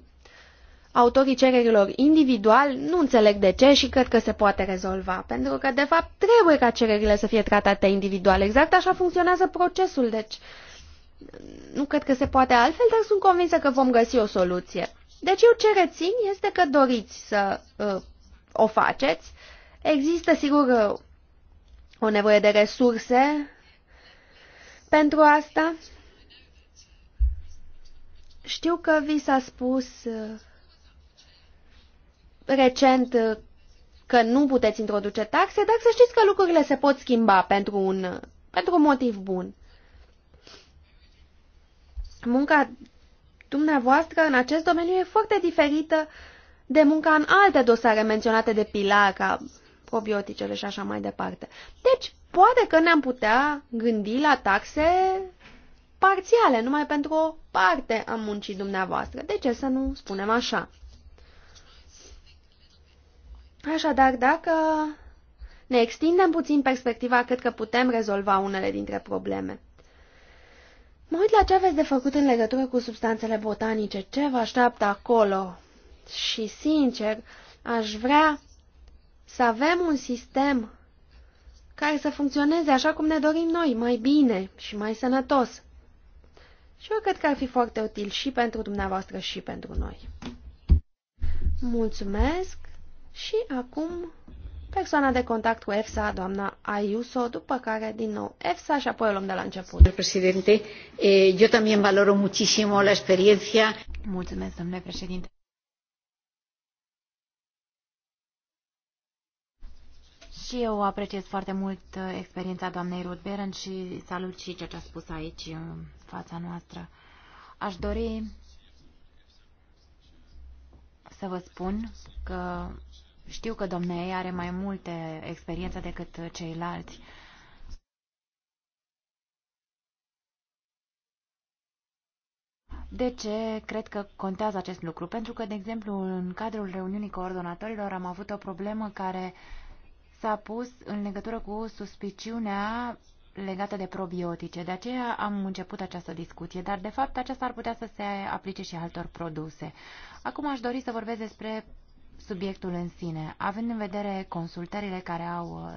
autorii cererilor individual, nu înțeleg de ce și cred că se poate rezolva, pentru că, de fapt, trebuie ca cererile să fie tratate individual. Exact așa funcționează procesul, deci nu cred că se poate altfel, dar sunt convinsă că vom găsi o soluție. Deci eu ce rețin este că doriți să uh, o faceți. Există, sigur, uh, o nevoie de resurse pentru asta știu că vi s-a spus uh, recent uh, că nu puteți introduce taxe, dar să știți că lucrurile se pot schimba pentru un, uh, pentru un motiv bun. Munca dumneavoastră în acest domeniu e foarte diferită de munca în alte dosare menționate de pilar, ca probioticele și așa mai departe. Deci, poate că ne-am putea gândi la taxe parțiale, numai pentru o parte a muncii dumneavoastră. De ce să nu spunem așa? Așadar, dacă ne extindem puțin perspectiva, cred că putem rezolva unele dintre probleme. Mă uit la ce aveți de făcut în legătură cu substanțele botanice, ce vă așteaptă acolo. Și, sincer, aș vrea să avem un sistem care să funcționeze așa cum ne dorim noi, mai bine și mai sănătos. Și eu cred că ar fi foarte util și pentru dumneavoastră și pentru noi. Mulțumesc și acum persoana de contact cu EFSA, doamna Ayuso, după care din nou EFSA și apoi o luăm de la început. Domnule Președinte, eh, eu también valoro muchísimo la experiencia. Mulțumesc, domnule președinte. Și eu apreciez foarte mult uh, experiența doamnei Ruth Berend și salut și ceea ce a spus aici uh, în fața noastră. Aș dori să vă spun că știu că domnei are mai multe experiențe decât ceilalți. De ce cred că contează acest lucru? Pentru că, de exemplu, în cadrul reuniunii coordonatorilor am avut o problemă care uh, s-a pus în legătură cu suspiciunea legată de probiotice. De aceea am început această discuție, dar de fapt aceasta ar putea să se aplice și altor produse. Acum aș dori să vorbesc despre subiectul în sine, având în vedere consultările care au uh,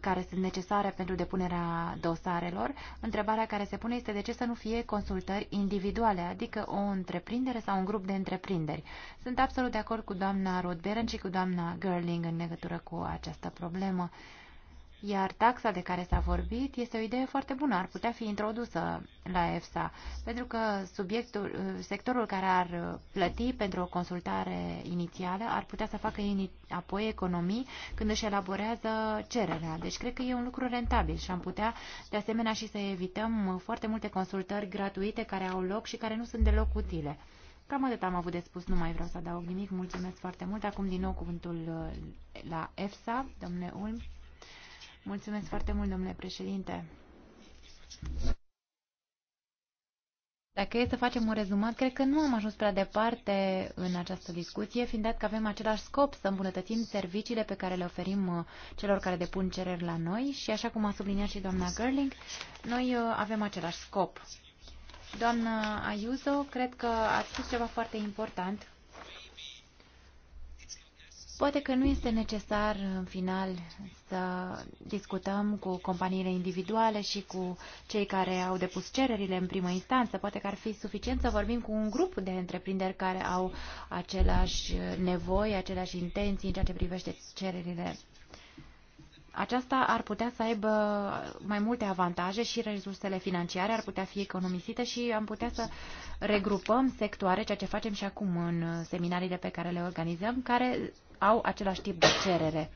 care sunt necesare pentru depunerea dosarelor, întrebarea care se pune este de ce să nu fie consultări individuale, adică o întreprindere sau un grup de întreprinderi. Sunt absolut de acord cu doamna Rodberen și cu doamna Gerling în legătură cu această problemă. Iar taxa de care s-a vorbit este o idee foarte bună, ar putea fi introdusă la EFSA, pentru că subiectul, sectorul care ar plăti pentru o consultare inițială ar putea să facă apoi economii când își elaborează cererea. Deci cred că e un lucru rentabil și am putea de asemenea și să evităm foarte multe consultări gratuite care au loc și care nu sunt deloc utile. Cam atât am avut de spus, nu mai vreau să adaug nimic. Mulțumesc foarte mult. Acum din nou cuvântul la EFSA, domnule Ulm. Mulțumesc foarte mult, domnule președinte. Dacă e să facem un rezumat, cred că nu am ajuns prea departe în această discuție, fiind dat că avem același scop să îmbunătățim serviciile pe care le oferim uh, celor care depun cereri la noi și, așa cum a subliniat și doamna Gerling, noi uh, avem același scop. Doamna Ayuso, cred că ați spus ceva foarte important Poate că nu este necesar, în final, să discutăm cu companiile individuale și cu cei care au depus cererile în primă instanță. Poate că ar fi suficient să vorbim cu un grup de întreprinderi care au aceleași nevoi, aceleași intenții în ceea ce privește cererile aceasta ar putea să aibă mai multe avantaje și resursele financiare ar putea fi economisite și am putea să regrupăm sectoare, ceea ce facem și acum în seminariile pe care le organizăm, care au același tip de cerere.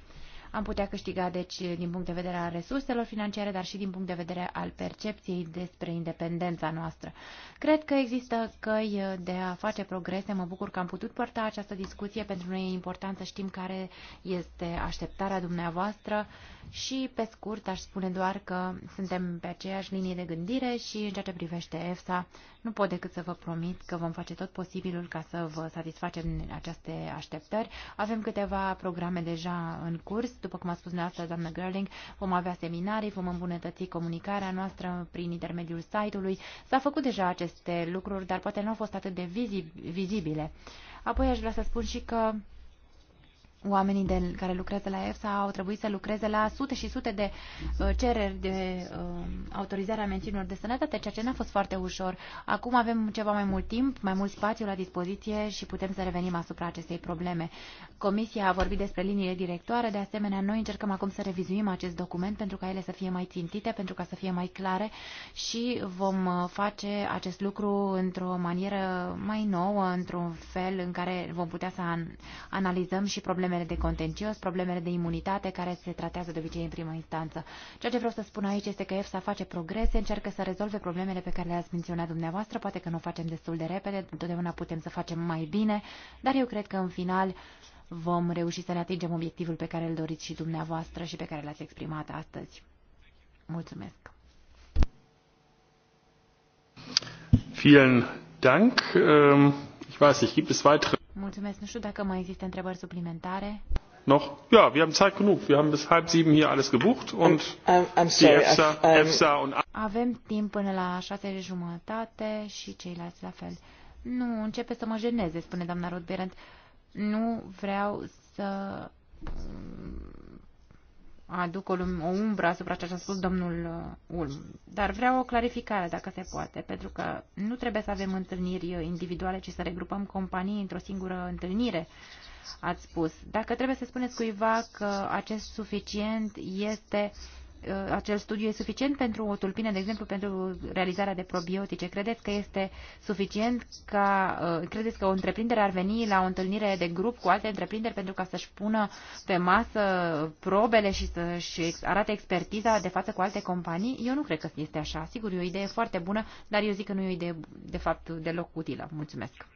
Am putea câștiga, deci, din punct de vedere al resurselor financiare, dar și din punct de vedere al percepției despre independența noastră. Cred că există căi de a face progrese. Mă bucur că am putut părta această discuție. Pentru noi e important să știm care este așteptarea dumneavoastră și, pe scurt, aș spune doar că suntem pe aceeași linie de gândire și, în ceea ce privește EFSA, nu pot decât să vă promit că vom face tot posibilul ca să vă satisfacem aceste așteptări. Avem câteva programe deja în curs după cum a spus dumneavoastră, doamnă Gerling, vom avea seminarii, vom îmbunătăți comunicarea noastră prin intermediul site-ului. S-a făcut deja aceste lucruri, dar poate nu au fost atât de vizibile. Apoi aș vrea să spun și că oamenii de, care lucrează la EFSA au trebuit să lucreze la sute și sute de uh, cereri de uh, autorizare a mențiunilor de sănătate, ceea ce n-a fost foarte ușor. Acum avem ceva mai mult timp, mai mult spațiu la dispoziție și putem să revenim asupra acestei probleme. Comisia a vorbit despre liniile directoare, de asemenea noi încercăm acum să revizuim acest document pentru ca ele să fie mai țintite, pentru ca să fie mai clare și vom uh, face acest lucru într-o manieră mai nouă, într-un fel în care vom putea să analizăm și probleme problemele de contencios, problemele de imunitate care se tratează de obicei în prima instanță. Ceea ce vreau să spun aici este că EFSA face progrese, încearcă să rezolve problemele pe care le-ați menționat dumneavoastră, poate că nu o facem destul de repede, întotdeauna putem să facem mai bine, dar eu cred că în final vom reuși să ne atingem obiectivul pe care îl doriți și dumneavoastră și pe care l-ați exprimat astăzi. Mulțumesc! Vielen Dank. Ähm, Ich weiß nicht, gibt es weitere? Mulțumesc, nu știu dacă mai există întrebări suplimentare. Noch? Ja, wir haben Zeit genug. Wir haben bis halb sieben hier alles gebucht und I'm, I'm sorry, die EFSA, I'm, EFSA und... Avem timp până la șase jumătate și ceilalți la fel. Nu, începe să mă jeneze, spune doamna Rodberent. Nu vreau să aduc o, o umbră asupra ceea ce a spus domnul uh, Ulm. Dar vreau o clarificare, dacă se poate, pentru că nu trebuie să avem întâlniri uh, individuale, ci să regrupăm companii într-o singură întâlnire, ați spus. Dacă trebuie să spuneți cuiva că acest suficient este uh, Uh, acel studiu e suficient pentru o tulpină, de exemplu, pentru realizarea de probiotice? Credeți că este suficient ca, uh, credeți că o întreprindere ar veni la o întâlnire de grup cu alte întreprinderi pentru ca să-și pună pe masă probele și să-și arate expertiza de față cu alte companii? Eu nu cred că este așa. Sigur, e o idee foarte bună, dar eu zic că nu e o idee, de fapt, deloc utilă. Mulțumesc.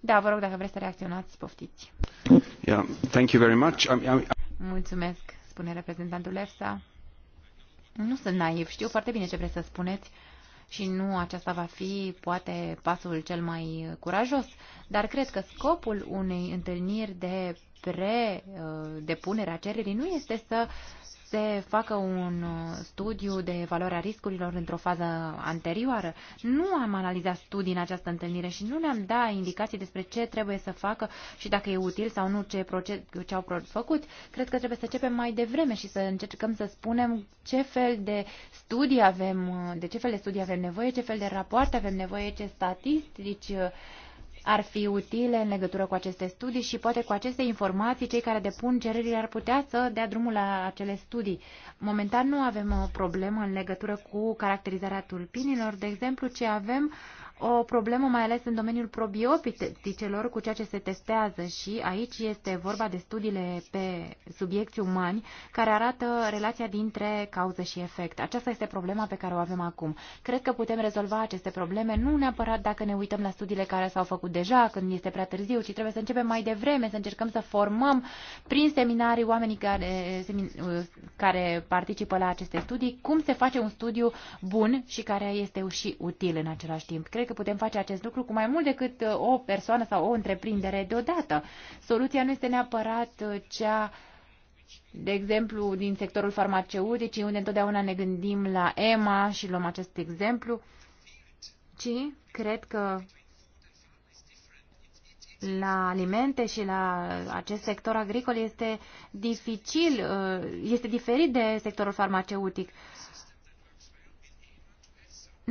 Da, vă rog, dacă vreți să reacționați, poftiți. Yeah, thank you very much. I'm, I'm... Mulțumesc, spune reprezentantul EFSA. Nu sunt naiv, știu foarte bine ce vreți să spuneți și nu aceasta va fi, poate, pasul cel mai curajos, dar cred că scopul unei întâlniri de pre-depunerea uh, cererii nu este să se facă un uh, studiu de valoarea riscurilor într-o fază anterioară. Nu am analizat studii în această întâlnire și nu ne-am dat indicații despre ce trebuie să facă și dacă e util sau nu ce, proces, ce au făcut. Cred că trebuie să începem mai devreme și să încercăm să spunem ce fel de studii avem, uh, de ce fel de studii avem nevoie, ce fel de rapoarte avem nevoie, ce statistici uh, ar fi utile în legătură cu aceste studii și poate cu aceste informații cei care depun cererile ar putea să dea drumul la acele studii. Momentan nu avem o problemă în legătură cu caracterizarea tulpinilor, de exemplu, ce avem uh, o problemă mai ales în domeniul probioticelor cu ceea ce se testează și aici este vorba de studiile pe subiecti umani care arată relația dintre cauză și efect. Aceasta este problema pe care o avem acum. Cred că putem rezolva aceste probleme nu neapărat dacă ne uităm la studiile care s-au făcut deja când este prea târziu, ci trebuie să începem mai devreme, să încercăm să formăm prin seminarii oamenii care, semin, care participă la aceste studii cum se face un studiu bun și care este și util în același timp. Cred că că putem face acest lucru cu mai mult decât uh, o persoană sau o întreprindere deodată. Soluția nu este neapărat uh, cea de exemplu, din sectorul farmaceutic. unde întotdeauna ne gândim la EMA și luăm acest exemplu, ci cred că la alimente și la acest sector agricol este dificil, uh, este diferit de sectorul farmaceutic.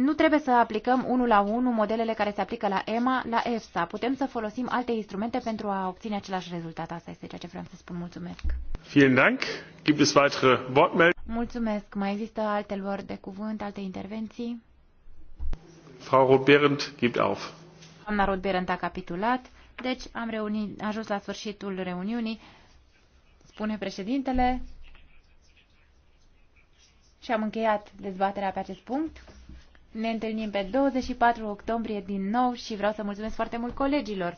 Nu trebuie să aplicăm unul la unul modelele care se aplică la EMA, la EFSA. Putem să folosim alte instrumente pentru a obține același rezultat. Asta este ceea ce vreau să spun. Mulțumesc. Vielen Dank. Gibt es weitere Wortmeldungen? Mulțumesc. Mai există alte luări de cuvânt, alte intervenții? Frau Roth-Behrendt gibt auf. Doamna roth a capitulat, deci am reunit, ajuns la sfârșitul reuniunii, spune președintele, și am încheiat dezbaterea pe acest punct. Ne întâlnim pe 24 octombrie din nou și vreau să mulțumesc foarte mult colegilor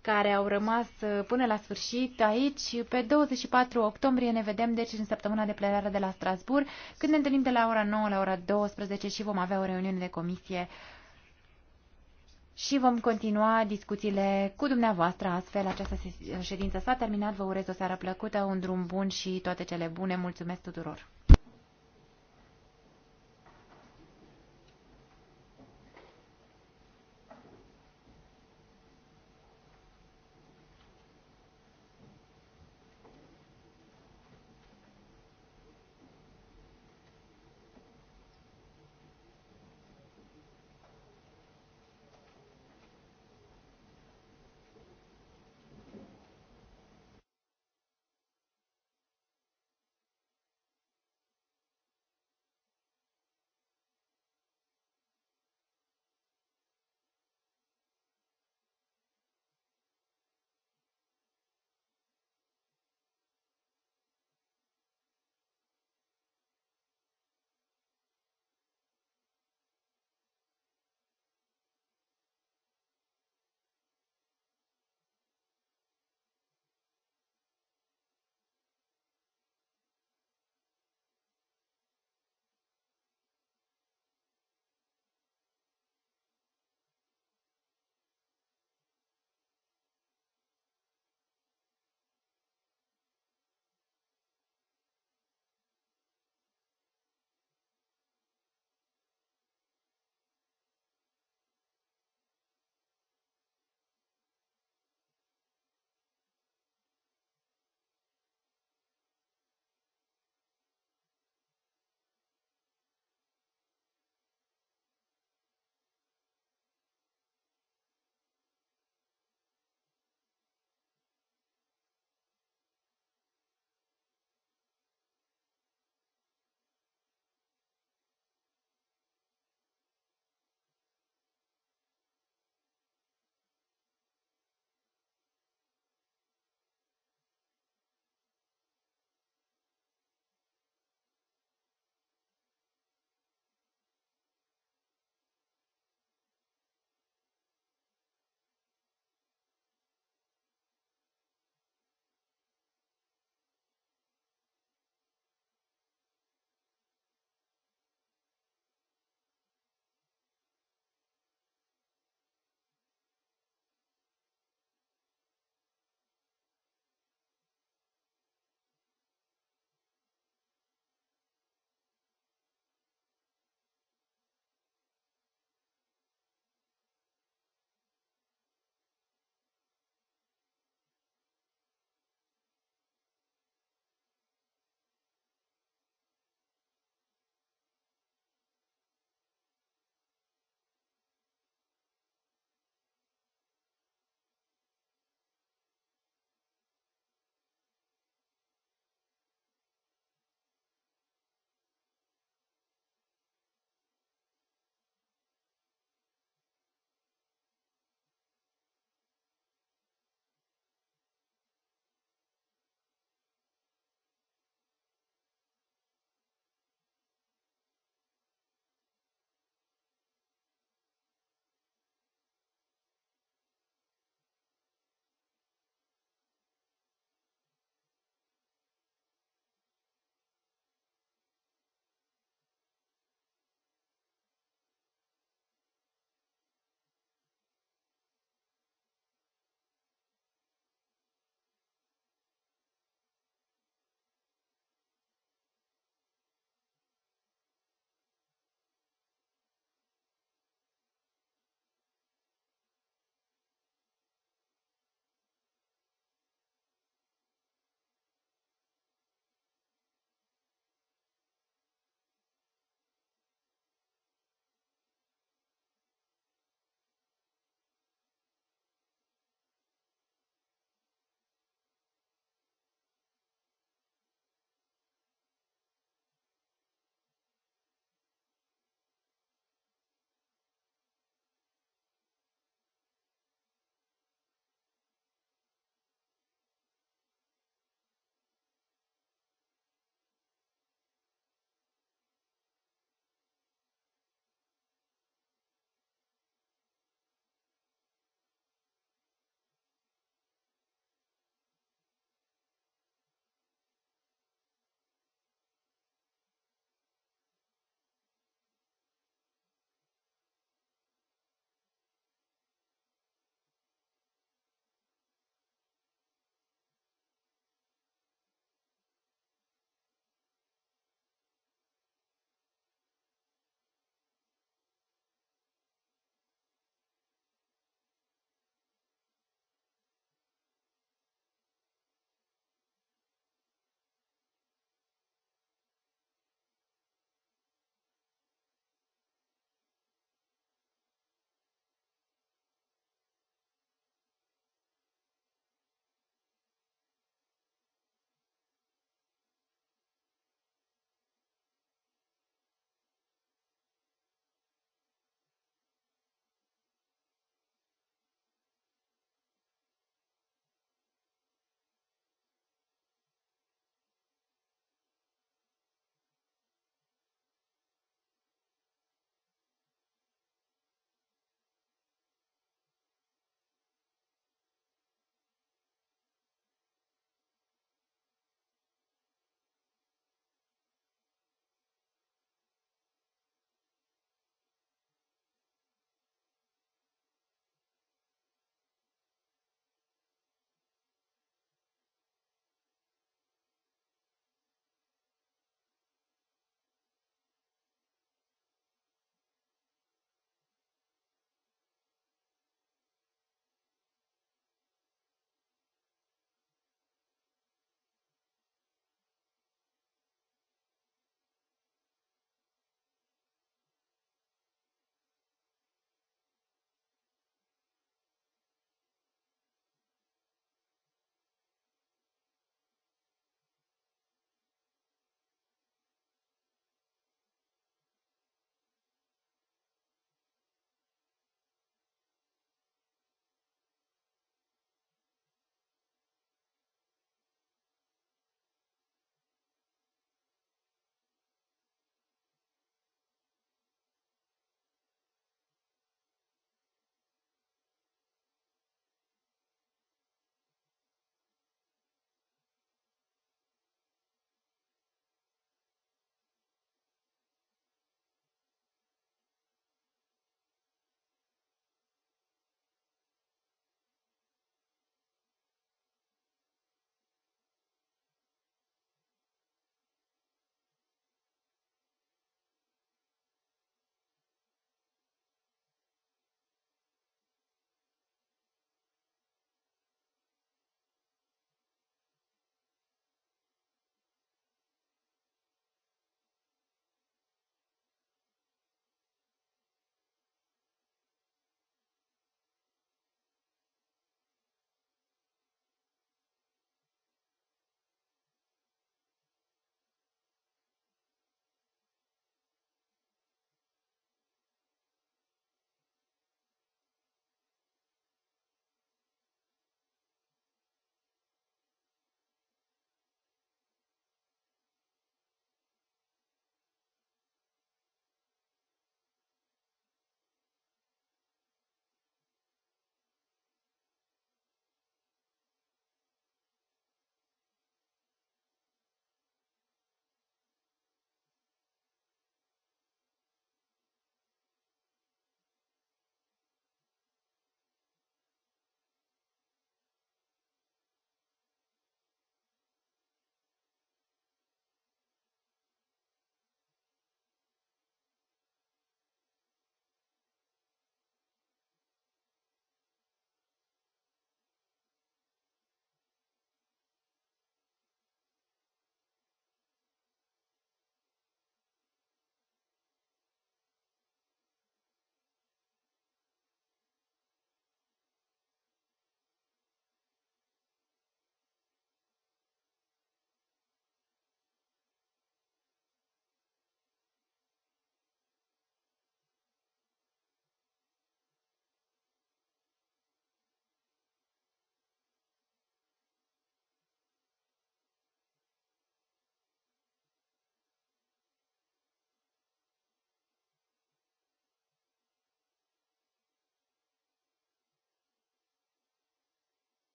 care au rămas uh, până la sfârșit aici. Pe 24 octombrie ne vedem deci în săptămâna de plenară de la Strasbourg, când ne întâlnim de la ora 9 la ora 12 și vom avea o reuniune de comisie și vom continua discuțiile cu dumneavoastră. Astfel, această ședință s-a terminat. Vă urez o seară plăcută, un drum bun și toate cele bune. Mulțumesc tuturor!